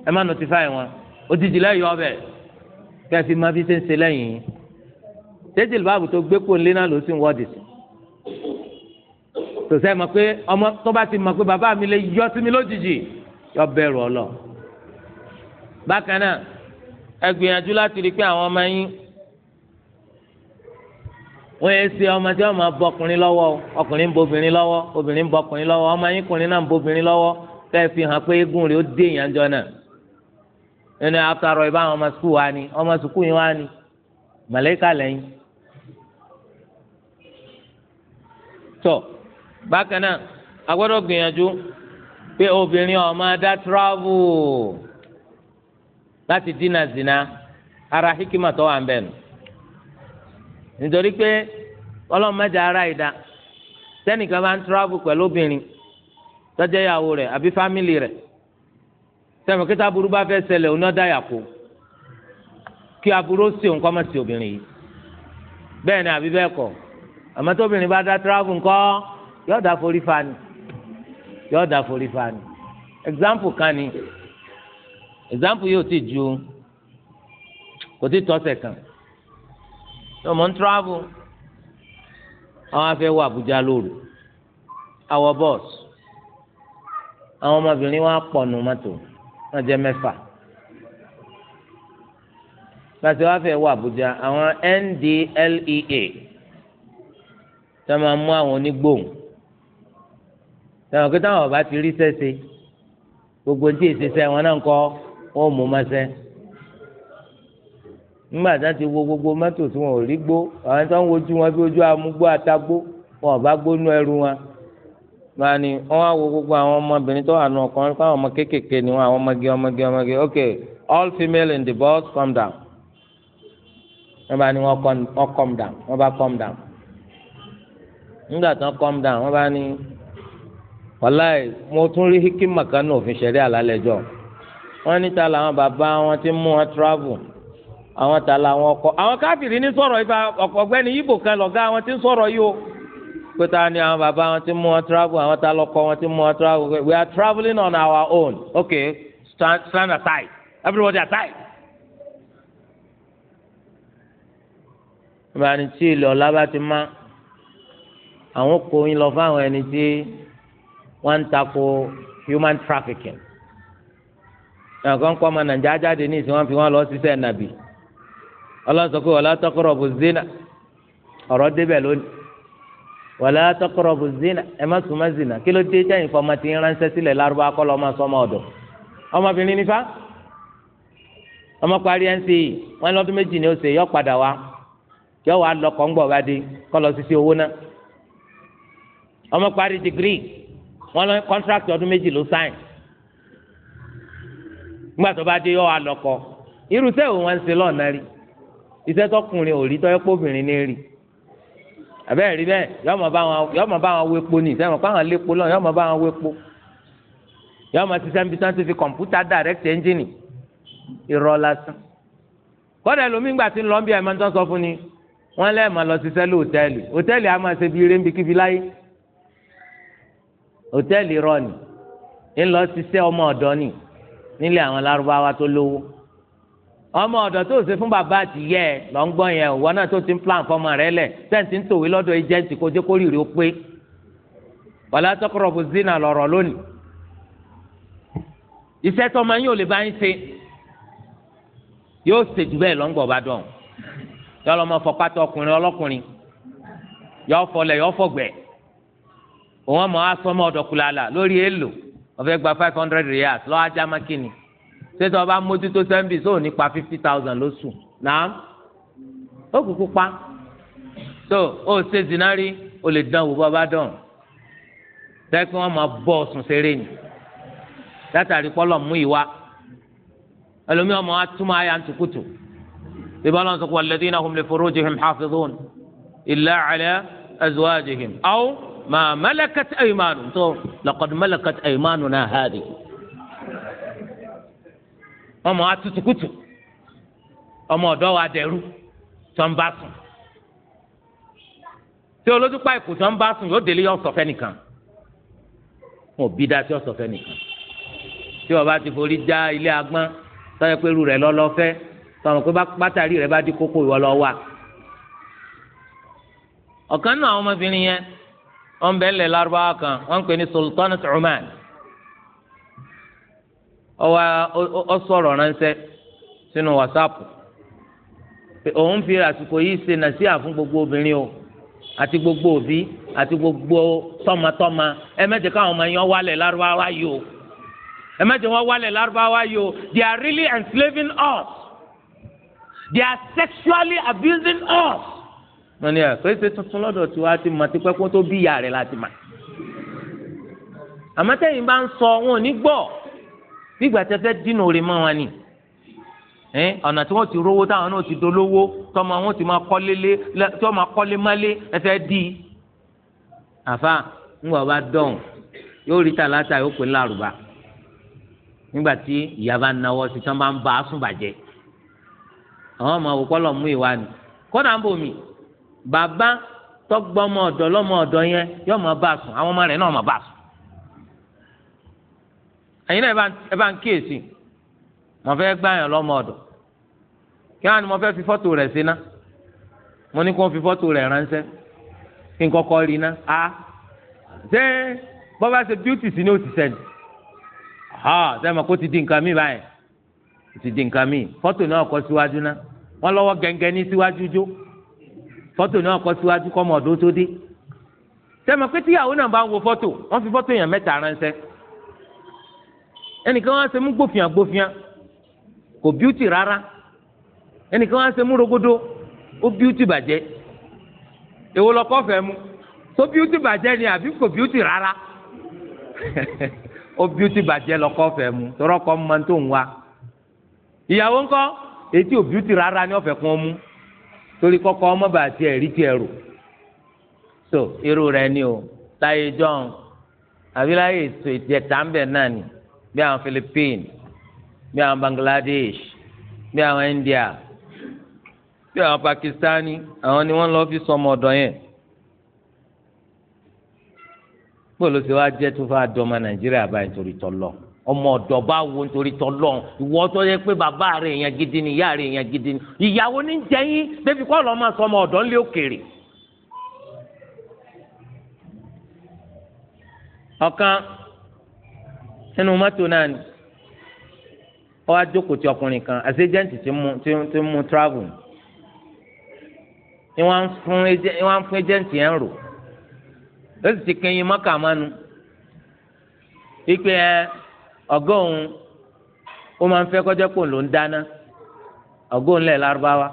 ẹ má notify wọn òjijì lẹ́yìn ọbẹ̀ kẹfì má fi ṣe ń ṣe lẹ́yìn yìí tẹ́jìlì báàbù tó gbé kó lé náà ló sì ń wọ́ọ̀dì sí tòsẹ́ mọ̀ pé ọmọ tó bá ti mọ̀ pé bàbá mi lè yọ sí mi lójijì yọ bẹ̀rù ọ lọ bákan náà ẹ gbìyànjú láti rí i pé àwọn ọmọ yín wọ́n yẹ ṣe ọmọ tí wọ́n máa bọ ọkùnrin lọ́wọ́ ọkùnrin ń bọ obìnrin lọ́wọ́ obìnrin ń bọ ọkùnrin lọ́wọ́ ọmọ yín kùnrin náà ń bọ lọ́wọ́ kẹ́ ẹ fi hàn pé eégún rẹ̀ ó dé náà nínú àtàrọ̀ ọmọ wa ni ọmọ sukùl yín wa ni màlẹ́kà lẹ́yìn. tọ́ bákan náà a gbọ́dọ̀ gbìyànjú pé obìnrin ọmọ dá tíráàbù láti ara hikima tó wà nítorí pé ọlọ́mọdé ara ìdá sẹ́nìkan bá ń travel pẹ̀lú obìnrin tọ́jẹ́ ìyàwó rẹ̀ àbí fámìlì rẹ̀ sẹ́mi kí táburú bá fẹ́ ṣẹlẹ̀ òun náà dá yàpò kí aburú sí òun kọ́ mọ̀ sí obìnrin yìí bẹ́ẹ̀ ni àbí bẹ́ẹ̀ kọ́ àmọ́ tóbìnrin bá dá travel ńkọ́ yóò dá forí fa ni yóò dá forí fa ni example kan ni example yóò ti ju kò ti tọ́sẹ̀ kan tó mọ̀ ń travel àwọn afẹ́ wọ Àbújá lóru àwọ̀ bọ́ọ̀sì àwọn ọmọbìnrin wa pọ̀ nù mọ́tò wọ́n jẹ́ mẹ́fà pàṣẹ wàá fẹ́ wọ Àbújá àwọn NDLEA tó máa mú àwọn onígbòhùn tẹ̀wọ̀n kí táwọn ọba ti rí sẹ́sẹ́ gbogbo ní ti èsì sẹ́ wọn náà ń kọ́ wọ́n mú mọ́sẹ́ nígbà tí wọn ti wo gbogbo mọ́tò tí wọn ò rí gbó àwọn tí wọn wojú wọn bí ojú amúgbó atagbó wọn ò bá gbónú ẹrú wọn wọn ni wọn á wo gbogbo àwọn ọmọbìnrin tó wà nù ọkùnrin fún àwọn ọmọ kéékèèké ni wọn àwọn ọmọge ọmọge ọmọge ok all female in the bus calm down wọn bá ní wọn calm down wọn bá calm down nígbà tí wọn calm down wọn bá ní wàláì mo tún rí hikima ní òfin ṣẹlẹ̀ alálẹjọ wọn níta làwọn bàbá wọn ti mú wọn travel àwọn ta la wọn kọ àwọn káfíìrì ní sọ̀rọ̀ yìí ọ̀pọ̀ ọ̀gbẹ́ni kan lọ̀gá àwọn tí ń sọ̀rọ̀ yìí o pé ni àwọn bàbá wọn ti mú wọn travel àwọn ta lọkọ wọn ti mú wọn travel we are travelling on our own okay stand aside everybody aside. ìgbà ni tí ilẹ̀ ọ̀la bá ti má àwọn kò ń lọ fáwọn ẹni tí wọ́n ń takò human trafficking. ẹ̀kọ́ ń kọ́ ọmọ nàìjíríà jáde ní ìsìn wọn fi wọn lọ sí sẹ́ẹ̀ nàbì. ọlọ́sọ̀kọ́ wọlé atọ́kọ̀rọ̀bù zina ọ̀rọ̀ débẹ̀ lónìí wọlé atọ́kọ̀rọ̀bù zina ẹ má sùn má zina kí ló dé jẹ́yìn fọmọ ti ránṣẹ́ sílẹ̀ lárúbá kọ́lọ́ ọmọ sọmọ ọ̀dọ̀ ọmọbìnrin nífa ọmọkùnrin ẹ̀ ń e, sè wọn lọ́dún méjì ni ó sè yọ padà wá yọ wá lọ kọ́ńgbọ̀ bá di kọ́lọ́ sisi owó ná ọmọkùnrin dìgírì wọn lọ kọ́ńtrákì ọdún méjì ló sáìn nígbà tó bá di yọ wá lọkọ irú sẹ́wọ̀n wọn ń se lọ́ọ̀nà rí iṣẹ́ tọkùnrin ò rí tọ́yẹ́ pọ́bìnrin ní rí àbẹ́ẹ̀ rí bẹ́ẹ̀ yọ́mọ bá wọn wépo ní ìsẹ́wọ̀n káwọn lépo lọ́wọ́ yọ́mọ bá wọn wépo yọ́mọ ṣiṣẹ́ níbi tí wọ́n ti fi kọ̀ǹpútà direct engine irọ́ lásán kọ́dà ẹlòmíín gbà tí ń lọ bí ẹ̀ máa ń tán sọ fún ni wọ́n lẹ́ẹ̀ máa lọ ṣiṣẹ́ lé hòtẹ́ẹ̀lì hòtẹ́ẹ̀lì á máa ṣe bí irembi kíbi láyé hòtẹ́ẹ̀lì rọ ni ń lọ ṣiṣẹ́ ọmọ ọ̀dọ́ ni nílé àwọn lárúbáwá tó lówó ọmọ ọ̀dọ̀ tó ṣe fún bàbá àti yẹ ẹ lọ ń gbọ́ yẹn òwò náà tó ti ń plan fọmọ rẹ lẹ̀ tẹ́ǹtì ń tòwé lọ́dọ̀ ẹjẹ́ǹtì kó jẹ́ kó rí rí o pé wàlá tọkọrọ bó zina lọ̀rọ̀ lónìí iṣẹ́ tó máa ń lè bá ṣe yóò ṣèjú bẹ́ẹ̀ lọ́ngbọ̀n bá dọ̀ yọlọ ma fọ pátá ọkùnrin ọlọ́kùnrin yọ fọlẹ̀ yọ fọgbẹ́ òun ọmọ asọmọ ọ̀dọ̀kùlà lórí èlò ó gba five hundred riyals lọ́wọ́ ajá mákìnnì ṣé tó o bá mójútó sẹ́ńbì sóò ní pa fifty thousand lóṣù náà ó kúkú pa so ó ṣe zinari ó lè dán wò bó bá dán tẹ́kí wọ́n máa bọ́ ọ̀sùn ṣeré ni látàrí pọ́lọ̀ mú ìwà ẹlòmíràn máa túmọ̀ ayé àtúkùtù ìbá lọ́nà sọ́kù walladhina hum li furujihim hafizun illa ala azwajihim aw ma malakat aymanuhum tó laqad malakat aymanuna hadhihi ọmọ atutukutu ọmọ ọ̀dọ̀ wa dẹrú tó ń bá sùn tí olójúpá ìkù tó ń bá sùn yóò délé yọ sọfẹ nìkan wọn ò bí dá sí ọsọfẹ nìkan tí wọn bá ti forí já ilé agbọn sọyẹ pé irú rẹ̀ lọlọfẹ sọmọ pé bátàrí rẹ̀ bá di kókó ìwọ lọ wà ọ̀kan náà ọmọbìnrin yẹn wọn bẹ ń lẹ lárúbáwá kan wọn ń pè ní Sultanat Oman ọwọ́ ọsọ̀rọ̀ ránṣẹ́ sínú wàsápù òun fi àsìkò yìí ṣe nàṣíà fún gbogbo obìnrin o àti gbogbo òbí àti gbogbo tọmọtọmọ ẹ káwọn ọmọ yẹn wálẹ̀ lárúbáwá yìí o wọn lárúbáwá yìí o they are really enslaving us they are sexually abusing us. wọ́n ní àpèsè tuntun lọ́dọ̀ tí wàá ti mọ̀ àti pẹ́kún tó bí ìyá bígbà tẹ fẹ́ dínà òrè mọ́ wọn ni ọ̀nà tí wọ́n ti rówó táwọn náà ti dolówó tọmọ wọn ti máa kọ́lé lé tí wọ́n máa kọ́lé mọ́lé ẹ fẹ́ dì í. àfa ńgbà bá dọ̀hùn yóò rí tàlátà yóò pè lárúbá nígbà tí ìyá bá náwó sí tán bá ń ba sùn bàjẹ́ àwọn ọmọ òwò kọ́lọ̀ mú ìwà ni kọ́nà ń bò mí bàbá tọgbọ́mọ ọ̀dọ́ lọ́mọ ọ̀dọ́ yẹn yóò máa bá sùn àwọn ọmọ rẹ̀ náà máa bá sùn ẹ̀yin náà ẹ bá ń kíyèsí mo fẹ́ gbàyàn lọ́mọ ọ̀dọ̀ kí wọ́n á ní mo fẹ́ fi fọ́tò rẹ̀ sí ná mo ní kí wọ́n fi fọ́tò rẹ̀ ránṣẹ́ kí n kọ́kọ́ rí ná a ṣé bọ́bá ṣe bíútì sí ni ó ti sẹ́ni ha sẹ́mi kó ti di nǹkan mi báyìí ti di nǹkan mi fọ́tò náà kọ́ síwájú ná wọ́n lọ́wọ́ gẹ́gẹ́ ní síwájú jó fọ́tò náà kọ́ síwájú kọ́ mọ̀ ọ̀dọ́ tó dé sẹ́mi pé tíyàwó náà bá ń wo fọ́tò wọ́n fi fọ́tò yẹn mẹ́ta ránṣẹ́ ẹnìkan wá ṣe mú gbòfin àgbòfin kò bíútì rárá ẹnìkan wá ṣe mú rogodo ó bíútì bàjẹ́ èwo lọkọ fẹ́ mu tó bíútì bàjẹ́ ni àbí kò bíútì rárá ó bíútì bàjẹ́ lọkọ fẹ́ mu tọrọkọ máa tó ń wa ìyàwó ńkọ́ etí ò bíútì rárá ni ọ̀fẹ́ kún mu, torí kọ́kọ́ ọmọ bá tiẹ̀ rí tiẹ̀ rò so irú rẹ̀ ni o láyé john àbí láyé èso ìtẹ̀tà ń bẹ̀ náà ni bí àwọn Philippines bí àwọn Bangladesh bí àwọn India bí àwọn Pakistani àwọn ni wọ́n lọ fi sọmọ ọ̀dọ̀ yẹn gbọ́dọ̀ sí wàá jẹ́ tó fà dọ́mọ Nàìjíríà báyìí torí tọ́lọ́ ọmọ ọ̀dọ̀ bá wo nítorí tọ́lọ́ ìwọ tó yẹ pé bàbá rẹ̀ èèyàn gidi ni ìyá rẹ̀ èèyàn gidi ni ìyàwó ní jẹ́yìn débi kọ́ lọ́ọ́ máa sọmọ ọ̀dọ̀ ńlẹ́ òkèèrè. ọ̀kan nínú mọ́tò náà ni ó wá jókòó ti ọkùnrin kan àti ẹjẹǹtì ti mú ti mú travel ni wọ́n fún ẹjẹǹtì yẹn rò ó sì ti kẹyìn mọ́kà mánu wípé ọgọ́ òun ó máa ń fẹ́ kọjá pò ló ń dáná ọgọ́ òun lẹ̀ lárúbáwá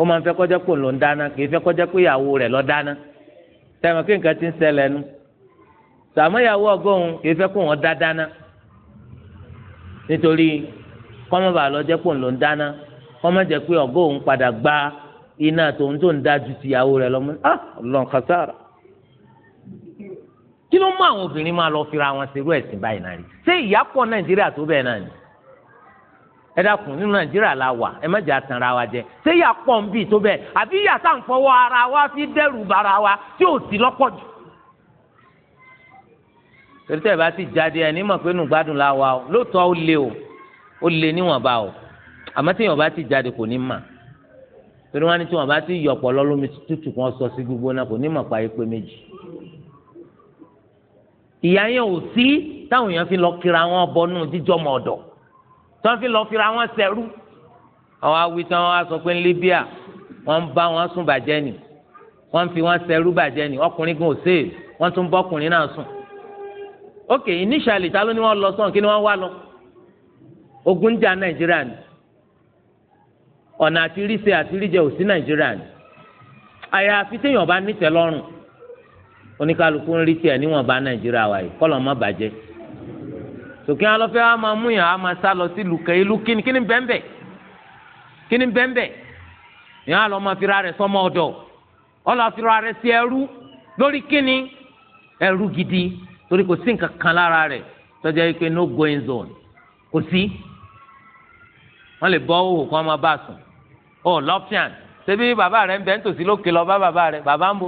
ó máa ń fẹ́ kọjá pò ló ń dáná kì í fẹ́ pé ìyàwó rẹ̀ sàmúyàwó ọgọ́rùn kì í fẹ́ kó wọn dá dáná nítorí kọ́mọ́bà lọ jẹ́ pò ń lò ń dáná kọ́mọ́ jẹ́ pé ọgọ́rùn padà gba iná tòun tó ń dá ju tìyàwó rẹ̀ lọ́mọ ah ọlọ́run kàtàrà kí ló mú àwọn obìnrin máa lọ fira wọn ṣerú ẹ̀sìn báyìí náà rí ṣé ìyá nàìjíríà tó bẹ́ẹ̀ náà ni ẹ dákun nínú nàìjíríà la wà ẹ má jẹ́ àtànra wa jẹ ṣé ìyá pọ̀ ń bì tó bẹ́ẹ̀ àbí ìyá tá à ń fọwọ́ ara wa fi dẹ́rù bara wa tí ò sí lọ́pọ̀ jù torí tẹ́ ẹ bá ti jáde ẹ ní mọ̀ pé nùgbádùn la wà o lóòótọ́ ó lé o ó lé níwọ̀nba o àmọ́ tí èèyàn bá ti jáde kò ní mà torí wọn ní tí wọn bá ti yọ ọ̀pọ̀ lọ́lọ́mi tútù kan sọ sí gbígbóná kò ní mọ̀ pa ipe méjì ìyá yẹn ò sí táwọn èèyàn fi lọ kira wọn bọnú jíjọmọ ọ̀dọ̀ tí wọn fi lọ kira wọn sẹrú àwọn awi tí wọn wá sọ pé ní Libya wọn ń bá wọn sùn bàjẹ́ ni wọn ń fi wọn sẹrú bàjẹ́ ni ọkùnrin gan ò sèé wọn tún bọkùnrin náà sùn ok initially ta ló ní wọ́n lọ sọ́n kí ni wọ́n wá lọ ogun jà nàìjíríà ni ọ̀nà àti ríṣe àti ríjẹ ò sí nàìjíríà ni àyàfi téèyàn bá nítẹ̀ lọ́rùn oníkálukú ń rí tiẹ̀ níwọ̀n bá nàìjíríà wà yìí kọ́lọ̀ má bàjẹ́ sòkè alọ́fẹ́ wa máa mú yàn á máa sá lọ sí lùkẹ́ ìlú kíni kíni bẹ́ẹ̀nbẹ́ kíni bẹ́ẹ̀nbẹ́ yàn á lọ máa fira rẹ̀ sọmọ ọ̀dọ̀ ọlọ́ fira rẹ̀ sí ẹrú lórí kíni ẹrú gidi torí kò sí nǹkan kan lára rẹ̀ tọ́jà yìí pé no going zone kò sí wọ́n lè bọ́ òwò kan máa bá a sùn ọ lọ́pṣàn ṣebí bàbá rẹ̀ ń bẹ́ ń tòsí lókè lọ bá bàbá rẹ̀ bàbá ń bo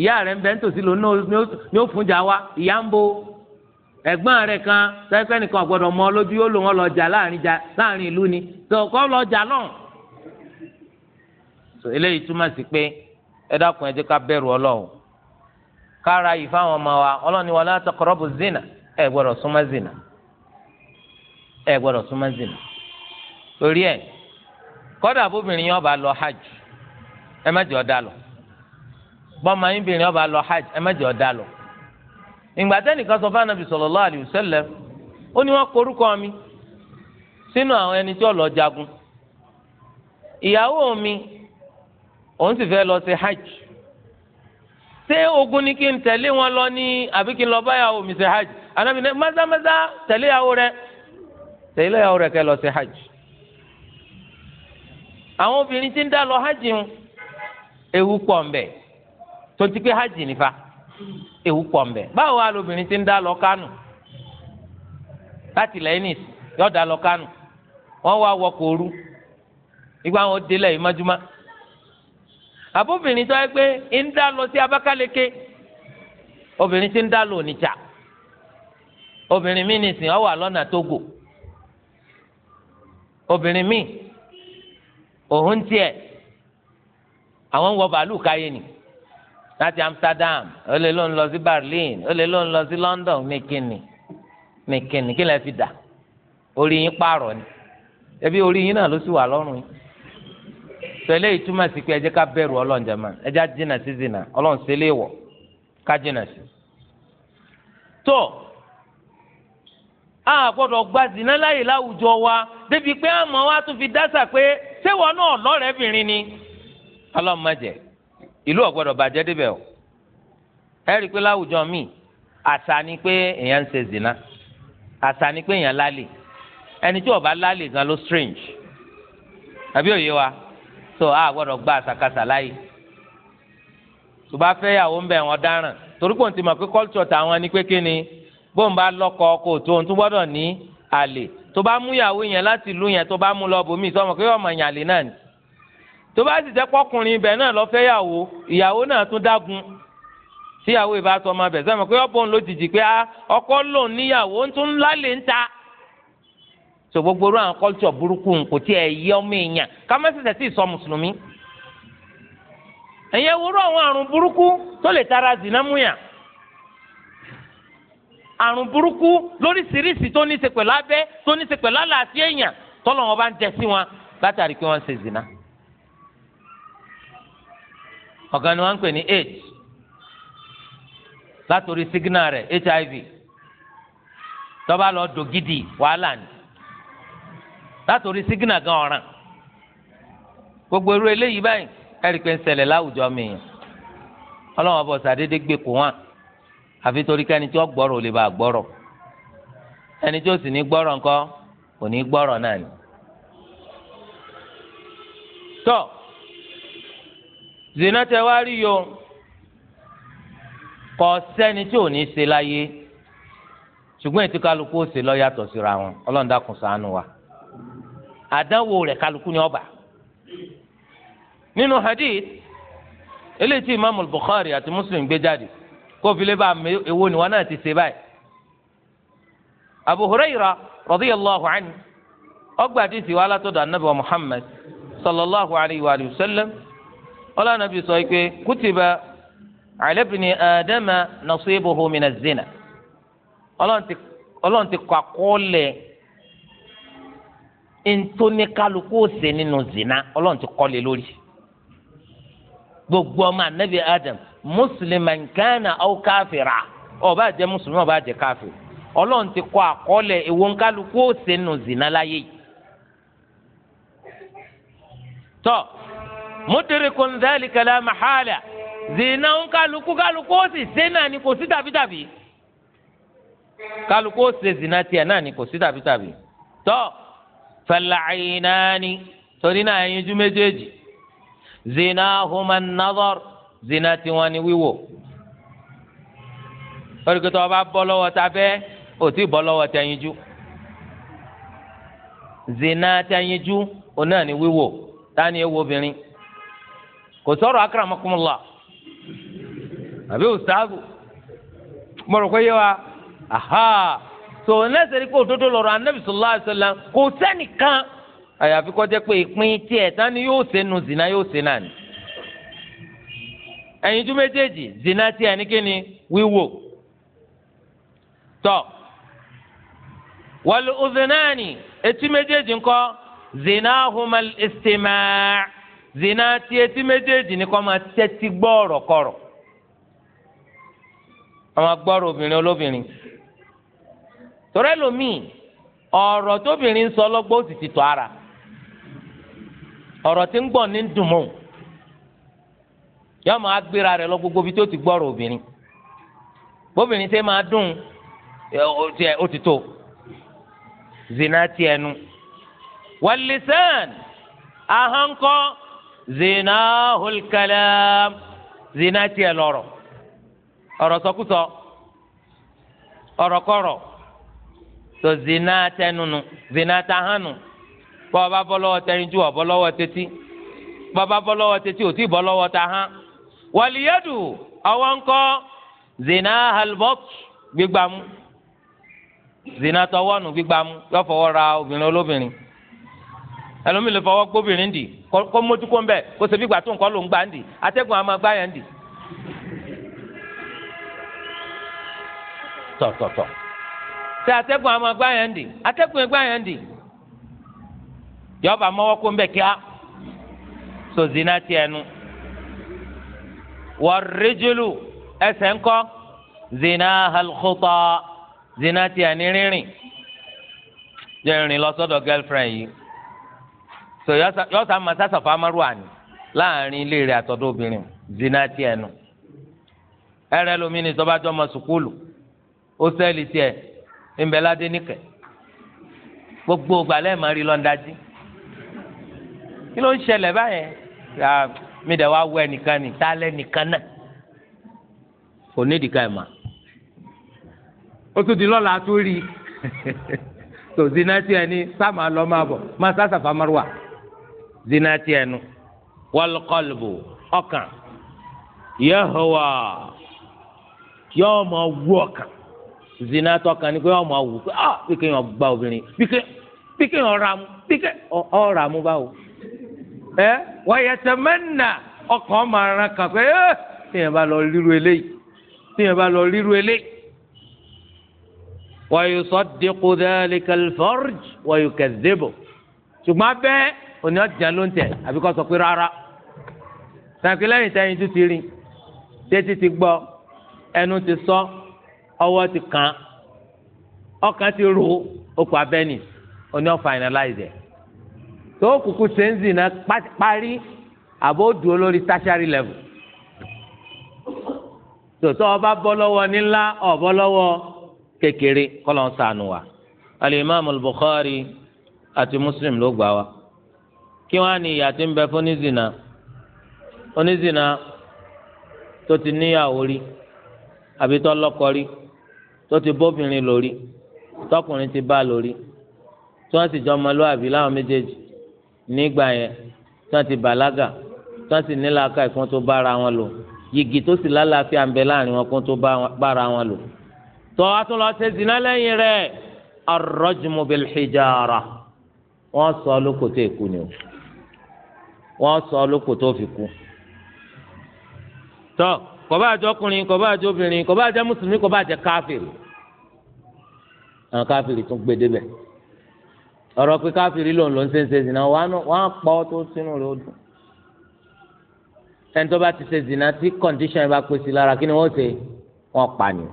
ìyá rẹ̀ ń bẹ́ ń tòsí lọ ní òfúnjà wa ìyá ń bo ẹ̀gbọ́n rẹ̀ kan sẹ́kẹ́ nìkan ọ̀gbọ́dọ̀ mọ lójú yóò lò wọ́n lọ jà láàrin ìlú ni tọ̀kọ́ lọ jà náà. eléyìí túmọ̀ sí pé ẹ dákun ẹ jẹ́ ká bẹ̀rù ọlọ́run kára yìí fáwọn ọmọ wa ọlọ́ni wala taqrabu zina zina ẹ gbọ́dọ̀ súnmọ́ zina torí ẹ kọ́dà bóbìnrin ọba lọ hajj ẹ má jẹ́ ọ̀dà lọ bọ́mọ ọba lọ hajj ẹ má jẹ́ ọ̀dà lọ ìgbà tẹ́nìkan sọ alayhi ó ní wọ́n korúkọ mi sínú àwọn ẹni tí jagun ìyàwó mi òun sì fẹ́ lọ hajj ṣé ogun ni kí n tẹ̀lé wọn lọ ní àbí kí n lọ báyàwó mi hajj anabi ní maza tẹ̀lé yàwó rẹ tẹ̀lé yàwó rẹ hajj. àwọn obìnrin ti ń dá lọ hajj ń ewu pọ̀ ti pé hajj nífa ewu pọ̀ ń Ba báwo wà lóbìnrin ti ń dá lọ kánù láti lẹ́yìnìs yọ̀ọ́ dá lọ wọ́n wá wọn délẹ̀ àbóbìnrin tó yẹ pé ń dá lọ sí Abakaliki obìnrin tí ń dá lọ Onitsha obìnrin mi nìsín wà lọ́nà Togo obìnrin mi òun tiẹ̀ àwọn ń wọ bàálù káyé ni láti Amsterdam ó ló ń lọ sí Berlin ó ló ń lọ sí London nìkìnnì nìkìnnì kí lè fi dà orí yín pààrọ̀ ni ẹbí orí yín náà ló sì wà lọ́rùn yín sọlẹ́ ìtumọ̀ sí pé ẹ jẹ́ ká bẹ̀rù ọlọ́run jàmá ẹ jẹ́ àjìnà sí zina ọlọ́run sí ilé wọ̀ ká jìnà sí. tó a gbọ́dọ̀ gba zina láyè láwùjọ wa débi pé àmọ́ wa tún fi dásà pé séwọ́n náà lọ́rẹ̀ẹ́bìnrin ni ọlọ́run má jẹ́ ìlú ò gbọ́dọ̀ bàjẹ́ débẹ̀ o ẹ rí i pé láwùjọ míì àṣà ni pé èèyàn ń ṣe zina àṣà ni pé èèyàn lálẹ́ ẹni tí ó bá gan ló strange àbí òye wa so a gbọ́dọ̀ gba àsàkàsà láyè tó bá fẹ́ yàwó ń bẹ̀ wọ́n dáràn torí kò tí ma pé culture tàwọn ni pé kíni bóun bá lọ́kọ kò tó ohun tó gbọ́dọ̀ ní àlè tó bá mú yàwó yẹn láti ìlú yẹn tó bá mú lọ bòmíì sọmọ pé ọmọ yẹn àlè náà ni tó bá sì jẹ́ pọ́kùnrin ibẹ̀ náà lọ fẹ́ yàwó ìyàwó náà tún dágun tíyàwó ìbá sọ ọmọ abẹ sọmọ pé ọ̀pọ̀ òun ló jìjì pé ah, ọkọ lòun níyàwó ń tún lálé ń ta so gbogbo irú àwọn culture burúkú kò tí ẹ yẹ ọmọ èèyàn ká má ṣẹ̀ṣẹ̀ sí ìsọ mùsùlùmí ẹ̀yẹ wúrọ̀ àwọn àrùn burúkú tó lè tara zina múyàn àrùn burúkú lóríṣiríṣi tó ní í ṣe pẹ̀lú abẹ́ tó ní í ṣe pẹ̀lú àlàáfíà èèyàn tọ́lọ̀ wọn bá ń jẹ wọn látàrí pé wọ́n ṣe zina ọ̀gá ni wọ́n ń pè ní aids látòrí signal rẹ̀ hiv tó bá lọ dògidì wàhálà ni látòrí sígínà gan ọ̀ràn gbogbo irú eléyìí báyìí ẹ̀rí pé ń ṣẹlẹ̀ láwùjọ mi ọlọ́wọ́n bọ̀ sàdédé gbé kó wọn àfi torí kẹ́ni tí ó gbọ́rọ̀ ò lè bá gbọ́rọ̀ ẹni tí ó sì ní gbọ́rọ̀ ńkọ́ kò ní gbọ́rọ̀ náà ni. tọ́ zina tẹ wá rí yo kò sẹ́ni tí ò ní ṣe láyé ṣùgbọ́n ètò kálukú ó ṣe lọ yàtọ̀ síra wọn ọlọ́run dákun ṣàánú wa. àdánwò rẹ̀ kálukú ni ọba nínú hadith eléyìí tí imaamu bukhari àti muslim gbé jáde kó fi lè bá mi èwo ni wọn náà ti ṣe báyìí abu hurayra radiyallahu anhu ọgbà àti ìsìwá alátọ́dọ̀ anabi wa muhammad sallallahu alayhi wa sallam ọlọ́run anabi sọ pé kútìbà alẹ́bìnrin adama nasibuhu mina zina ọlọ́run ti kọ ntóníkálukú òsè nínú zina ọlọ́run ti kọ́lé lórí gbogbo ọmọ anabi adam mùsùlùmí gánà aw káfíra ọba jẹ mùsùlùmí ọba jẹ káfíra ọlọ́run ti kọ́ àkọọ́lẹ̀ èwo nkálukú òsè nínú zina láyé yìí tọ́ mudirikun dhalika la mahala zina nkálukú kálukú òsì sẹ́nà ni kò sí dàbítàbí kálukú òsè zina tiẹ̀ náà ni kò sí dàbítàbí tọ́ fẹlẹ́ẹ̀ẹ́nání torí náà ẹ̀yinjú méjèèjì zina human nazar zina tiwọn ni wíwò olùkọ́tọ̀ ọba bọ́ lọ́wọ́ tafẹ́ ò tí bọ́ lọ́wọ́ tẹ̀yinjú zina tẹ̀yinjú òun náà ni wíwò tani ewu obìnrin kò sọ̀rọ̀ akaramakumula àbí ustaazu mọ̀rọ̀ kó yé wa aha so ẹlẹ́sẹ̀ rí pé òdodo lọrọ anabi sallallahu alaihi kò sẹ́nìkan àyàfi kó pé ìpín tiẹ̀ tani yóò ṣe nu zina yóò ṣe náà ni tún méjèèjì zina tiẹ̀ ní kíni wíwò Wali wal udhunani etí méjèèjì nkọ zina humal istima' zina ti etí méjèèjì ní máa tẹ́tí gbọ́ ọ̀rọ̀ kọ̀rọ̀ àwọn agbọ́rọ̀ torí ẹlòmíì ọ̀rọ̀ tóbìnrin ń sọ ọlọ́gbọ́n ó sì ti tọ́ ara ọ̀rọ̀ tí ń ya ní dùn mọ́ yọ máa gbéra rẹ̀ lọ gbogbo ibi tó ti gbọ́rọ̀ obìnrin bóbìnrin tẹ́ máa dùn ó ti tó zina ti ẹnu wàlísàn ahankọ zina hulkalam zina ti ẹ lọ́rọ̀ ọ̀rọ̀ sọkúsọ ọ̀rọ̀ kọ̀rọ̀. so zina tẹnunu zina tahanu bọ́ọ̀bá bọ́ lọ́wọ́ tẹrinjú ọ̀bọ́ lọ́wọ́ tẹ́tí bọ́ọ̀bá bọ́ lọ́wọ́ tẹ́tí ò tí bọ́ lọ́wọ́ tahan wàlíyẹ́dù ọwọ́ ńkọ́ zina halbọ́t gbígbàmú zina tọwọ́nù gbígbàmú yọ fọwọ́ ra obìnrin olóbìnrin ẹlòmíì lè fọwọ́ gbóbìnrin dì kó mójú kó ń bẹ̀ kó ṣe bí gbà tó nǹkan ló ń gbà ń dì atẹ́gùn àmọ́ gbáyà ń dì tọ̀tọ̀tọ̀ tẹ atẹ́gùn àwọn agbáyàn dì atẹ́gùn agbáyàn dì jọba mọ́wọ́ kó ń bẹ̀ kíá so zina tiẹ̀ nu wọ́rẹ́julu ẹsẹ̀ ńkọ́ zina alukótọ́ zina tiẹ̀ ní rírìn jẹ́ rìn lọ sọ́dọ̀ girlfriend yìí so yọ́sà máa sásọ̀fà amárùwà ni láàrin ilé rẹ̀ àtọ̀dọ̀ obìnrin zina tiẹ̀ nu ẹ̀rẹ́ lomi ni tọ́ba jọmọ sùkúlù ó sẹ́ẹ̀lì tiẹ̀ ńbẹ ládé níkẹ gbogbo gbalẹ̀ máa rí lọ́ndájí kí ló ń ṣẹlẹ̀ báyẹn mi dẹ̀ wá wọ ẹnìkan ní tálẹ̀ nìkan náà kò nídìí ká ẹ̀ mà ó tún di lọ́la tó rí i tó zinati ẹni sáàmà lọ́ máa bọ̀ máa sásàfà márùwà zinati ẹnu wọlọkọlùbù ọkàn yẹ hùwà yọọ máa wú ọkàn zina tọkàn ni pé ọmọ awù pé ah bí kéèyàn gba obìnrin bí kéèyàn ra mu bí kéèyàn ọ ra mu báwo. ẹ wọ́yẹ tẹ̀mẹ́nà ọkàn máa ran kàn pé ẹ́ eh, tíyẹn bá lọ ríru eléyìí tíyẹn bá lọ ríru eléyìí. wọ́yẹ sọ́dẹ́kù dẹ́lẹ́ kẹlifọ́rìj wọ́yẹ kẹ̀dẹ́bọ̀ ṣùgbọ́n abẹ́ òní ọ̀jà ló ń tẹ̀ àbí kọ́ sọ pé rárá. sàkílẹ́yìn tẹ́yìn tó ti rìn tẹ́tí ti gbọ́ ẹnu ti sọ. So ọwọ́ ti kàn ọkàn ti ro okùn abẹ́ni oní ọ̀finalize ẹ̀ tó kùkù sẹ́ńsì náà parí àbó dúró lórí tertiary level tòtò ọba bọ́ lọ́wọ́ nílá ọ̀bọ́ lọ́wọ́ kékeré kọ́lọ́n sànù wa alimami al-Bukhari àti Muslim ló gbà wá kí wọ́n á ní ìyá tí ń bẹ fún onízìnà onízìnà tó ti níyàwó rí àbí tó lọ́kọ rí tó ti bóbìnrin lórí tọkùnrin ti bá lórí tí wọ́n sì jọ ọmọlúwàbí láwọn méjèèjì nígbà yẹn tí wọ́n ti bàlágà tí wọ́n sì nílàáká ìkún tó bára wọn lò yìgì tó sì lálàáfíà ń bẹ láàrin wọn kún tó bára wọn lò tó a tún lọ ṣe zina lẹ́yìn rẹ̀ arrajmu bil hijara wọ́n sọ lóko tó èkú ni o wọ́n sọ lóko tó fi kú. tó kọba àjọkùnrin kọba àjọbìnrin kọba àjẹ mùsùlùmí kọba àjẹ káfíìrì àwọn káfíìrì tún gbé débẹ̀ ọ̀rọ̀ pé káfíìrì lòun ló ń ṣe ń ṣe zina wọn á pọ tó sínú rẹ̀ ó dùn ẹni tó bá ti ṣe zina tí kọndíṣàn yẹn bá pè sí lára kí ni wọ́n ṣe wọ́n pa ni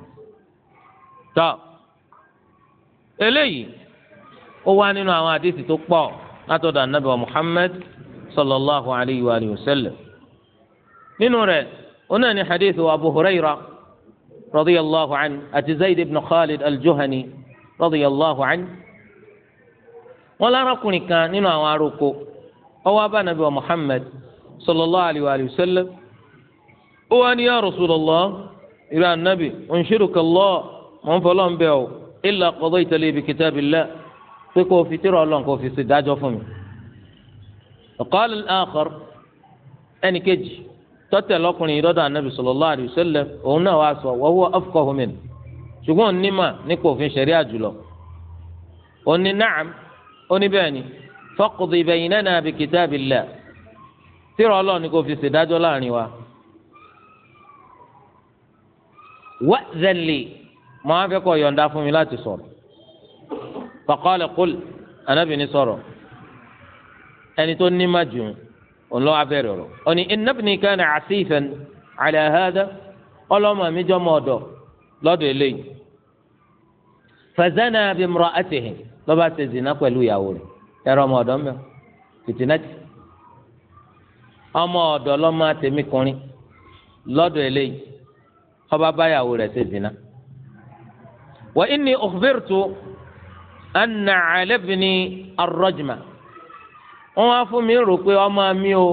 tọ eléyìí ó wá nínú àwọn àdéhìí tó pọ̀ látọ̀dọ̀ anábìwọ Muhammad sallallahu alayhi wa sallam nínú rẹ̀. هنا حديث أبو هريرة رضي الله عنه أتي زيد بن خالد الجهني رضي الله عنه ولا ركني كان إنه أواركو أو أبا نبي محمد صلى الله عليه وآله وسلم وأن يا رسول الله إلى النبي أنشرك الله من فلان به إلا قضيت لي بكتاب الله فكو في ترى الله كو في صداج وفمي الآخر أني كجي tọ́tẹ̀ lọ́kùnrin ìdọ́dọ̀ anabi sallallahu alaihi wasallam òun náà wàá sọ wa huwa afqahu min ṣùgbọ́n onímọ̀ nípa òfin ṣẹ̀ríà jùlọ. òní na'am òní bẹ́ẹ̀ ni faqdi baynana bi kitabillah tíra ọlọ́run ni kò fi ṣèdájọ́ láàrin wa. wa'dhan li màá fẹ́ kọ́ yọ̀ǹda fún mi láti sọ̀rọ̀. faqala qul anabi ni sọ̀rọ̀ ẹni tó ní ọlọ́wọ́ abẹ́rẹ́ ọ̀rọ̀ ọ̀ni ìnábìnì kan àṣìfẹ́n àlẹ́ àhádá ọlọ́mọ mi jọ́ mọ́ ọ̀dọ̀ lọ́dọ̀ eléyìí fẹ̀zánà bí mọ̀rọ̀ àtìhìn lọ́ba ṣe zina pẹ̀lú ìyàwó rẹ̀ ẹ̀rọ ọmọ ọ̀dọ́ mẹ́ọ̀ fìtínàtì ọmọ ọ̀dọ́ lọ́mọ àtẹ̀mí lọ́dọ̀ eléyìí ọba báyàwó rẹ̀ ṣe wà ọ̀fẹ́rẹ̀tù anna wọ́n wá fún mi rò pé ọmọ mi o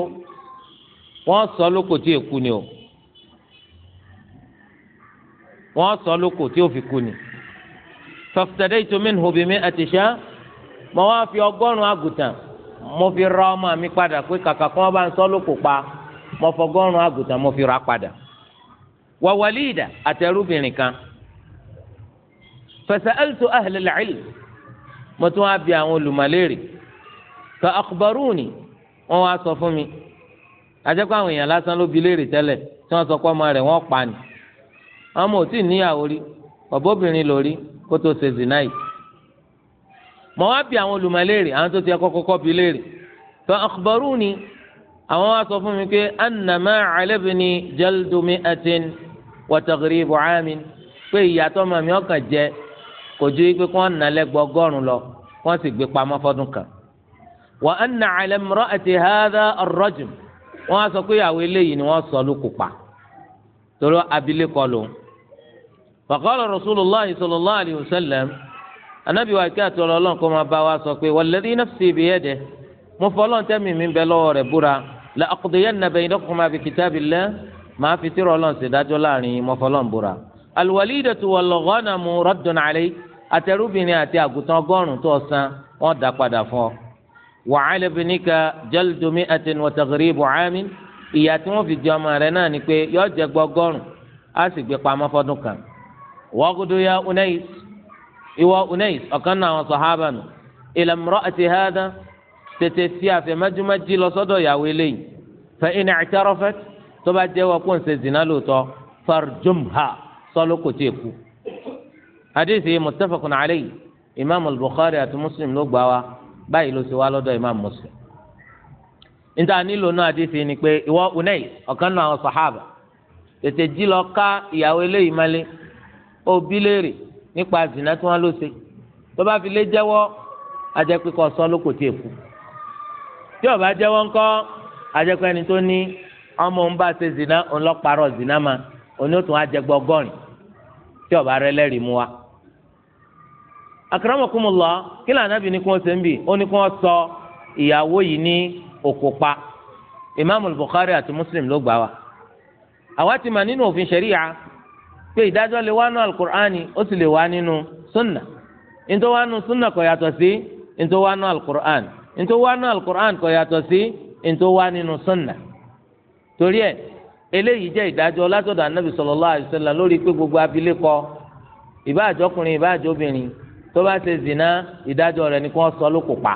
wọ́n sọ lóko tí èkú ni o wọ́n sọ lóko tí ó fi kú ni faftadaytu minhu bi mi'ati sha mo wá fi ọgọ́rùn-ún àgùntàn mo fi ra ọmọ mi padà pé kàkà kí wọ́n bá ń sọ lóko pa mo fọgọ́rùn-ún mo fi ra padà wa walida àtẹrúbìnrin kan fasaltu ahlal ilm mo tún wá bi àwọn olùmọ̀lérè fa akhbaruni wọ́n wá sọ fún mi ajẹ́kọ̀ àwọn èèyàn lásán ló bi léèrè tẹ́lẹ̀ tí wọ́n sọ pé ọmọ rẹ̀ wọ́n pa ni ọmọ ò tí ì níyàwó rí ọ̀bọ̀bìnrin lórí kó tó ṣe zina yìí mọ̀ wá bi àwọn olùmọ̀ àwọn tó ti ẹ̀kọ́ kọ́kọ́ bi léèrè fa akhbaruni àwọn wá sọ fún mi pé annama alẹ́bìnrin jẹ́ldùmí ẹtìn wọ́tàkìrì ibùhámin pé ìyàtọ̀ màmí ọkàn jẹ kò ju ikpe kí wọ́n nà lẹ́gbọ̀ ọgọ́rùn-ún lọ sì gbé pamọ́ fọ́dún kan wa anna ala imra'ati hadha ar-rajm wọ́n á sọ pé ìyàwó eléyìí ni wọ́n sọ lókù pa torí abilékọ lòun. fa qala rasulullah sallallahu alayhi wa sallam anabi wa kí àtọ̀rọ̀ ọlọ́run kó máa bá wa sọ pé walladhi nafsi biyadihi mo fọlọ́n tẹ́mi mi bẹ lọ́wọ́ rẹ̀ búra la aqdiyanna baynakuma bi kitabillah màá fi tírọ̀ ọlọ́run sì dájọ́ láàrin mo fọlọ́n búra. alwalidatu wal ghanamu raddun alayk àtẹrúbìnrin àti àgùntàn ọgọ́rùn-ún tó ọ wàhálà bìníkà jẹ́lùdùmí àtẹnu wọ̀tàkìrì ibò ámì ìyá tí wọ́n fi jẹ ọmọ rẹ̀ náà ni pé yọ jẹ gbọgọ́rùn á sì gbé pamọ́ fọdún kan. wọ́gùdù ya unais ìwọ unais ọ̀kan náà àwọn sọ̀hábà nù ìlàmúrọ̀ àti hàdá tètè sí àfẹ̀mẹ́júmẹ́jì lọ sọ́dọ̀ ìyàwó eléyìí fẹ́ ìnà tó bá jẹ́wọ́ pọ̀ ń ṣe zìnà farjumha sọ́lọ́ kò tí ì kú. hadith yìí muttafaqun alayhi imaamu al-bukhari àti muslim ló gbà wá. báyìí ló ṣe wá lọ́dọ̀ imam muslim níta nílò náà àdìsí ni pé ìwọ unai ọ̀kan náà àwọn sàhábà tètè jí lọ ká ìyàwó eléyìí mọ́lé òbí léèrè nípa zina tí wọ́n ló ṣe tó bá fi lé jẹ́wọ́ ajẹ́pẹ́kọ̀ sọ ló kò zina zina ma tí akramakumullah kí lànà bí ní kí wọ́n ṣe ń bì ó ní kí sọ ìyàwó yìí ní òkópa imaamu bukhari àti muslim ló gbà wá àwa ti mà nínú òfin ṣẹ̀ríya pé ìdájọ́ lè wá nù alukur'ani ó sì lè wá nínú sunna ntọ́ wá nù sunna kò yàtọ̀ sí ntọ́ wá nù alukur'ani ntọ́ wá nù alukur'ani kò yàtọ̀ sí ntọ́ wá nínú sunna torí ẹ̀ eléyìí jẹ́ ìdájọ́ látọ̀dọ̀ anabi sallallahu alaihi wasallam lórí pé gbogbo abilékọ ìbá àjọkùnrin ìbá tó bá ṣe zina ìdájọ́ rẹ̀ ni kò wọ́n sọ lókò pa.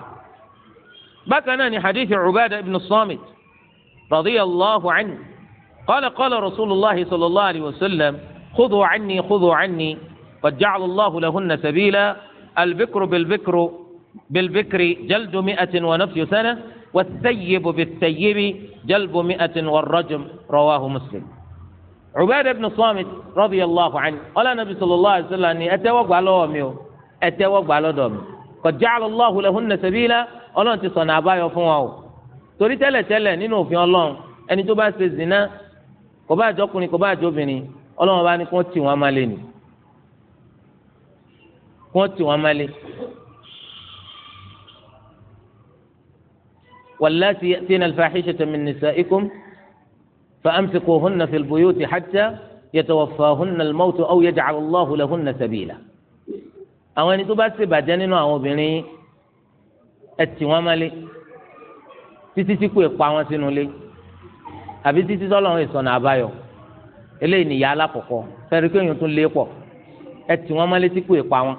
bákan náà ni hadith Ubadah ibn Samit radiyallahu anhu kọlẹ kọlẹ rasulillah sallallahu alayhi wa sallam khudhu anni khudhu anni qad ja'ala allahu lahunna sabila albikru bilbikru بالبكر جلد مئة ونفي سنة والثيب بالثيب جلب مئة والرجم رواه مسلم عبادة بن صامت رضي الله sallallahu alayhi wa sallam ni ẹ tẹ́wọ́ gbàlọ́wọ́ mi o. ẹ tẹ́wọ́ gbà lọ́dọ̀ mi qad ja'ala Allahu lahunna sabila ọlọ́run ti sọ̀nà àbáyọ fún wa o torí tẹ́lẹ̀tẹ́lẹ̀ nínú òfin ọlọ́run ẹni tó bá ṣe zina kò bá àjọkùnrin kò bá àjọbìnrin ọlọ́run bá ní kó tì wọ́n má lé ni kó tì wọ́n má lé. واللاتي يأتين الفاحشة من نسائكم فأمسكوهن في البيوت حتى يتوفاهن الموت أو يجعل الله لهن سبيلا àwọn ẹni tó bá ṣèbàjẹ́ nínú àwọn obìnrin ẹ tì wọ́n mọ́lé títí tí kò pa wọ́n sínú ilé àbí títí tọ́lọ́run ìsọ̀nà àbáyọ eléyìí nìyá alákọ̀ọ́kọ́ fẹ́rí kéèyàn tún lé pọ̀ ẹ tì wọ́n mọ́lé tí kò pa wọ́n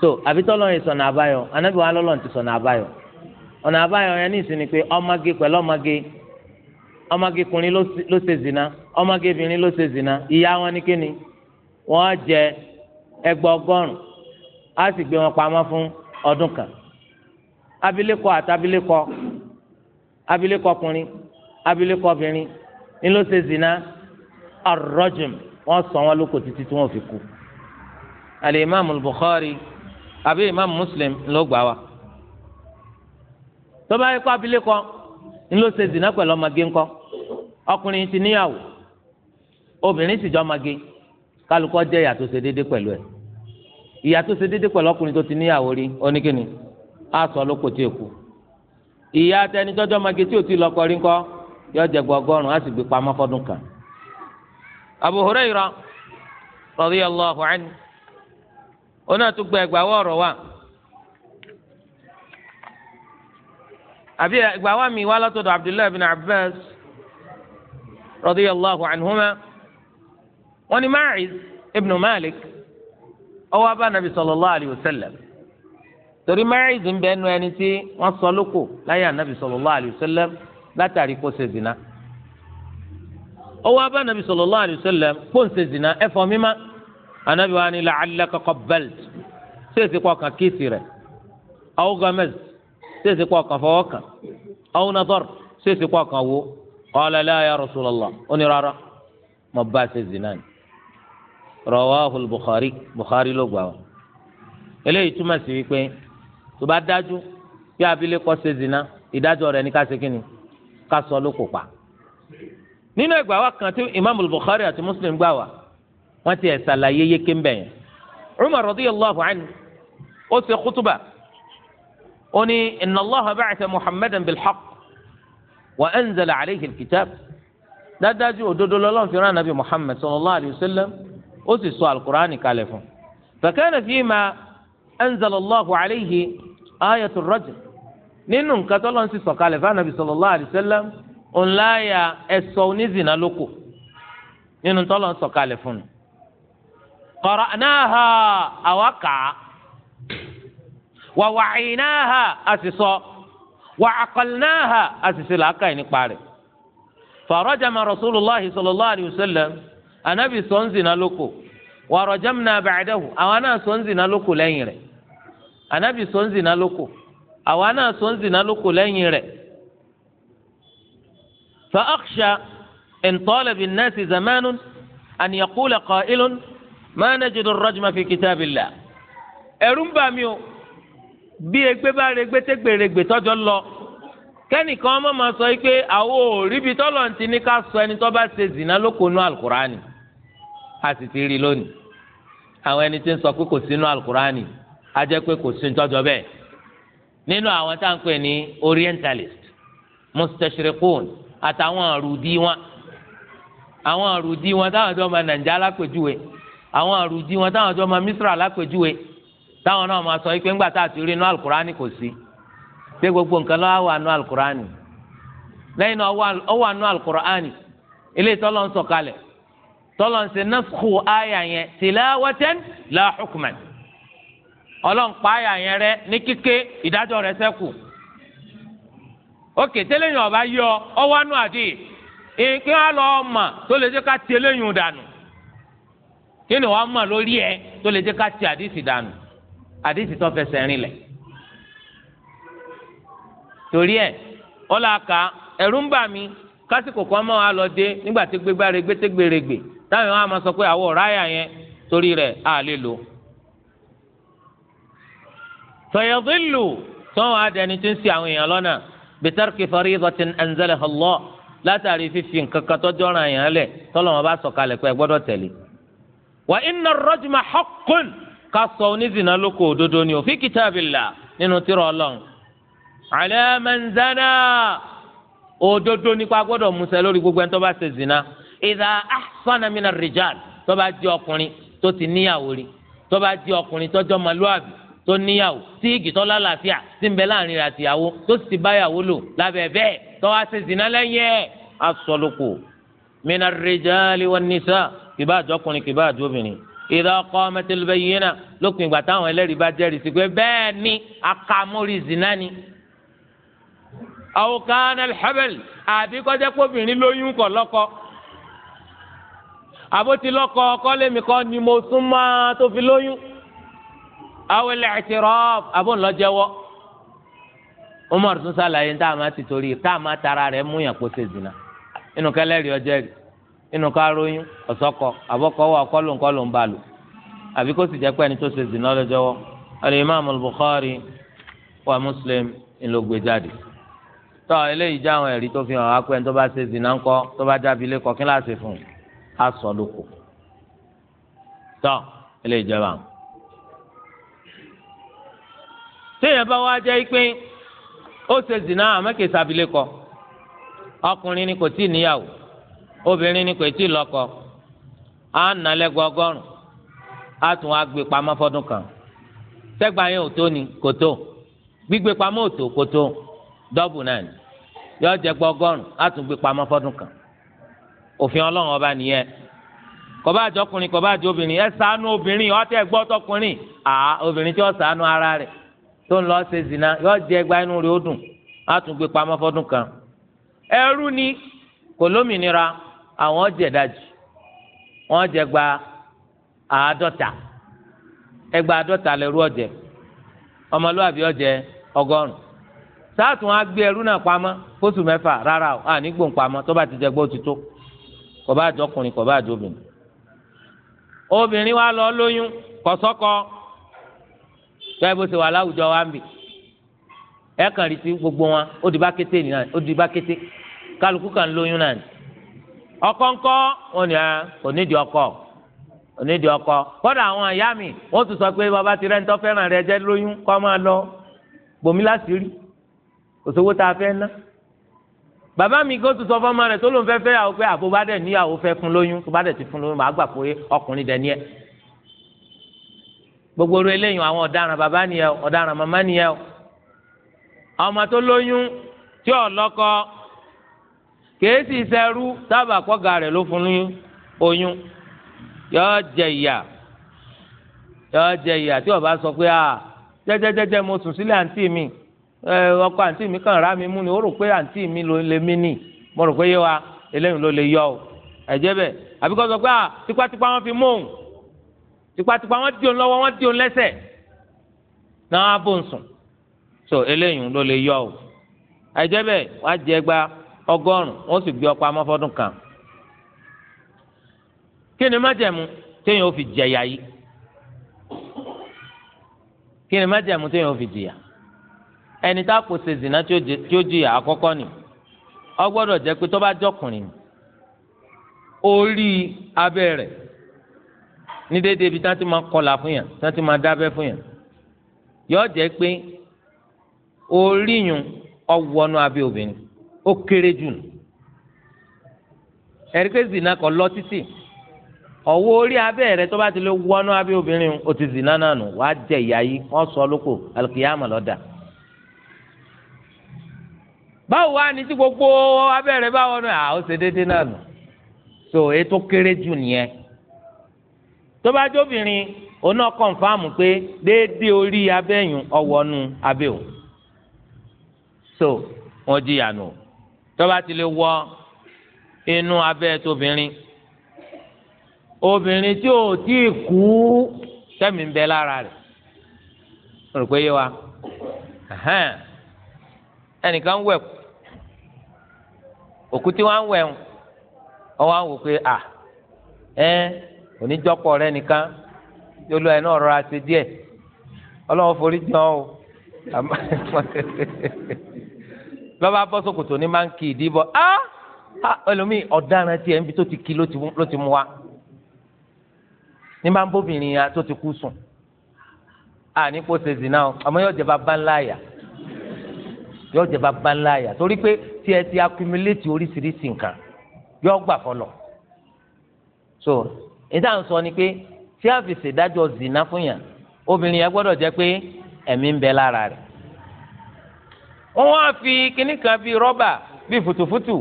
so àbí tọ́lọ́run ìsọ̀nà àbáyọ anábì wa lọ́lọ́run ti sọ̀nà àbáyọ ọ̀nà àbáyọ yẹn ní ìsinmi pé ọmọge pẹ̀lú ọmọge ọmọge kùnrin ló ṣe zina ọmọge obìnrin ló ṣe zina ìyá wọn ní kíni wọ́n jẹ́ ẹgbẹ́ ọgọ́rùn á sì gbé wọn pamọ́ fún ọdún kan abilékọ àtàbilékọ abilékọ ọkùnrin abilékọ obìnrin ńlọ ṣe zina arrajm wọn sọ wọn lóko títí tí wọn fi kú alimami Bukhari àbí imam Muslim ló gbà wá tọ́ba yẹ kó abilékọ ńlọ ṣe zina pẹ̀lú ọmọge ńkọ́ ọkùnrin ti níyàwó obìnrin sì jọ ọmọge kálukọ́ jẹ́ yàtọ̀ ṣe déédéé pẹ̀lú ẹ̀ ìyá tó ṣe déédéé pẹ̀lú ọkùnrin tó ti níyàwó rí oníkíni á sọ ló kò tí kú ìyá tẹni tọ́jọ́ magi tí o ti lọkọ rí ńkọ́ jẹ gbọgọ́rùn á sì gbé pamọ́ fọ́dún kan. Abu Hurairah radiyallahu anhu onáà tún gba wa àbí Abdullahi bin Abbas Malik. ọwọ́ abá nàbì sallallahu alayhi wa sallam torí mẹ́rìndì ń bẹ ẹnu ẹni tí wọ́n sọ lóko láyé ànàbì sallallahu alayhi wa sallam látàrí kó ṣe zina ọwọ́ abá nàbì sallallahu alayhi wa sallam kó ń ṣe zina ẹ̀fọ́ mímá ànàbì wa ni la'allaka qabbalt ṣèṣì kọ́ kan kíìsì rẹ̀ aw ghamazta ṣèṣì kọ́ kan fọwọ́ kan aw nadarta ṣèṣì kọ́ kan wo qala la ya rasulallah ó ní rárá mo bá ṣe zina ni rawahul bukhari bukhari ló gbà wá eléyìí túmọ̀ sí wípé tó bá dájú bí abilékọ ṣe zina ìdájọ́ rẹ̀ ní ká ṣe kínni ká sọ ló kópa nínú ẹgbàá wa kan tí imaamu bukhari àti muslim gbà wá wọ́n ti ẹ̀ ṣàlàyé yéké ń bẹ̀yẹn umar radiyallahu anhu ó ṣe kútùbà ó ní inna allah ba'atha muhammadan bilhaq wa anzala alayhi alkitab dájú òdodo lọ́lọ́run fi rán anabi muhammad sallallahu alayhi wa sallam ó sì sọ alukur'ani kalẹ̀ fún un. fakana fima anzalallahu alayhi ayatu rajul nínú nǹkan tó lọ́n sì sọ̀kalẹ̀ fún anabi sallallahu alayhi sallam ọ̀nláyà ẹ̀sọ́ onízìnnà lóko nínú tó lọ́n sọ̀kalẹ̀ fún un. qara'naha àwa kà á wa wa'inaha a sì sọ wa aqalnaha a sì sì làákàyè nípa rẹ̀. farajama rasulullahi sallallahu alayhi wa sallam anabi sọ ń zina lóko wa rajamna ba'dahu àwa náà sọ ń zina lóko lẹ́yìn rẹ̀ anabi sọ ń zina lóko àwa náà sọ ń zina lóko lẹ́yìn rẹ̀ fa akhsha in tala bin nasi zamanun an yaqula qa'ilun ma najidu ar-rajma fi kitabillah ẹ̀rù ń bà mí o bí egbe bá regbe tẹgbèrègbè tọjọ lọ kẹ́nìkan ọmọ máa sọ yìí pé àwọn ò ríbi tọ́lọ̀ ń ní ká sọ ẹni tó bá ṣe zina lóko nú alukurani a sì ti rí lónìí àwọn ẹni tí ń sọ pé kò sínú alukurani a jẹ́ pé kò sí tọ́jọ́ bẹ́ẹ̀ nínú àwọn tá à ń pè ní orientalist mustachirikun àtàwọn àrùdí wọn àwọn àrùdí wọn táwọn ọjọ́ ọmọ nàìjíríà lápèjúwe àwọn àrùdí wọn táwọn ọjọ́ ọmọ misra lápèjúwe táwọn náà máa sọ pé ńgbà tá a ti rí inú alukurani kò sí pé gbogbo nǹkan lọ́wọ́ wà nú alukurani lẹ́yìn náà ó wà nú alukurani ilé ìtọ́lọ́ ń sọ̀kalẹ̀ tọ́lọ̀ ń ṣe nafkhu àyà yẹn tilawatan la hukman ọlọ́run pa àyà yẹn rẹ ní kíké ìdájọ́ rẹ sẹ́kù ókè tẹ́lẹ̀yìn ọba yọ ọwọ́ nù àdé kí wọ́n lọ mà tó lè jẹ́ ká tẹ́lẹ̀yìn dànù kí ni wọ́n mà lórí ẹ tó lè jẹ́ ká tẹ́ àdìsí dànù àdìsí tó fẹsẹ̀ rìn lẹ̀ torí ẹ ọlọ́ọ̀ka ẹ̀rú ń bà mí kásìkò kan máa lọ dé nígbà tí gbégbá rẹ gbé tẹ́gbèrègbè táwọn èèyàn á máa sọ pé àwọn ọ̀rá yà yẹn torí rẹ̀ á lè lò. fẹ̀yẹ̀dìlù tọ́wọ́n adẹni tí ń sin àwọn èèyàn lọ́nà bitarki faridatin anzalaha Allah látàrí fífi nǹkan kan tọ́jú ọ̀ràn yẹn lẹ̀ tọ́lọ́wọ́n bá sọ̀kalẹ̀ pé ẹ gbọ́dọ̀ tẹ̀lé. wà inna ar-rajma haqqun ká sọ onízìnnà lóko òdodo ni ó fi kitabillah nínú tírà Ọlọ́run. ala man òdodo nípa gbọ́dọ̀ musẹ́ lórí gbogbo ẹni tó bá ṣe zina ìdá ahsana mina rijal tó bá di ọkùnrin tó ti níyàwó rí tó bá di ọkùnrin tọjọ màlúàbí tó níyàwó tí igi tó lálàáfíà tí ń bẹ láàrin rẹ̀ àtìyàwó tó sì ti báyàwó lò lábẹ́ bẹ́ẹ̀ tó wá ṣe zina lẹ́yìn ẹ̀ asọ̀lùkù mina rijali wan nisa kìbá àjọkùnrin kìbá àjọbìnrin ìdá qamatil bayyina lópin ìgbà táwọn ẹlẹ́rìí bá jẹ́rìí sí pé bẹ́ẹ̀ ni akamori zina ni. aw kana al-habal lóyún kọ̀ lọ́kọ àbótí lọ́kọ kọ́lémi kọ́ ni mo sún mọ́ tó fi lóyún awele ẹtirọf abóńlọ́jẹ́wọ́ Umar tún sàlàyé tá a máa ti torí tá a máa tara rẹ̀ mú yàn kó ṣe zina inú kẹlẹ́rì ọjẹ́ rẹ̀ inú ká róyún ọ̀sọ́kọ àbọ̀kọ́wọ́ ọkọ́lóńkọ́ ló ń bá lò àbí kó sì jẹ́ pé ẹni tó ṣe zina lọ́jọ́wọ́ al-Imam al-Bukhari wa Muslim ló jáde tọ́ eléyìí já àwọn ẹ̀rí tó fi hàn wá pé ẹni tó bá ṣe zina ńkọ́ tó bá jábí lé kọ́ kí fún un asọ lóko tọ ilé ìjọba téèyàn bá wá jẹ́ pé ó ṣe zina àmọ́kèsà abilékọ ọkùnrin ni kò tí ì níyàwó obìnrin ni kò tí ì lọ́kọ á nà lẹ́gbẹ̀ẹ́ ọgọ́rùn-ún á tún wá gbé pamọ́ fọ́dún kan sẹ́gbàá yẹn ò tó ni kò tó gbígbé pamọ́ ò tó kò tó dọ́bù náà ni yọ jẹ́ gbọ́ ọgọ́rùn-ún á tún gbé pamọ́ fọ́dún kan. òfin ọlọ́run ọba nìyẹn kọba àjọ ọkùnrin kọba àjọ obìnrin ẹ ṣàánú obìnrin ọtẹ gbọ́ tọkùnrin àá obìnrin tí ó ṣàánú ara rẹ̀ tó ń lọ ṣe zina yóò jẹ ẹgbà inú rẹ̀ ó dùn á tún gbé pamọ́ fọdún kan ẹrú ni kò lómìnira àwọn jẹ̀dájì wọ́n jẹ gba àádọ́ta ẹgbàá àádọ́ta lẹ́rú ọ̀jẹ̀ ọmọlúwàbí ọ̀jẹ̀ ọgọ́rùn sáà tún á gbé ẹrú náà pamọ́ fóṣù mẹ́fà rárá o àní gbòǹpamọ́ tó bá ti jẹ gbó tuntun kò bá àjọkùnrin kò bá àjọbìnrin obìnrin wa lọ lóyún kọsọkọ bẹ́ẹ̀ bó ṣe wà láwùjọ wa ń bì ẹ kàn rí sí gbogbo wọn ó di bá kété nìyà ó di bá kété kálukú kan lóyún náà ni ọkọ ńkọ́ wọn ni ah, kò nídìí ọkọ onídìí ọkọ kódà àwọn ìyá mi wọn tún sọ pé bàbá ti rẹ ń tọ́ fẹ́ràn rẹ jẹ́ lóyún kọ́ máa lọ gbòmí láti rí kò tá a fẹ́ ná bàbá mi kó tún sọ fọmọ rẹ tó ló ń fẹ́ fẹ́ yàwó pé àbó bá dẹ̀ níyàwó fẹ́ fún lóyún tó bá dẹ̀ ti fún lóyún màá gbà pé ọkùnrin dẹ̀ níyẹ. gbogbo orí eléyìn àwọn ọ̀daràn bàbá nìyẹn o ọ̀daràn màmá nìyẹn o. ọmọ tó lóyún tí ò lọ́kọ kèé sì sẹ́rú tábà kọ́gà rẹ̀ ló fún lóyún oyún yọ jẹ ìyà yọ jẹ ìyà tí ó bá sọ pé a jẹ́jẹ́jẹ́jẹ́ mo sùn sílẹ̀ àǹtí mi ọkọ àǹtí mi kàn rá mi mú ni ó rò pé àǹtí mi ló lè mí nì mo rò pé yé wa eléyìí ló lè yọ o ẹ̀jẹ̀ bẹ̀ àbí kọ́ sọ pé à wọn fi mú òun tipátipá wọn di òun lọ́wọ́ wọn di òun lẹ́sẹ̀ náà á bò ń sùn so eléyìí ló lè yọ o ẹ̀jẹ̀ bẹ̀ wá jẹ gba ọgọ́rùn-ún wọ́n sì gbé ọkọ amọ́fọ́dún kan kí ni májẹ̀mú téèyàn ó fi jẹ̀yà yìí kí ni májẹ̀mú téèyàn ó fi jìyà ẹni tá a kò ṣe zina tí ó jìyà àkọ́kọ́ ni ó gbọ́dọ̀ jẹ́ pé tó bá jọkùnrin orí abẹ́ rẹ̀ ní déédéé ibi tí wọ́n ti máa kọlà fún yàn tí wọ́n ti máa dábẹ́ fún yàn yóò jẹ́ pé orí yùn ọwọ́nú abẹ́ obìnrin ó kéré jù nù ẹ̀ríkẹ́ zina kọ lọ títì ọwọ́ orí abẹ́ rẹ̀ tó bá ti lè wọ́nú abẹ́ obìnrin o ti zina náà nù wàá jẹ ìyá yìí wọ́n sọ lóko alùpùpù yàrá màlọ́dà báwo wá ní tí gbogbo abẹ́rẹ́ báwo náà à ó ṣe déédéé náà nù so ètò kéré jù nìyẹn tó bá jóbìnrin òun náà kọ̀ǹfàmù pé déédéé orí abẹ́yùn ọ̀wọ́nu abẹ́ òun so wọ́n jìyà nù tó bá ti lè wọ inú abẹ́ tóbìnrin obìnrin tí ò tí ì kú sẹ́mi ń bẹ lára rẹ̀ rò pé yé wa ẹnìkan wẹ̀ òkú tí wọ́n á wẹ̀ ọwọ́ àwọn òkú à ẹ oníjọpọ̀ rẹ nìkan yọlọ ẹ náà rọra ṣe díẹ̀ ọlọ́wọ́ forí jàn o lọ́ba bọ́ sókòtò ní máa ń á ẹlòmíì ọ̀daràn tiẹ̀ níbi tó ti kí ló ti mú wa ní máa ń ya tó ti kú sùn à ní kó ṣe zì náà àmọ́ yóò jẹ́ bá bá ńlá yà yóò jẹ bàbá ńlá yà torí pé tí ẹ ti accumulate oríṣiríṣi nǹkan yóò gbà fọlọ so ìta ń sọ ni pé tí a fi ṣèdájọ́ zina fún yàn obìnrin yẹn gbọ́dọ̀ jẹ́ pé ẹ̀mí ń bẹ lára rẹ̀ wọ́n wá fi kinní kan bíi rọ́bà bíi fùtùfùtù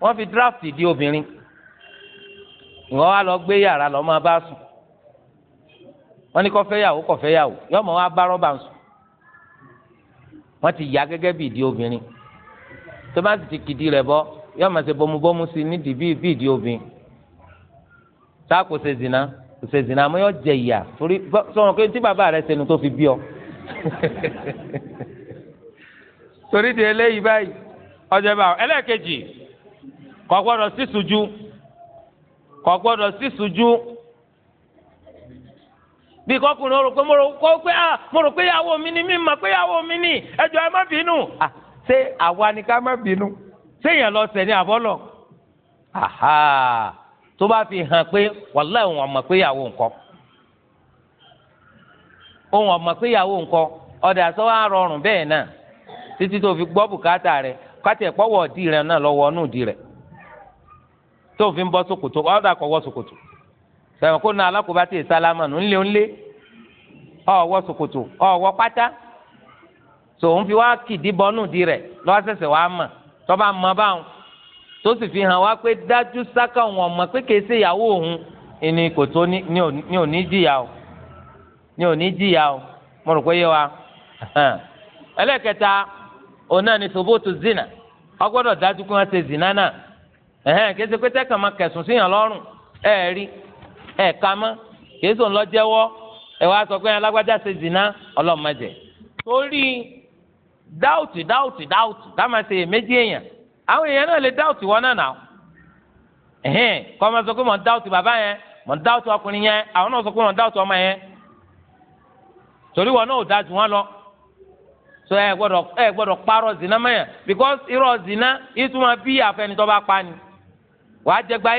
wọ́n fi draft di obìnrin ìwọ́n wá lọ gbé yàrá lọ́ọ́ máa bá sùn wọ́n ní kó fẹ́ yàwó kó yàwó yọ́ọ́ mọ̀ bá rọ́bà sùn wọ́n ti yà gẹ́gẹ́ bí ìdí obìnrin tó bá sì ti kìdí rẹ̀ bọ́ yóò máa ṣe bọ́mubọ́mu sí i nídìí bí bí ìdí obìnrin tá kò ṣe zina kò ṣe zina àmọ́ yóò jẹ ìyà torí sọ̀rọ̀ pé tí bàbá rẹ̀ ṣẹnu tó fi bí ọ. torí di eléyìí báyìí ọjọ́ bá ẹlẹ́ẹ̀kejì kò gbọ́dọ̀ sí sùjú kò gbọ́dọ̀ sí sùjú. bí kọkùnrin ó rò pé mo rò pé ah mo rò pé ìyàwó mi ni mi mọ̀ pé ìyàwó mi ni ẹjọ ẹ má bínú ah ṣé àwa ni ká má bínú ṣé lọ ní aha tó bá fi hàn pé wàláì òun ọmọ pé ìyàwó nǹkan òun ọmọ pé ìyàwó nǹkan ọ̀dà sọ wá rọrùn náà títí tó fi bùkátà rẹ kátì rẹ náà ìdí fi ń bọ́ sẹ̀wọ̀n kó na alákòóbá tẹ̀ sálámà nù ńlé ńlé ọ̀wọ́ ṣòkòtò ọ̀wọ́ pátá ń fi wá kìdí bọ́nù di mà tọ́ba mọ báwọn fi hàn wá pé dájú wọn pé kìí ṣe ìyàwó òun kò tó ní o ní òní jìyà o mo rò pé yé wa ẹlẹ́kẹta ni zina ọgbọ́dọ̀ dájú pé wọ́n ṣe ẹ ká mọ kèésù ńlọ jẹ́wọ́ ẹ wá sọ pé alágbájá ṣe zina ọlọmọdé torí dáùtì dáùtì dáùtì dáàmà ṣe èméjì èèyàn àwọn èèyàn náà lè dáùtì wọn náà nà ẹhìn kọ́ máa sọ pé mọ̀ dáùtì bàbá yẹn mọ̀ dáùtì ọkùnrin yẹn àwọn náà sọ pé mọ̀ dáùtì ọmọ yẹn torí wọn náà ẹ gbọdọ ẹ zina mẹyàn because zina bí bá pa ni wàá jẹgba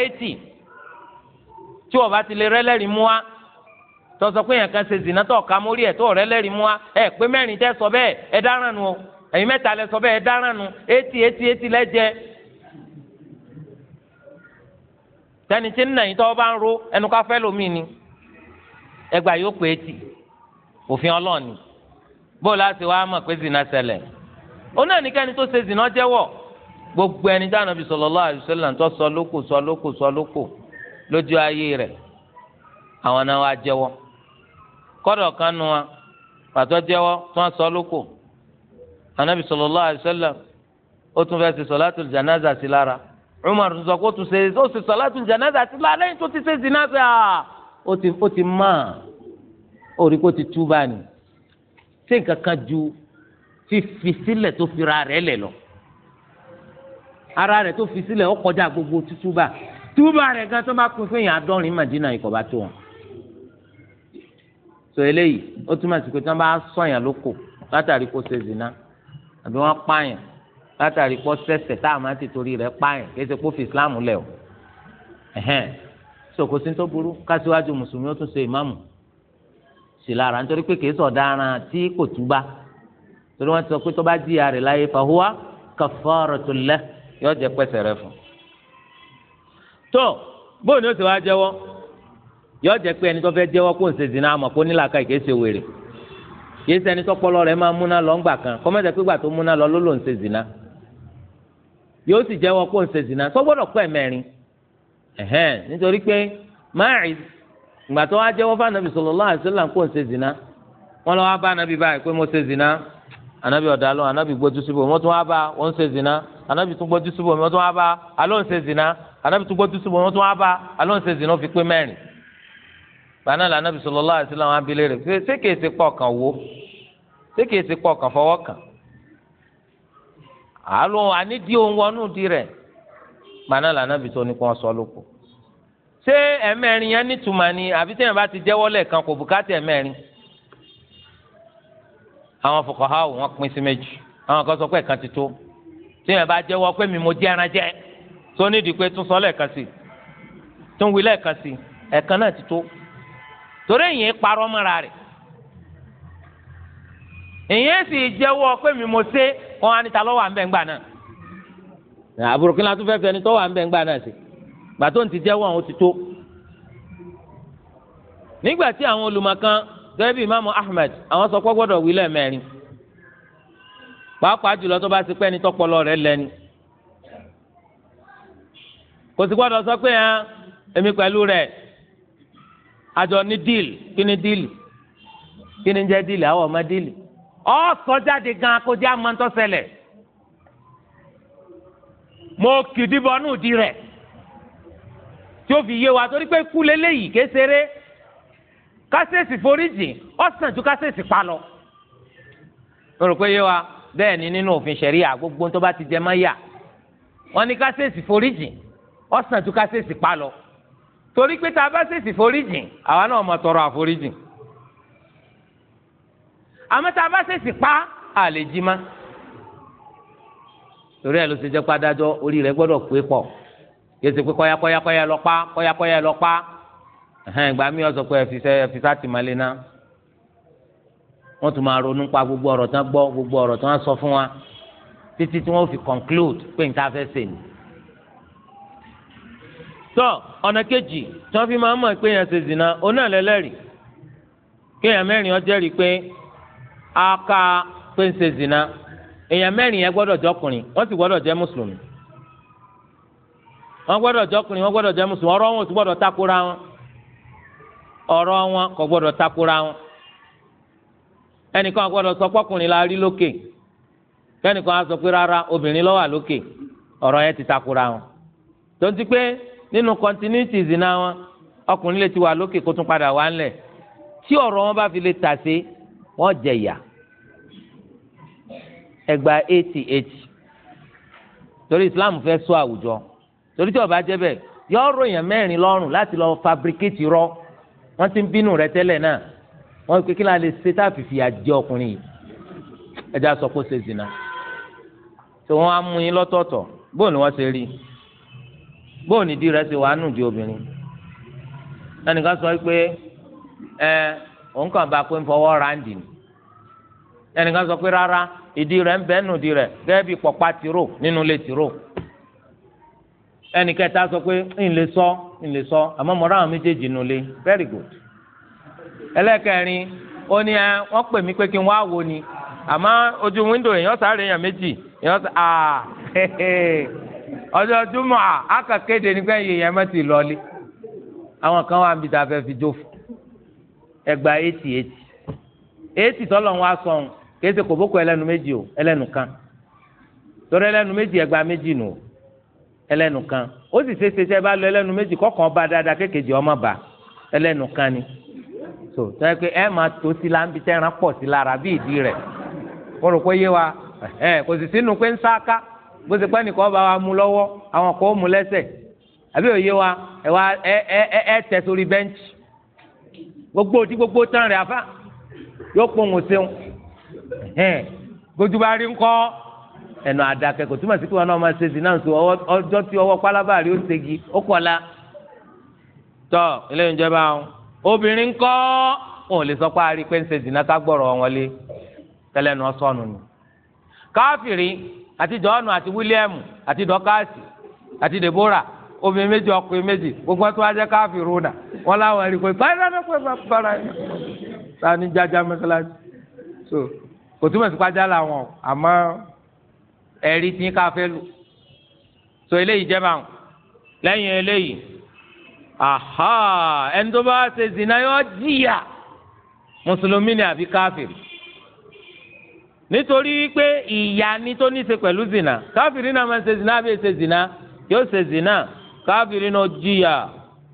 tí wọ́n bá ti lè rẹ́lẹ́rìí mú wa tọ́sọ pé yẹn kan ṣe zìnà tó ọ̀ka mórí ẹ̀ tó mú wa sọ bẹ ẹ dáràn nu o sọ bẹ ẹ dáràn nu etí etí etí jẹ tẹni tí ń nà yín bá ń ro ẹnu ká fẹ́ lómi ni ẹgbà yóò pé etí òfin ọlọ́ọ̀ni mọ̀ pé ṣẹlẹ̀ ó náà ní kẹ́ni tó ṣe gbogbo ẹni tí lójú ayé rẹ̀ àwọn náà wá jẹ́wọ́ kọ́dọ̀ kan wa pàtó jẹ́wọ́ tí wọ́n sọ lóko anabi sallallahu alaihi wasallam ó tún fẹ́ ṣe sọ̀látùl janaza sí lára Umar tún sọ pé ó tún ṣe ó ṣe sọ̀látùl janaza sí lára lẹ́yìn tó ti ṣe zina sí a ó ti ó ti mọ̀ ó rí kó ti tú báni ṣé nǹkan kan ju fífi sílẹ̀ tó fira rẹ̀ lẹ̀ lọ ara rẹ̀ tó fi sílẹ̀ ó kọjá gbogbo tútú báyìí túbà rẹ̀ gan tó bá kún fún yàn àádọ́rin màdínà ikọ̀ bá tó wọn. sọ eléyìí ó túmọ̀ sí pé tí wọ́n bá sọ̀yàn lóko látàrí kó ṣe zina àbí wọ́n pààyàn látàrí kó ṣẹ̀ṣẹ̀ tá a máa ti torí rẹ̀ pààyàn kì í ṣe kó fi islam lẹ̀ o. sọ kò sí tó burú kásíwájú mùsùlùmí ó tún ṣe ìmáàmù sì lára nítorí pé kì í sọ̀daràn tí kò túbà torí wọ́n ti sọ pé tó bá jìyà rẹ̀ láyé fahuwa tó bóun ni ó ti wá jẹ́wọ́ yọ jẹ pé ẹni tó fẹ́ jẹ́wọ́ kó ń ṣe zina àmọ́ kó nílà ká ìkéṣe wèrè yìí sẹni tọpọlọ rẹ máa múná lọ ńgbà kan kọmẹtẹ pé gbà tó múná lọ ló ló ń ṣe zina yóò sì jẹ́wọ́ kó ń ṣe zina tó pẹ́ mẹ́rin ẹ̀hẹ́n nítorí pé ìgbà tó wá fún anabi kó ṣe zina wọ́n lọ wá bá anabi báyìí pé mo ṣe zina anabi tún gbójú síbò mi wọ́n tún wá bá alóhùn ṣe zina anabi tún gbójú síbò mi wọ́n tún wá bá alóhùn ṣe zina ó fi pé mẹ́rin gbaná la anabi sallallahu alaihi wasallam abilé rẹ̀ ṣé kìí ṣe pọ̀ kàn wó ṣé kìí ṣe pọ̀ kàn fọwọ́ kàn àlò ànídìí òun wọnú di rẹ̀ gbaná la anabi tó ní kó wọ́n sọ lóko ṣé ẹ̀mẹ́rin yẹn nítumọ̀ ni àbí tẹ́yìn bá ti jẹ́wọ́ lẹ́ẹ̀kan kò bùkátà ẹ̀mẹ́rin àwọn fuqaha wọn pín sí méjì àwọn kan sọ pé ẹ̀kan ti tó tí yẹn bá jẹ́wọ́ pé mi mo jẹ́ ẹran jẹ́ tó ní ìdìpé tún sọ lẹ́ẹ̀kan sí tún wí ti tó torí ìyẹn parọ mọ́ra rẹ̀ ìyẹn sì jẹ́wọ́ pé mi mo ṣe kọ́ anita lọ́wọ́ ń ń gbà náà àbúrò ti àwọn ti tó nígbà ahmed àwọn sọ pé wí pàápàá jùlọ tó bá ti pẹ́ ni tọpọlọ rẹ lẹ́ni kò sì gbọ́dọ̀ sọ pé hàn èmi pẹ̀lú rẹ̀ àjọ ní díìl kí ni díìl kí ni jẹ́ díìl àwọn ọmọ díìl ọ sọ jáde gan kó jẹ́ amọ̀ntọ́sẹlẹ̀ mo kìdìbọn nù di rẹ̀ tí ó fi yé wa torí pé kú lélẹ́yìí késeré kásẹ̀sì foríjì ọ̀sán ju kásẹ̀sì pa lọ. mo rò pé yé wa bẹ́ẹ̀ ni nínú òfin ṣẹ̀ríà gbogbo tó bá ti jẹ máyà wọ́n ní ká ṣèèṣì foríjìn ọ̀sán tó ká ṣèèṣì pa lọ torí pé tá a bá ṣèèṣì foríjìn àwa náà mọ̀ tọrọ àforíjìn àmọ́ tá a bá ṣèèṣì pa á lè jí má torí ẹ̀ ló ṣe jẹ́ pádájọ́ orí rẹ̀ gbọ́dọ̀ pé pọ̀ yẹsẹ pé kọ́yákọ́yá kọ́yá lọ pa kọ́yákọ́yá lọ pa ẹ̀hẹ́n ìgbà mi ọ̀ pé ẹ̀ fi sá tìmọ́lé náà wọ́n tún máa ronú pa gbogbo ọ̀rọ̀ tán gbọ́ gbogbo ọ̀rọ̀ tán sọ fún wa títí tí wọ́n fi conclude pé nǹkan afẹ́ sè ni. tọ́ ọ̀nà kejì tí wọ́n fi máa ń mọ̀ pé èèyàn ṣe zina oná lẹ́lẹ́rìí kéèyàn mẹ́rin ọjẹ́rìí pé a ká pé ń ṣe zina èèyàn mẹ́rin yẹn gbọ́dọ̀ jọkùnrin wọ́n sì gbọ́dọ̀ jẹ́ mùsùlùmí wọ́n gbọ́dọ̀ jọkùnrin wọ́n gbọ́dọ̀ jẹ́ mùsùlùmí ọ̀rọ̀ wọn ò sì gbọ́dọ̀ takora wọn ọ̀rọ̀ wọn kò gbọ́dọ̀ takora wọn. ẹnìkan gbọ́dọ̀ sọ pọkùnrin la rí lókè kẹnìkan á sọ pé rárá obìnrin ló wà lókè ọ̀rọ̀ yẹn ti takora wọn tó ń ti pé nínú continuity ìzìnà wọn ọkùnrin lè ti wà lókè kó tún padà wá ńlẹ̀ tí ọ̀rọ̀ wọn bá fi lè tà sí wọn jẹ ìyà ẹgbàá eighty eighty torí Islam fẹ́ sọ àwùjọ torí tí ó bá jẹ́ bẹ́ẹ̀ yọ ọ̀rọ̀ èèyàn láti lọ fabricate rọ wọ́n ti ń bínú rẹ tẹ́lẹ̀ náà wọn pe kí la lè ṣe tá a fìfì àjẹ ọkùnrin yìí ẹja so pé ṣe zina tí wọn á mú yín bóun ni wọn ṣe rí bóun ni ṣe wàá di obìnrin sọ pé ẹ òun kàn bá pé ń fọwọ́ ráńdì ni sọ pé rárá ìdí rẹ̀ ń bẹ nù di rẹ gẹ́gẹ́ bí pọ̀pá tìró nínú ilé tìró ẹnìkẹta sọ pé ń lè sọ ń lè sọ àmọ́ mo méjèèjì nulẹ̀ very good ẹlẹ́kẹrin ó ní ẹ ah, wọ́n pè mí pé kí n wá wò ni àmọ́ ojú wíńdò èèyàn sáré èèyàn méjì èèyàn sá à ah, ọjọ́ júmọ̀ àkàkéde ah, nígbà yìí èèyàn mẹ́tì lọ́lé àwọn kan wà níbi tá a fẹ́ fi jófò ẹgbà eighty eighty eighty tọ́lọ̀ ń wá sọ̀n kì í ṣe kòbókò ẹlẹ́nu méjì o ẹlẹ́nu kan torí ẹlẹ́nu méjì ẹgbà méjì nù o ẹlẹ́nu kan ó sì ṣe é ṣe ṣe bá lọ ẹlẹ́nu méjì kọ́kàn bá dáadáa kékejì ọmọ bá ẹlẹ́nu kan ni so tọ́yẹ pé ẹ máa tó sí la ń bi tẹ́ran pọ̀ sí lára bí ìdí rẹ̀ kó rò pé yé wa ẹ kò sì sínú pé ń sáká bó ṣe pẹ́ nìkan bá wa mú lọ́wọ́ àwọn kan ó mú lẹ́sẹ̀ àbí òye wa ẹ wa ẹ ẹ ẹ tẹ̀ sórí bẹ́ńkì gbogbo òdi gbogbo tán rẹ̀ afá yóò pohùn seun ẹ̀hẹ́n gbójú bá rí ńkọ́ ẹnu àdàkẹ́ kò túmọ̀ sí pé wọn náà máa ṣe sí náà sọ ọjọ́ tí ọwọ́ pálábá rí ó ṣègi ó kọ̀ la tọ́ ilé ìjọba ọ̀hún obìnrin kọ́ wọn ò lè sọ pé a rí i pé ń ṣe zina ká gbọ́rọ̀ wọn lé tẹ́lẹ̀ nu ọ̀sọ́nù ni káfìrí àti jọ́ọ̀nù àti wílíẹ̀mù àti dọ́kàsì àti dèbóra obìnrin méjì ọkùnrin méjì gbogbo ẹtọ́ ajẹ́ káfìrú nà wọn làwọn ẹ̀rí pé báyìí ni jájá mẹ́sàlásì so kò túmọ̀ sí pàjá làwọn àmọ́ ẹ̀rí tí ká fẹ́ lù so lẹ́yìn eléyìí aha ẹni tó bá ṣe zina yọ jìyà mùsùlùmí ni àbí káfìrì nítorí pé ìyà ni tó ní ṣe pẹ̀lú zina káfìrì náà máa ṣe zina àbí ṣe zina yóò ṣe zina káfìrì náà jìyà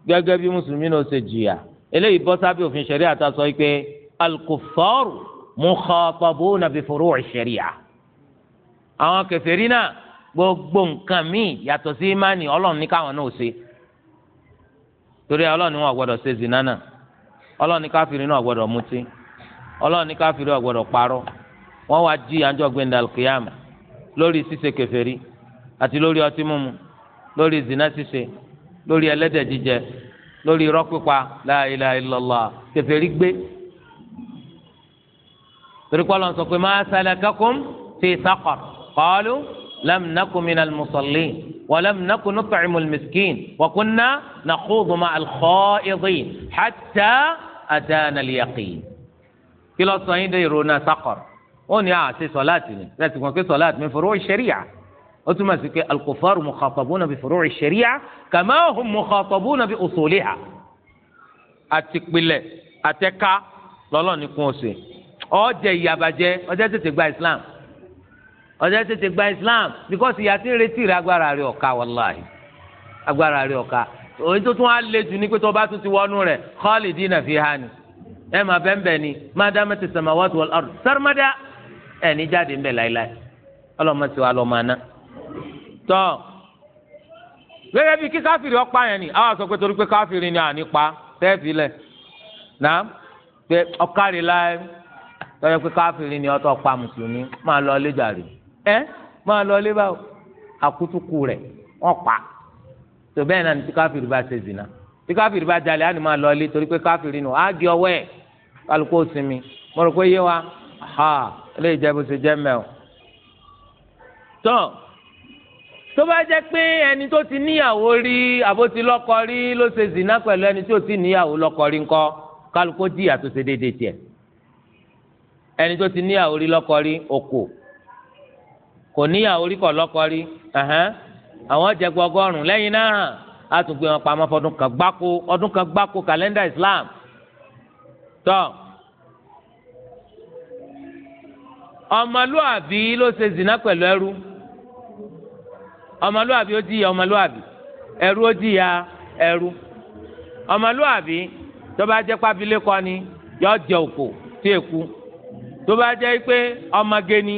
gẹ́gẹ́ bí mùsùlùmí náà ṣe jìyà eléyìí bọ́ sábẹ́ òfin ṣẹ̀ríà tá sọ pé al-kuffaru mukhatabuna bi furu'i ṣẹ̀ríà àwọn kèfèrí náà gbogbo nǹkan míì yàtọ̀ sí imáni ọlọ́run ní káwọn náà ṣe torí ọlọ́ọ̀ni wọn gbọ́dọ̀ ṣe zina náà ọlọ́ọ̀ni káfíìrì náà gbọ́dọ̀ mutí ọlọ́ọ̀ni káfíìrì náà gbọ́dọ̀ parọ́ wọn wá jí àjọ gbẹndà kìyàm lórí ṣíṣe kèfèrí àti lórí ọtí mímu lórí zina ṣíṣe lórí ẹlẹ́dẹ̀ jíjẹ lórí irọ́ pípa la ilaha illallah gbé torí pé sọ pé ma salakakum fi saqar qalu لم نكن من المصلين ولم نكن نطعم المسكين وكنا نخوض مع الخائضين حتى أتانا اليقين كلا صعيد يرونا سقر وني أعطي صلاتنا لا تكون صلاة من فروع الشريعة وثم الكفار مخاطبون بفروع الشريعة كما هم مخاطبون بأصولها أتقبل أتكا لولا نكون سي أو جي يابا جي أو جي تتقبل إسلام ọjọ́ tètè gba islam because ìyá tí ń retí rẹ agbára rẹ ọ̀ka wàláhì agbára rẹ ọ̀ka òun tó tún á lé jù ní pé tó bá tún ti wọnú rẹ ni ẹ máa bẹ́ẹ̀nbẹ́ẹ́ ni ma damati samawati wal ard sẹ́rẹ́mẹ́dá ẹ̀ ní jáde ń bẹ̀ láéláé ọlọ́mọ tí lọ́mọ aná tọ́ ni àwọn sọ pé torí pé káfíìrì ni àní pa tẹ́ẹ̀fì lẹ̀ pé láé tọ́jú pé káfíìrì lọ ilé ẹ máa lọ lé báwo àkútúkù rẹ̀ wọ́n pa tó bẹ́ẹ̀ náà ní tí káfíìrì bá ṣe zìnà tí káfíìrì bá jalè á ní máa lọ lé torí pé káfíìrì nù á gé ọwọ́ ẹ̀ kálukó sinmi mo rò pé yé wa ha ilé ìjẹ́bù ṣe jẹ́ mẹ́ o. tán tó bá jẹ́ pé ẹni tó ti níyàwó rí àbó ti lọ́kọ rí ló ṣe zìnà pẹ̀lú ẹni tó ti níyàwó lọ́kọ rí ńkọ́ kálukó jìyà tó ṣe déédéé tiẹ̀ ẹni tó ti níyàwó rí lọ́kọ rí okòó kò níyàwó rí kọ̀ lọ́kọ rí àwọn jẹgbẹ́ ọgọ́rùn-ún lẹ́yìn náà á tún gbé wọn pamọ́ fọdún kan gbáko ọdún kan gbáko kàlẹ́ndà Islam tọ́ ọmọlúàbí ló ṣe zina pẹ̀lú ẹrú ọmọlúàbí ó jìyà ọmọlúàbí ẹrú ó jìyà ẹrú ọmọlúàbí tó bá jẹ́ pábílẹ̀ kọ́ ni yọ jẹ òkò tí èkú tó bá jẹ́ pé ọmọge ni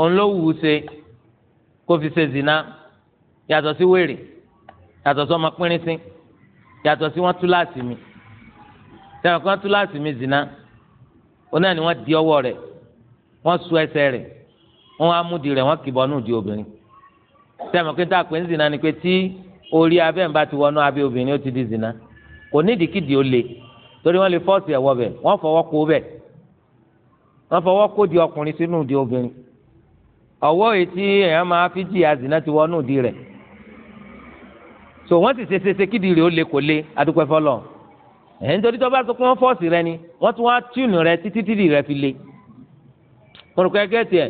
òun ló wù ú ṣe kó fi ṣe zina yàtọ̀ sí wèrè yàtọ̀ sí ọmọ pínrín sí yàtọ̀ sí wọn tú láti mi sẹ́wọ̀n kan tú láti mi zina òun náà ni wọ́n di ọwọ́ rẹ̀ wọ́n so ẹsẹ̀ rẹ̀ wọ́n á mú di rẹ̀ wọ́n kìbọ̀ nù di obìnrin sẹ́wọ̀n pé tá a pè ń zina ni pé tí orí abẹ́ ń bá ti wọnú abẹ́ obìnrin ó ti di zina kò nídìí kìdí ó le torí wọ́n lè fọ́ọ̀sì ẹ̀wọ́ bẹ̀ wọ́n fọwọ́ kó bẹ̀ wọ́n fọwọ́ kó di ọkùnrin sínú di obìnrin ọwọ́ yìí tí èèyàn máa fi jìyà zina ti wọnú di rẹ̀ so wọ́n ti ṣe ṣe kídìrì ó lè kò lè adúpẹ́ fọlọ́ ẹ̀yìn torí tó bá sọ pé wọ́n fọ́ọ̀sì rẹ ni wọ́n tún wá tíùnù rẹ títí tìdì rẹ fi le kọ̀ọ̀kọ̀ ẹgẹ́ tiẹ̀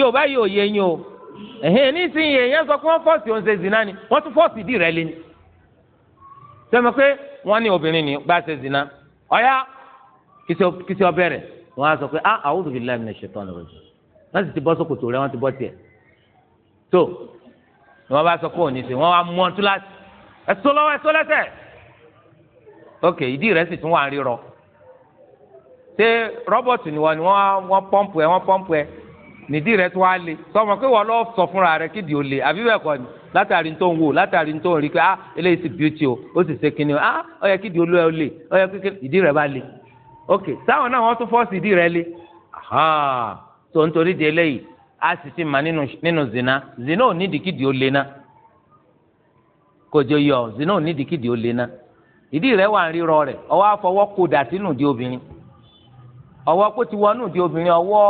yóò bá yóò yé yín o ẹ̀hìn nísìnyí èèyàn sọ pé wọ́n fọ́ọ̀sì òun ṣe zina ni wọ́n tún fọ́ọ̀sì ìdí rẹ lé ni sẹ́mi pé wọ́n ní obìnrin ni gbá ṣe zina ọ̀yá kìsì ọbẹ̀ rẹ̀ wọ́n á sọ pé ah a'udhu billahi minash shaitani wọ́n sì ti bọ́ sókòtò rẹ̀ wọ́n ti bọ́ tiẹ̀ tó ni wọ́n bá sọ pé òní sí wọ́n wá mú ọtún láti ẹ̀sọ́ lọ́wọ́ ẹ̀sọ́ lẹ́sẹ̀ ok ìdí rẹ̀ sì tún wà ń ṣé rọ́bọ̀tì ni wọ́n ni wọ́n pọ́ǹpù ẹ̀ wọ́n pọ́ǹpù ẹ̀ nídìí rẹ̀ tún wá le sọmọ pé wọ́n lọ sọ fúnra rẹ̀ kídìí ó le àbí bẹ́ẹ̀ kọ́ ni látàrí tó ń wò látàrí tó ń rí pé ah eléyìí sì bíútì o ó sì ṣe kinní o ah ó yẹ kídìí olú ẹ ó le ó yẹ kíkẹ́ ìdí rẹ̀ bá le ok táwọn náà wọ́n tún fọ́ọ̀sì ìdí rẹ̀ le tó ń torí di eléyìí a sì ti mà nínú zina zina ò ní dìkìdì ó lé ná kòjò yọ zina ò ní dìkìdì ó lé ná ìdí rẹ̀ wà ń rírọ rẹ̀ ọwọ́ afọwọ́ kó dà sínú di obìnrin ọwọ kó ti wọnú di obìnrin ọwọ́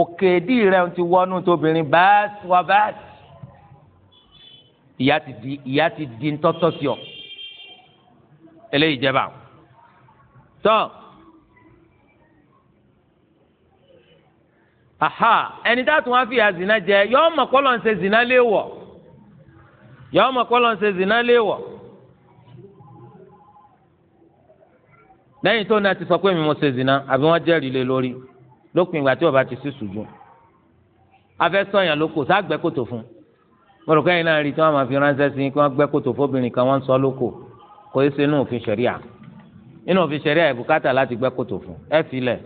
òkè ìdí rẹ̀ ti wọnú di obìnrin báàsì wà báàsì ìyá ti di ìyá ti di ntọ́tọ́ sí ọ eléyìí jẹba tán. So, aha ẹni tá a tún wá fi ìyà zina jẹ yọọ mọ kọlọ ń ṣe zina léèwọ̀ yọọ mọ kọlọ ń ṣe zina léèwọ̀ lẹ́yìn tó náà ti sọ pé mi mo ṣe zina àbí wọ́n jẹ́rìí lé lórí lópin ìgbà tí ọba ti sí sùjú afẹ́ sọyàn lóko ságbẹ́ kòtò fún mo rò kẹ́yìn náà rí tí wọ́n máa fi ránṣẹ́ sí kí wọ́n gbẹ́ kòtò fóbìnrin kan wọ́n ń sọ lóko kò í ṣe inú òfin ṣẹ̀ríà inú òfin ṣẹ̀ríà ìbùkátà láti gbẹ́ kòtò fún ẹ filẹ̀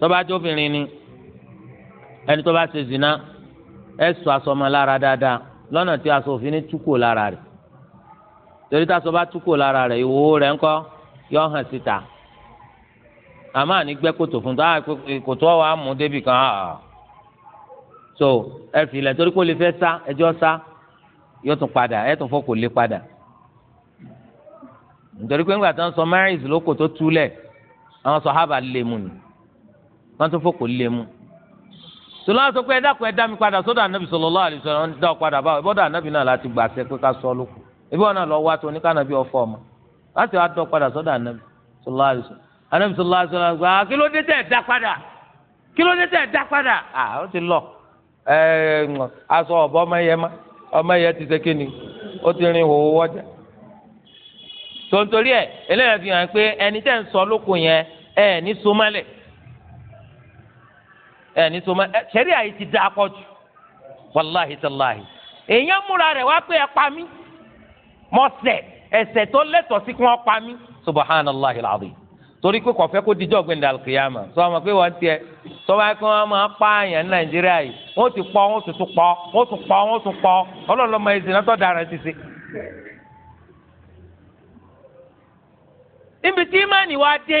tọ́ba ni ẹni tó bá ṣe zina ẹ sọ aṣọ ọmọ lára dáadáa lọ́nà tí aṣọ òfin ní túkò lára rẹ̀ torí tá aṣọ bá túkò lára rẹ̀ ìwòwò rẹ̀ ńkọ́ yọ hàn síta àmọ́ àní gbẹ́ kòtò fún tó kòtò ọ̀wà mú débì kan ah so ẹ filẹ̀ torí kò lè fẹ́ sá ẹjọ́ sá yóò tún padà ẹ tún fọ́ kò lè padà nítorí pé ńgbà tó ń sọ mẹ́rìndínlókò tó túlẹ̀ àwọn sọ hábà lè mú ni wọ́n tún fọ́ kò lè mú sọlá sọ pé ẹ dákun ẹ dá mi padà da anabi sallallahu alaihi wasallam ń dá ọ padà báwo ìbọdọ anabi náà láti gbà sẹ pé ká sọ lóko ebi wọn náà lọ wá tó oníkànnàbí ọfọ ọmọ láti wá dọ padà sọ́dọ̀ anabi sallallahu alaihi wasallam anabi sallallahu alaihi wasallam gbà kí ló dé tẹ ẹ dá padà kí ló dé tẹ ẹ dá padà à ó ti lọ aṣọ ọbọ ọmọ ma ọmọ ti kíni ó ti rin òwò wọjà tontori ẹ hàn pé ẹni tẹ ń sọ lóko yẹn ẹ ẹ ní sọmọ ẹ sẹ́rí àyè ti dá akọ jù wàláhi sàláhi èèyàn múra rẹ̀ wá pé ẹ pa mí mọ sẹ ẹsẹ̀ tó lẹ́tọ̀ọ́ sí pa mí subahánàláhi làbí torí pé kọfẹ kó dijọ́ gbẹ̀ndà kìyàmà sọ ma pé wọ́n tiẹ̀ sọ ma pé wọ́n máa pa àyàn ní nàìjíríà yìí wọ́n ti pọ̀ wọ́n tuntun pọ̀ wọ́n tún wọ́n tún ma ti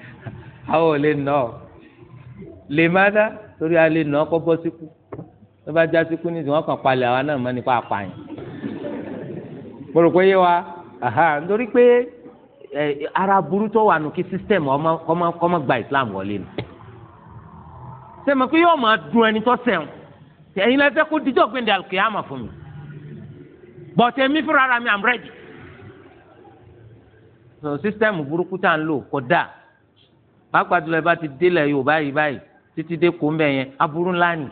àwọn ò lè nà ọ lè má dá torí a lè nà ọ kọ bọ síkú tó bá já síkú ní ìsìn wọn kàn palẹ̀ àwa náà mọ́ nípa àpààyàn mo rò pé yé wa nítorí pé ara burú tó wà nù kí sísítẹ̀mù ọmọ gba Islam wọlé nù sẹ́mi pé yóò máa dun ẹni tó sẹ́wọ̀n ẹ̀yin lẹ fẹ́ kó dijọ́ gbẹ̀ndẹ̀ alùkìyàmà fún mi bọ̀tẹ̀ mi fúnra mi am ready. so sísítẹ́ẹ̀mù burúkú tá à ń lò kò dáa pàápàá jùlọ ẹ bá ti délẹ̀ yorùbá yìí báyìí títí dé kó mbẹ yẹn aburú ńlá ni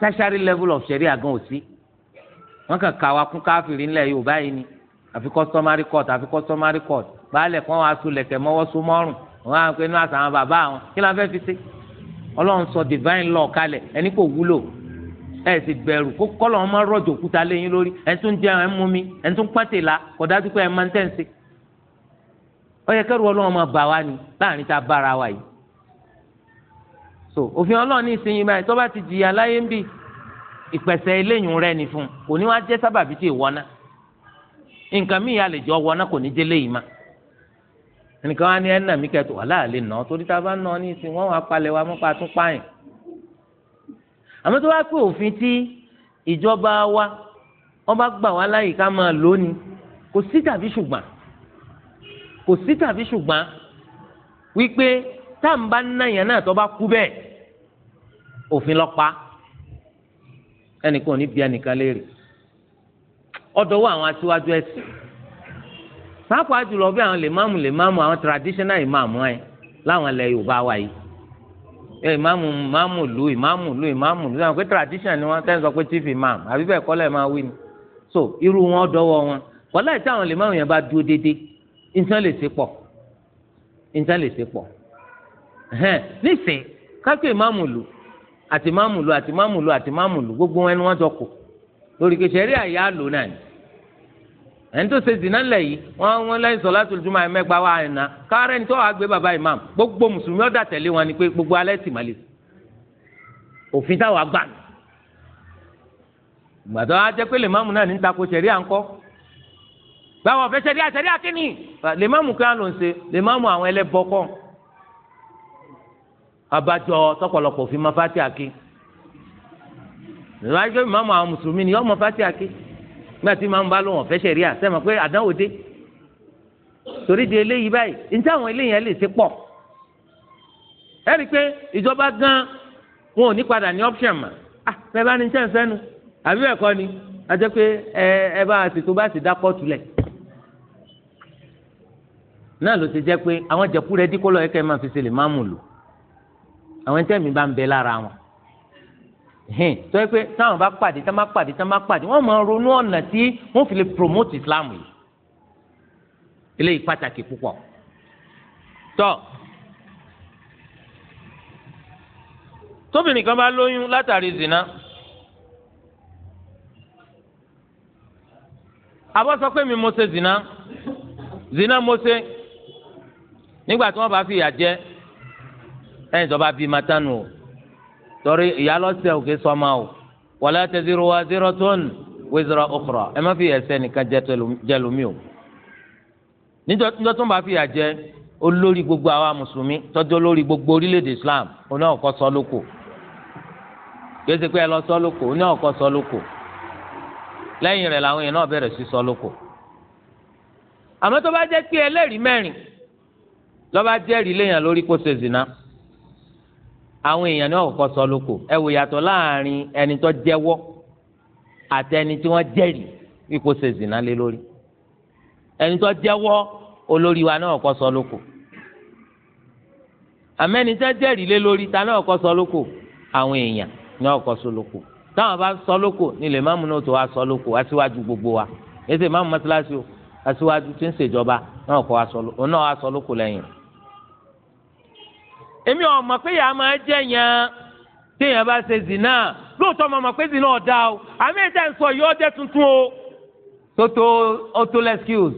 tertiary level of sharia gan òsì wọn kàn ká wa kún káfíìrì ńlẹ̀ yorùbá yìí ni àfi customary court àfi customary court baálẹ̀ kan wàá so lẹ̀kẹ̀ mọ́wọ́ so mọ́rùn wọn á pe inú àṣà àwọn bàbá àwọn kí la fẹ́ fi ṣe ọlọ́run sọ divine law kalẹ̀ ẹni kò wúlò ẹ sì bẹ̀rù kó kọ́lọ̀ wọn máa rọ̀jò kúta lẹ́yìn lórí ẹ̀ tún jẹun ẹ̀ mú mi ẹ̀ tún pàtẹ́lá kọ̀dájú pé ẹ̀ máa ń tẹ̀ ń ṣe ó yẹ kẹ́rù ọlọ́run máa ni láàrin tá a bára wa yìí so òfin ọlọ́run ní ìsinyìí báyìí tó bá ti jìyà láyé ń bì ìpẹ̀sẹ̀ eléyìí rẹ̀ ni fún un kò ní wá jẹ́ sábàbí tí ìwọ́ná nǹkan míì yà lè jọ wọ́ná kò ní jẹ́ léyìí má nǹkan wá ní ẹ̀ nà mí kẹtù wà láàlè nà ọ́ torí tá a bá nà ọ́ ní ìsìn wọ́n wá palẹ̀ wa mọ́ pa tún páyìn àmọ́ tó bá pé òfin tí ìjọba wa wọ́n bá gbà wá láyìí ká máa lónìí kò sí tàbí ṣùgbọ́n kò sí tàbí ṣùgbọ́n wípé táǹbà náyàn náà tó bá kú bẹ́ẹ̀ òfin lọ pa ẹnìkan ò ní bí ẹnìkan léèrè ọ̀dọ̀ wọ àwọn aṣíwájú ẹ̀sìn pàápàá jùlọ bí àwọn lèmáàmù lèmáàmù àwọn traditional ìmáàmù ẹ láwọn ilẹ̀ Yorùbá wa yìí ẹ ìmáàmù ìmáàmù lu ìmáàmù lu ìmáàmù lu àwọn pé tradition ni wọ́n tẹ́ ń sọ pé chief imam àbí bẹ́ẹ̀ kọ́lẹ̀ máa wí ni so irú wọn dọ́wọ́ wọn kọ́lá ìtàwọn lèmáàmù yẹn bá dúró déédéé nǹkan lè ṣe pọ̀ nǹkan lè ṣe pọ̀ nísìn kápẹ́ ìmáàmù lù àti ìmáàmù lù àti ìmáàmù lù àti ìmáàmù lù gbogbo wọn ni wọ́n jọ kù lórí kẹsẹ̀ rí àyà lò náà ni ẹni tó ṣe zina lẹ yìí wọn wọn lẹ́yìn sọlátul jumu'a mẹgba wa àyìnà káàrẹ ní tó gbé baba imam gbogbo mùsùlùmí ọdà tẹ̀lé wọn ni pé gbogbo alẹ sì máa lè òfin táwa gbà mí gbàtọ́ ajẹ́ pé lè máàmù náà báwo ọ̀fẹ́ sẹ́ríà sẹ́ríà kínní lè má mú kí wọ́n lò ń ṣe lè má mú àwọn ẹlẹ́bọ kọ́ abájọ tọpọlọpọ fi máa fati àké ìwádìí pé màmú àwọn mùsùlùmí ni ọmọ fati àké nígbà tí màmú bá lò wọ́n fẹ́ sẹ́ríà sẹ́mi pé àdánwò dé torí di eléyìí báyìí ní táwọn eléyìí ẹ lè ṣe pọ̀ ẹ rí i pé ìjọba gan wọn ò ní padà ní option mà ah bẹ́ẹ̀ bá ní tẹ́ ń fẹ́ nu àbí bẹ́ẹ̀ kọ́ ni a jẹ́ náà ló ti jẹ́ pé àwọn jẹ̀kú rẹ díkọ́ lọ́yẹ́ kẹ́ máa fi ṣe lè má mú lò àwọn ẹni tẹ́mi bá ń bẹ lára wọn hìn tó yẹ pé táwọn bá pàdé tá má pàdé tá má pàdé wọ́n máa ronú ọ̀nà tí wọ́n fi lè promote Islam yìí eléyìí pàtàkì púpọ̀ tọ́ tóbìnrin kan bá lóyún látàrí zina àbọ̀ sọ pé mi mo ṣe zina zina mo ṣe nígbà tí wọ́n bá fi ìyà jẹ ẹ̀yìn tó bá bí matanu o torí ìyá lọ́sẹ̀ òkè sọ́mà o wala taziru waziratun wizra ukhra ẹ má fi ẹsẹ̀ nìkan jẹ lómi o níjọ́ tó ń bá fi ìyà jẹ olórí gbogbo àwa mùsùlùmí tọ́jú olórí gbogbo orílẹ̀ Islam oní ọ̀kọ́ sọ lóko gbèsè pé ẹ lọ sọ lóko oní ọ̀kọ́ sọ lóko lẹ́yìn rẹ̀ làwọn yẹn náà bẹ̀rẹ̀ sí sọ lóko àmọ́ tó bá jẹ́ pé ẹlẹ́rìí mẹ́rin lọ́ba jẹ́rìí léèyàn lórí kó ṣe zina àwọn èèyàn ní ọ̀kọ́ sọ lóko ẹ wò yàtọ̀ láàrin ẹni tó jẹ́wọ́ àti ẹni tí wọ́n jẹ́rìí bí kò ṣe zina lé lórí ẹni tó jẹ́wọ́ olórí wa ní ọ̀kọ́ sọ lóko àmẹ́ni tó jẹ́rìí lé lórí ta ní ọ̀kọ́ sọ lóko àwọn èèyàn ní ọ̀kọ́ sọ lóko táwọn bá sọ lóko ní lè má múná tó wa sọ lóko aṣíwájú gbogbo wa èsì má mú mọ́tíláṣí o aṣíwájú tí ń ṣèjọba náà kọ́ wa sọ lóko lẹ́yìn èmi ò mọ̀ pé yàrá máa jẹ́ yẹn téèyàn bá ṣe zina lóòótọ́ mo mọ̀ pé zina ọ̀dà o àmì ìjà ń sọ yìí ọdẹ tuntun o tótó ọtólẹ skills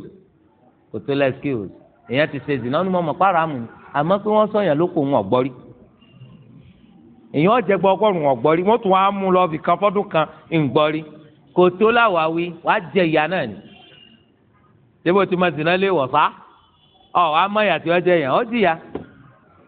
ọtólẹ skills èèyàn ti ṣe zina ó ní mo mọ̀ pé aramu àmọ́ pé wọ́n sọ̀yàn lóko òun ọ̀gbọ́rí èèyàn ọ̀jẹ̀gbọ́ ọgọ́rùn-ún ọ̀gbọ́rí wọ́n tún wá mú lọ bìkan fọ́dún kan ńgbọ́rí kò tó láwàáwí wàá jẹ ìyá náà ni débò tí mo zina lé wọ̀ sá ọ̀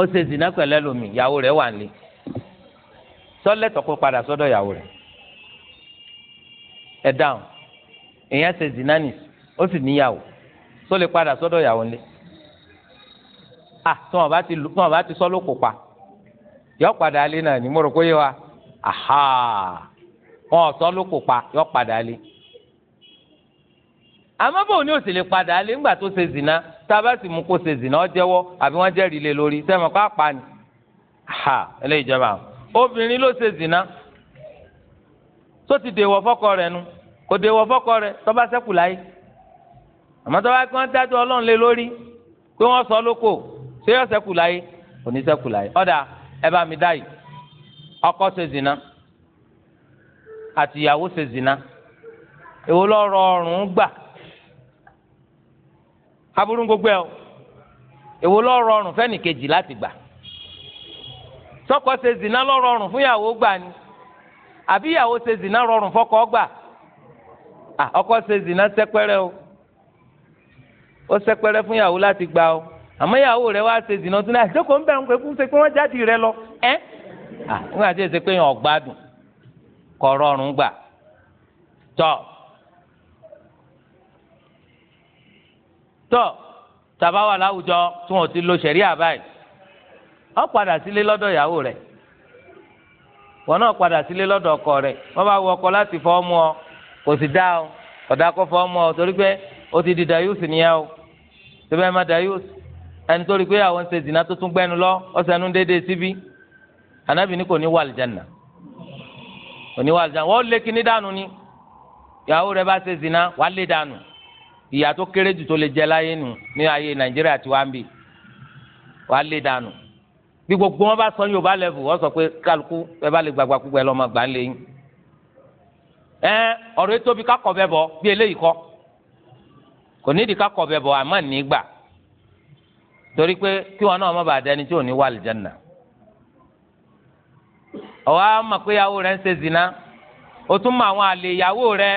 ó ṣe zina pẹ̀lú ẹlòmí ìyàwó rẹ̀ wà ní sọ́lẹ̀tọ̀ kó padà sọ́dọ̀ ìyàwó rẹ̀ ẹ̀ dáhùn èèyàn ṣe zina nì ó sì níyàwó tó lè padà sọ́dọ̀ ìyàwó ńlẹ̀ à ah, tí wọn bá ti sọ́ kó pa yọ padà alẹ́ náà ni mo rò pé yẹ wa aha wọn ò sọ́ ló kó pa yọ padà alẹ́ àmọ́ bò ní òsèlè padà alẹ́ ńgbà tó ṣe zìnà tá a bá sì mú kó ṣe zìnà ọ jẹ́wọ́ àbí wọ́n jẹ́rìí lé lórí sẹ́mi kó apá ni. ha eléyìí jẹba obìnrin ló ṣe zìnà tó ti dèwọ̀ fọ́kọ rẹ̀ nu kò dèwọ̀ fọ́kọ rẹ̀ tó bá ṣẹ́kù láyé àmọ́ tó bá kí wọ́n dájọ́ ọlọ́run lé lórí pé wọ́n sọ lóko ṣé yọ ṣẹ́kù láyé kò ní ṣẹ́kù láyé ọ̀dà ẹ èwo lọ rọrùn gbà aburú gbogbo ẹ o èwo ló rọrùn fẹ́ni kejì láti gbà sọkọ ṣe zina ló rọrùn fún ìyàwó gbà ni àbí ìyàwó ṣe zina rọrùn fọkọ gbà ọkọ ṣe zina sẹpẹrẹ o ó sẹpẹrẹ fún ìyàwó láti gbà o àmọ́ ìyàwó rẹ wá ṣe zina tún náà àjókòó ń bẹ ń pẹ kú ṣe pé wọn jáde rẹ lọ ẹ nígbà tí èsì pé yàn ọgbádùn kọ rọrùn gbà tọ. tọ tàbá wà láwùjọ tí ti lo ṣẹ̀ríà báyìí ọ padà sílé lọdọ ìyàwó rẹ wọn náà padà sílé lọ́dọ̀ ọkọ rẹ wọn bá wọ ọkọ láti ọmọ ọ kò sì dá ọ ọ̀dà kọ́ fọ́ ọmọ ọ torí pé ó ti di dayus nìyẹn o tẹ́fẹ́ má dayus ẹni torí pé àwọn ṣe zina tó tún lọ déédéé ìyà tó kéré jù tó lè jẹ láyé nù ní ayé nàìjíríà tí wàá ń bì wàá lé dànù bí gbogbo wọn bá sọ ní yorùbá lẹ́vù wọ́n sọ pé kálukú ẹ bá lè gbàgbà púpọ̀ ẹ lọ́mọ gbà ń lé yín ẹ ọ̀rọ̀ ètò bí kakọ̀ bẹ́ bọ̀ bí eléyìí kọ́ kò nídìí kakọ̀ bẹ́ bọ̀ àmọ́ nígbà torí pé kí wọn náà má bàa dẹni tí ò ní wà àlìjánnà ọ̀wá mọ̀ pé ìyàwó rẹ̀ ń ṣe zina ó tún mọ àwọn àlè ìyàwó rẹ̀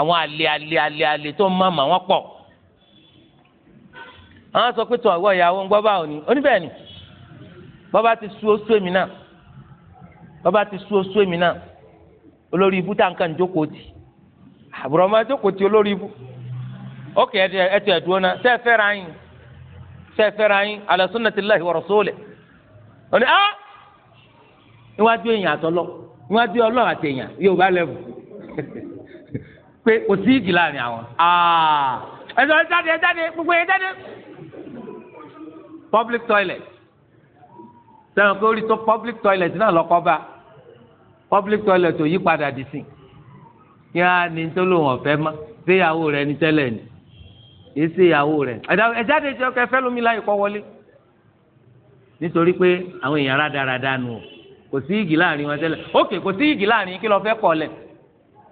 àwọn àlè àlè àlè tó ń mọ àmà wọn pọ̀ àwọn sọ pé tó àwọ ìyàwó ń gbọ́ báwo ni oníbẹ̀ ni bọ́ba ti sú oṣù èmi náà ti sú oṣù èmi náà olórí ibú tá nǹkan jókòó tì àbúrò ọmọ jókòó tì olórí ibú ókè náà yín yín èèyàn àtọ́lọ́ àtẹ̀yàn pé kò sí ìgì láàrin àwọn. Ah. ẹ sọ ẹ jáde ẹ jáde gbogbo ẹ jáde. public toilet sẹ́wọ̀n pé orí tó public toilet náà lọ́kọ́ bá public toilet ò yí padà dì sí kí á ní tó lóun ọ̀fẹ́ mọ́ séyàwó rẹ ní tẹ́lẹ̀ ni èyí séyàwó rẹ ẹ jáde jẹ́ ọkọ ẹ fẹ́ lómi láyé kọ́ wọlé nítorí pé àwọn èèyàn rádaràda nù kò sí igi láàrin wọn tẹ́lẹ̀ ókè kò sí igi láàrin kí lọ fẹ́ kọ́ lẹ̀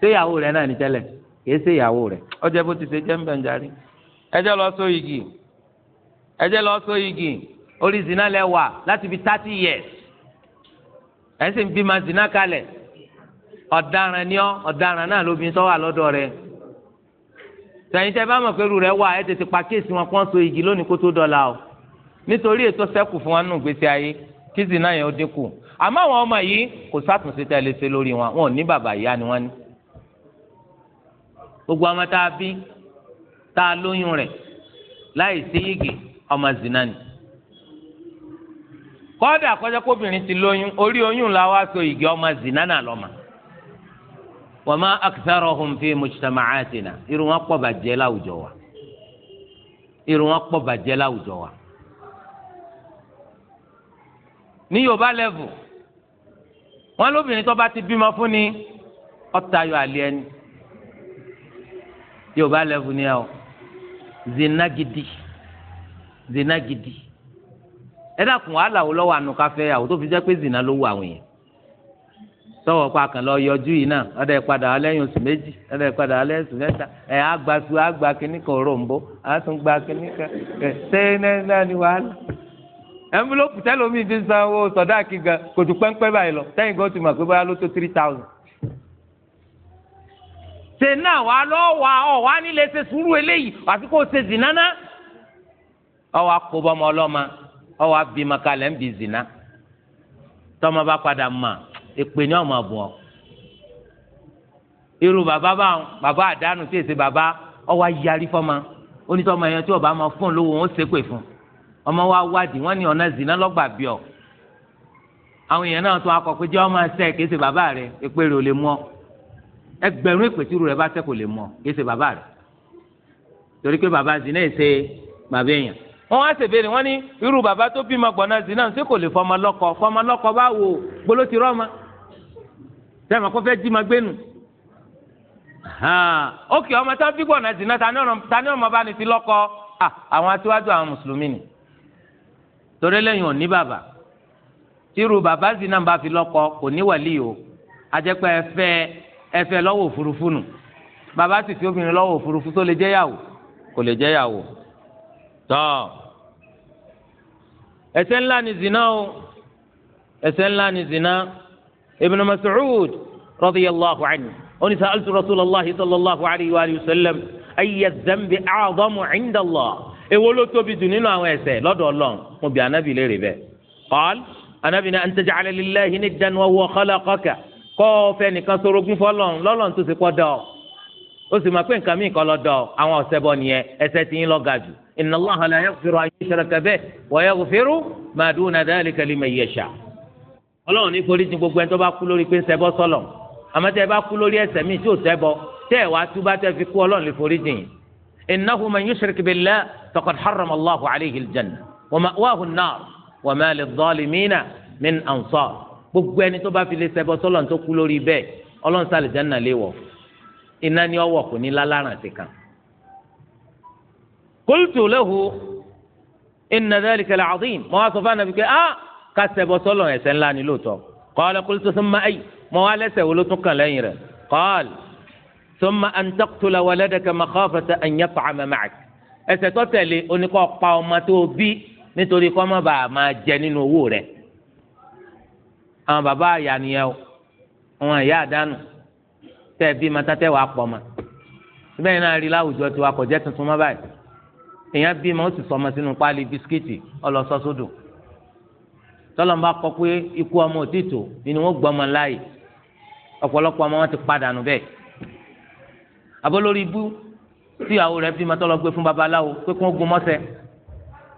séyàwó rẹ náà ní tẹ́lẹ̀ kìí ṣe ìyàwó rẹ̀ ọjọ́ bó ti ṣe jẹ́ ń bẹ̀ ń darí ẹjẹ́ lọ sọ igi ẹjẹ́ lọ sọ igi orí zina lẹ wà láti fi thirty years ẹ̀ sì ń bí ma zina kalẹ̀ ọ̀daràn ni ọ́ ọ̀daràn náà lóbi tó wà lọ́dọ̀ rẹ̀ sẹ̀yìn tẹ́ bá mọ̀ pé irú rẹ̀ wà ẹ̀ tètè pa kéèsì wọn kó ń so igi lónìí kó tó dọ̀la o nítorí ètò sẹ́kù fún wa nínú ìgbésí ayé kí zina yẹn ó dínkù àmọ́ àwọn ọmọ yìí kò sátúnṣe tẹ̀lé ṣe lórí wọn wọn ò ní bàbá ìyá ni wọ́n ní gbogbo ọmọ tá a bí tá a lóyún rẹ̀ láì sí yìgì ọmọ zina ni kọ́dà kọjá kóbìnrin ti lóyún orí oyún la wá so yìgì ọmọ zina náà lọ́mọ wa ma aktharuhum fi mujtama'atina irun wọn pọ̀ bàjẹ́ láwùjọ wa irun wọn pọ̀ bàjẹ́ láwùjọ wa ní yorùbá lẹ́vù wọn lóbìnrin tó bá ti bímọ fún ni ọ̀tayọ̀ àlẹ́ ẹni yorùbá lẹ́fù ẹ o zina gidi zina gidi ẹ dàkún wàhálà wo lọ́wọ́ àánú káfẹ́ yàwó tó fi jẹ́ pé zina ló wù àwọn yẹn sọ̀wọ́ pa yọjú yìí náà ọ̀dẹ̀ padà lẹ́yìn méjì ọ̀dẹ̀ ìpadà mẹ́ta agba kínní kan kínní kan ẹ̀ sẹ́yìn náà ni wàhálà. tẹ́lómi sọ̀dá kíga pẹ́ńpẹ́ báyìí lọ ṣe náà wà lọ́wọ́ ọ̀wá nílé ṣe sùúrù eléyìí àfi kò ṣe zìnnà náà ọwọ́ akóbọ́mọ ọlọ́mọ ọwọ́ abimọ kalẹ̀ ń bi zìnnà tọ́mọ bá padà mà èpè ní ọmọ bọ̀ irú bàbá bá bàbá àdánù tí èsè bàbá ọwọ́ ayarí fọ́mọ onítọ́mọ yẹn tí ọba máa fún lówó wọn ó ṣépè fún ọmọ wa wádìí wọn ní ọ̀nà zìnnà lọ́gbà bíọ̀ àwọn èèyàn náà tún akọ pé jẹ́ ọmọ ẹsẹ̀ kìí ṣe bàbá rẹ̀ èpè rẹ̀ ò lè mú ọ ẹgbẹ̀rún ìpètúrú rẹ bá tẹ́ kò lè mọ̀ kí bàbá rẹ torí pé bàbá zina ẹ̀ ṣe bàbá èèyàn wọ́n wá ṣèbéèrè wọ́n ní irú bàbá tó bímọ gbọ̀nà zina ṣé kò lè fọmọ lọ́kọ fọmọ lọ́kọ bá wò gbolo ti rọ́ọ̀mà sẹ́mi kó fẹ́ jí ma gbénu ókè ọmọ tá bí gbọ̀nà zina ta ni ọmọ bá ní ti lọ́kọ àwọn aṣíwájú àwọn mùsùlùmí ni torí lẹ́yìn òní bàbá tí irú bàbá zina bá fi lọ́kọ kò ní wàlíì o ajẹ́pẹ́ fẹ́ẹ́ ẹfẹ lọ́wọ́ òfurufú nù bàbá sì fi obìnrin lọ́wọ́ òfurufú tó lè jẹ́yàwó kò lè jẹ́yàwó tọ́ ẹ̀ṣẹ̀ ńlá ni zina o ẹ̀ṣẹ̀ ńlá ni zina Ibn Mas'ud radiyallahu anhu oni sa'altu rasulallah sallallahu alayhi wa sallam ayé zambi a'zamu inda Allah ló tóbi jù nínú àwọn ẹ̀ṣẹ̀ lọ́dọ̀ Ọlọ́run mo bi anabi léèrè bẹ́ẹ̀ qal anabi ni an taj'ala lillahi niddan wa huwa khalaqaka kọ́ ọ̀fẹ́ nìkan sorogún fọlọ́n lọ́lọ́n tó ti kọ́ dọ̀ ó sì máa pé nǹkan míì kọ́ lọ dọ̀ àwọn ọ̀sẹ̀ bọ̀ nìyẹn ẹsẹ̀ ti yín lọ́ga jù inna Allaha la yaghfiru an yushraka bihi wa yaghfiru ma duna dhalika liman yasha ọlọ́run ní forí jìn gbogbo ẹni tó bá kú lórí pé ń ṣẹbọ sọ́lọ̀ àmọ́ tẹ́ ẹ bá kú lórí ẹ̀ṣẹ̀ míì tí ò ṣẹbọ tẹ́ ẹ gbogbo ẹni tó bá fi lè ṣẹbọ sọ́lọ́run tó kú lórí bẹ́ẹ̀ Ọlọ́run sá àlùjánnà lè wọ̀ iná ní ọwọ́ kò ní láláràn ti kàn. qultu lahu inna dhalika la'azim mọ wá sọ fún anabi pé ah ká ṣẹbọ sọ́lọ́run ẹ̀ṣẹ̀ ńlá ni lóòótọ́ qala qultu thumma ayy mọ wá lẹ́ṣẹ̀ wo ló tún kàn lẹ́yìn rẹ̀ qala thumma an taqtula waladaka makhafata an yat'ama àwọn Baba àyà nìyẹn o àwọn ìyá àdánù tẹ bí matatẹ wàá pọ̀ ma síbẹ̀ yìí náà rí láwùjọ tiwa kò jẹ́ tuntun má báyìí èèyàn bí ma ó sì sọmọ sínú páálí bisikíìtì ọlọsọsọdọ tọ́lọ́n bá kọ pé ikú ọmọ ò tí tò ni wọ́n gbọ́ ọmọ láàyè ọ̀pọ̀lọpọ̀ ọmọ wọn ti padà nù bẹ́ẹ̀ abolórí ibú tí ìyàwó rẹ̀ bí ma tọ́lọ́ gbé fún babaláwo pé kí gun mọ́sẹ̀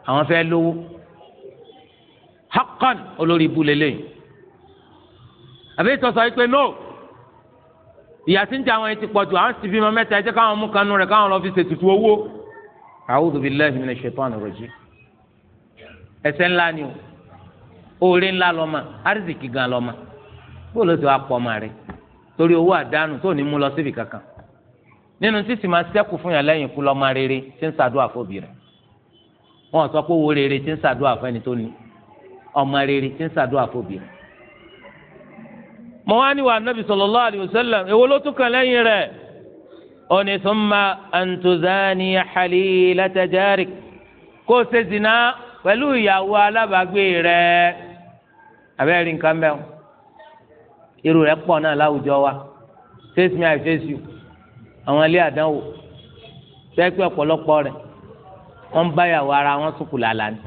àwọn fẹ́ lówó hakan olórí ibú lélẹ́yìn àbí ìtọ́sọ yìí pé no ìyá tí ń jẹ àwọn yìí ti pọ̀jù àwọn sì bímọ mẹ́ta ẹ jẹ́ káwọn mú kanú rẹ̀ káwọn lọ fi ṣètùtù owó a'udhu billahi minash shaitanir rajim ẹ̀ṣẹ̀ ńlá ni o oore ńlá lọ́mọ arzikì gan lọ́mọ bóòlù tó wá pọ̀ ọmọ rẹ̀ torí owó àdánù tó ní mú lọ síbi kankan nínú títì máa ṣẹ́kù fún yàn lẹ́yìn ikú lọ́mọ rere tí ń ṣàdúrà fóbi rẹ̀ wọ́n sọ pé owó rere tí ń ṣàdúrà fẹ́ni tó ní ọmọ rere tí ń ṣàdúrà fóbi rẹ̀ mọ wá ní wa nabi sallallahu alayhi wa sallam èwo ló tún kàn lẹ́yìn rẹ̀ ó ní summa an tuzani halilata jarik kó o ṣe zina pẹ̀lú ìyàwó alábàágbé rẹ̀ abẹ́rẹ́ nǹkan bẹ́ẹ̀ irú rẹ̀ pọ̀ náà láwùjọ wa face me i face you àwọn ilé àdánwò sẹ́ẹ̀pẹ́ ọ̀pọ̀lọpọ̀ rẹ̀ wọ́n ń báyàwó ara wọn sùkùn làlà ni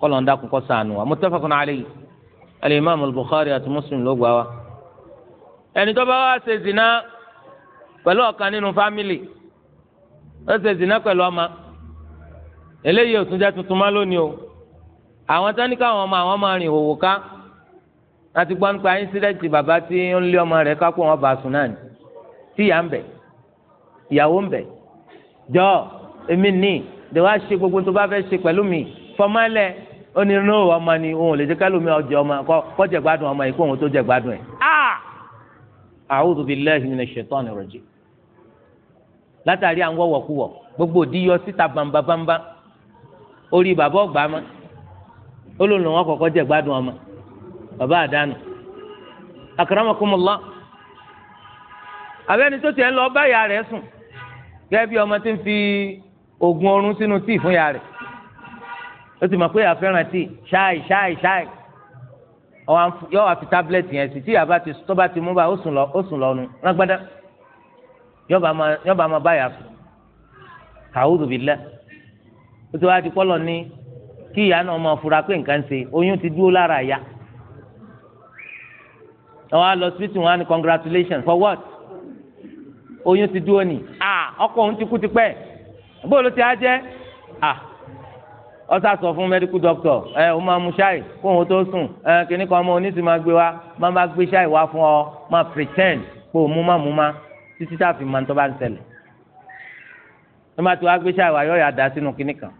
kọ́lọ̀ ń dákun kọ́ sànù wa muttafaqun alayhi al-imam al-bukhari àti muslim ló gbà wá ẹni tó bá wá ṣe zina pẹ̀lú ọ̀kan nínú fámìlì ó ṣe zina pẹ̀lú ọmọ eléyìí ò tún jẹ́ tuntun má lónìí o àwọn tání káwọn ọmọ àwọn máa rìn òwò ká láti gbọ́ nípa ínsídẹ́ǹtì bàbá tí ó ń lé ọmọ rẹ̀ kápò wọn bá sùn náà ni tí ìyá ń bẹ̀ ìyàwó ń bẹ̀ jọ èmi ní ìdè wá ṣe gbogbo tó bá fẹ́ ṣe pẹ̀lú mi fọmọ́lẹ̀ onírúurú ọmọ ni òun ò lè jẹ́ kẹ́lómi ọjọ́ ọmọ kọ́ jẹ̀gbádùn ọmọ yìí kó òun tó jẹ̀gbádùn ẹ̀. Ah! a'udhu billahi minash shaitani rajim látàrí à ń wọ́wọ́ kú wọ̀ gbogbo òdi yọ síta bambabamba orí bàbá ọgbà ma olóòlù wọn kọ́kọ́ jẹ gbádùn ọmọ bàbá àdánù akramakumullah abẹ́ni tó tiẹ̀ ń lọ bá ìyá rẹ̀ sùn gẹ́gẹ́ bí ọmọ tí ń fi oògùn oorun sínú tíì fún ìyá rẹ̀ ó ti mọ̀ pé ìyá tíì ṣáì ṣáì ṣáì yọ wá fi tábìlẹ̀tì yẹn sí tí yàrá ti tó bá ti mú bá ó sùn lọ́nu rágbádá yọba máa báyà sùn a'udhu billah ó ti wá ti pọ́lọ̀ ní kí ìyá náà máa fura pé nǹkan ṣe oyún ti dúró lára ìyá àwọn á wọn á congratulations for what oyún ti dúró ni ọkọ òun ti kú tipẹ́ bóòlù ti á jẹ́ ah ọsà sọ fún mẹdíkù dọkítọ ẹ o máa mu ṣáì kó òun tó sùn ẹ kìnnì kan ọmọ oníṣìí máa gbé wa máa bá gbé ṣáì wá fún ọ máa pretend pé o mú má mú má títí tá a fi máa ń tọ́ bá ń ṣẹlẹ̀ ẹ máa tó wá gbé ṣáì wá yọ̀ yà dá sínú kìnnì kan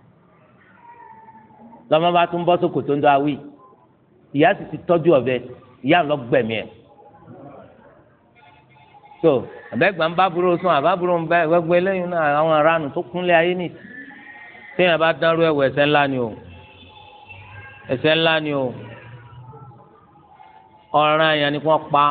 lọ́mọ bá tún bọ́ sókò tó ń dọ́ awí ìyá sì ti tọ́jú ọ̀bẹ ìyá ń lọ gbẹ̀mí ẹ̀ so àbẹ́gbà ń bá burú sùn àbá burú ń bá ẹ̀wẹ́gbẹ́ téèyàn bá dánrú ẹ̀wò ẹ̀ṣẹ̀ ńlá ni o ẹ̀ṣẹ̀ ńlá ni o ọ̀ràn yẹn ni wọ́n pa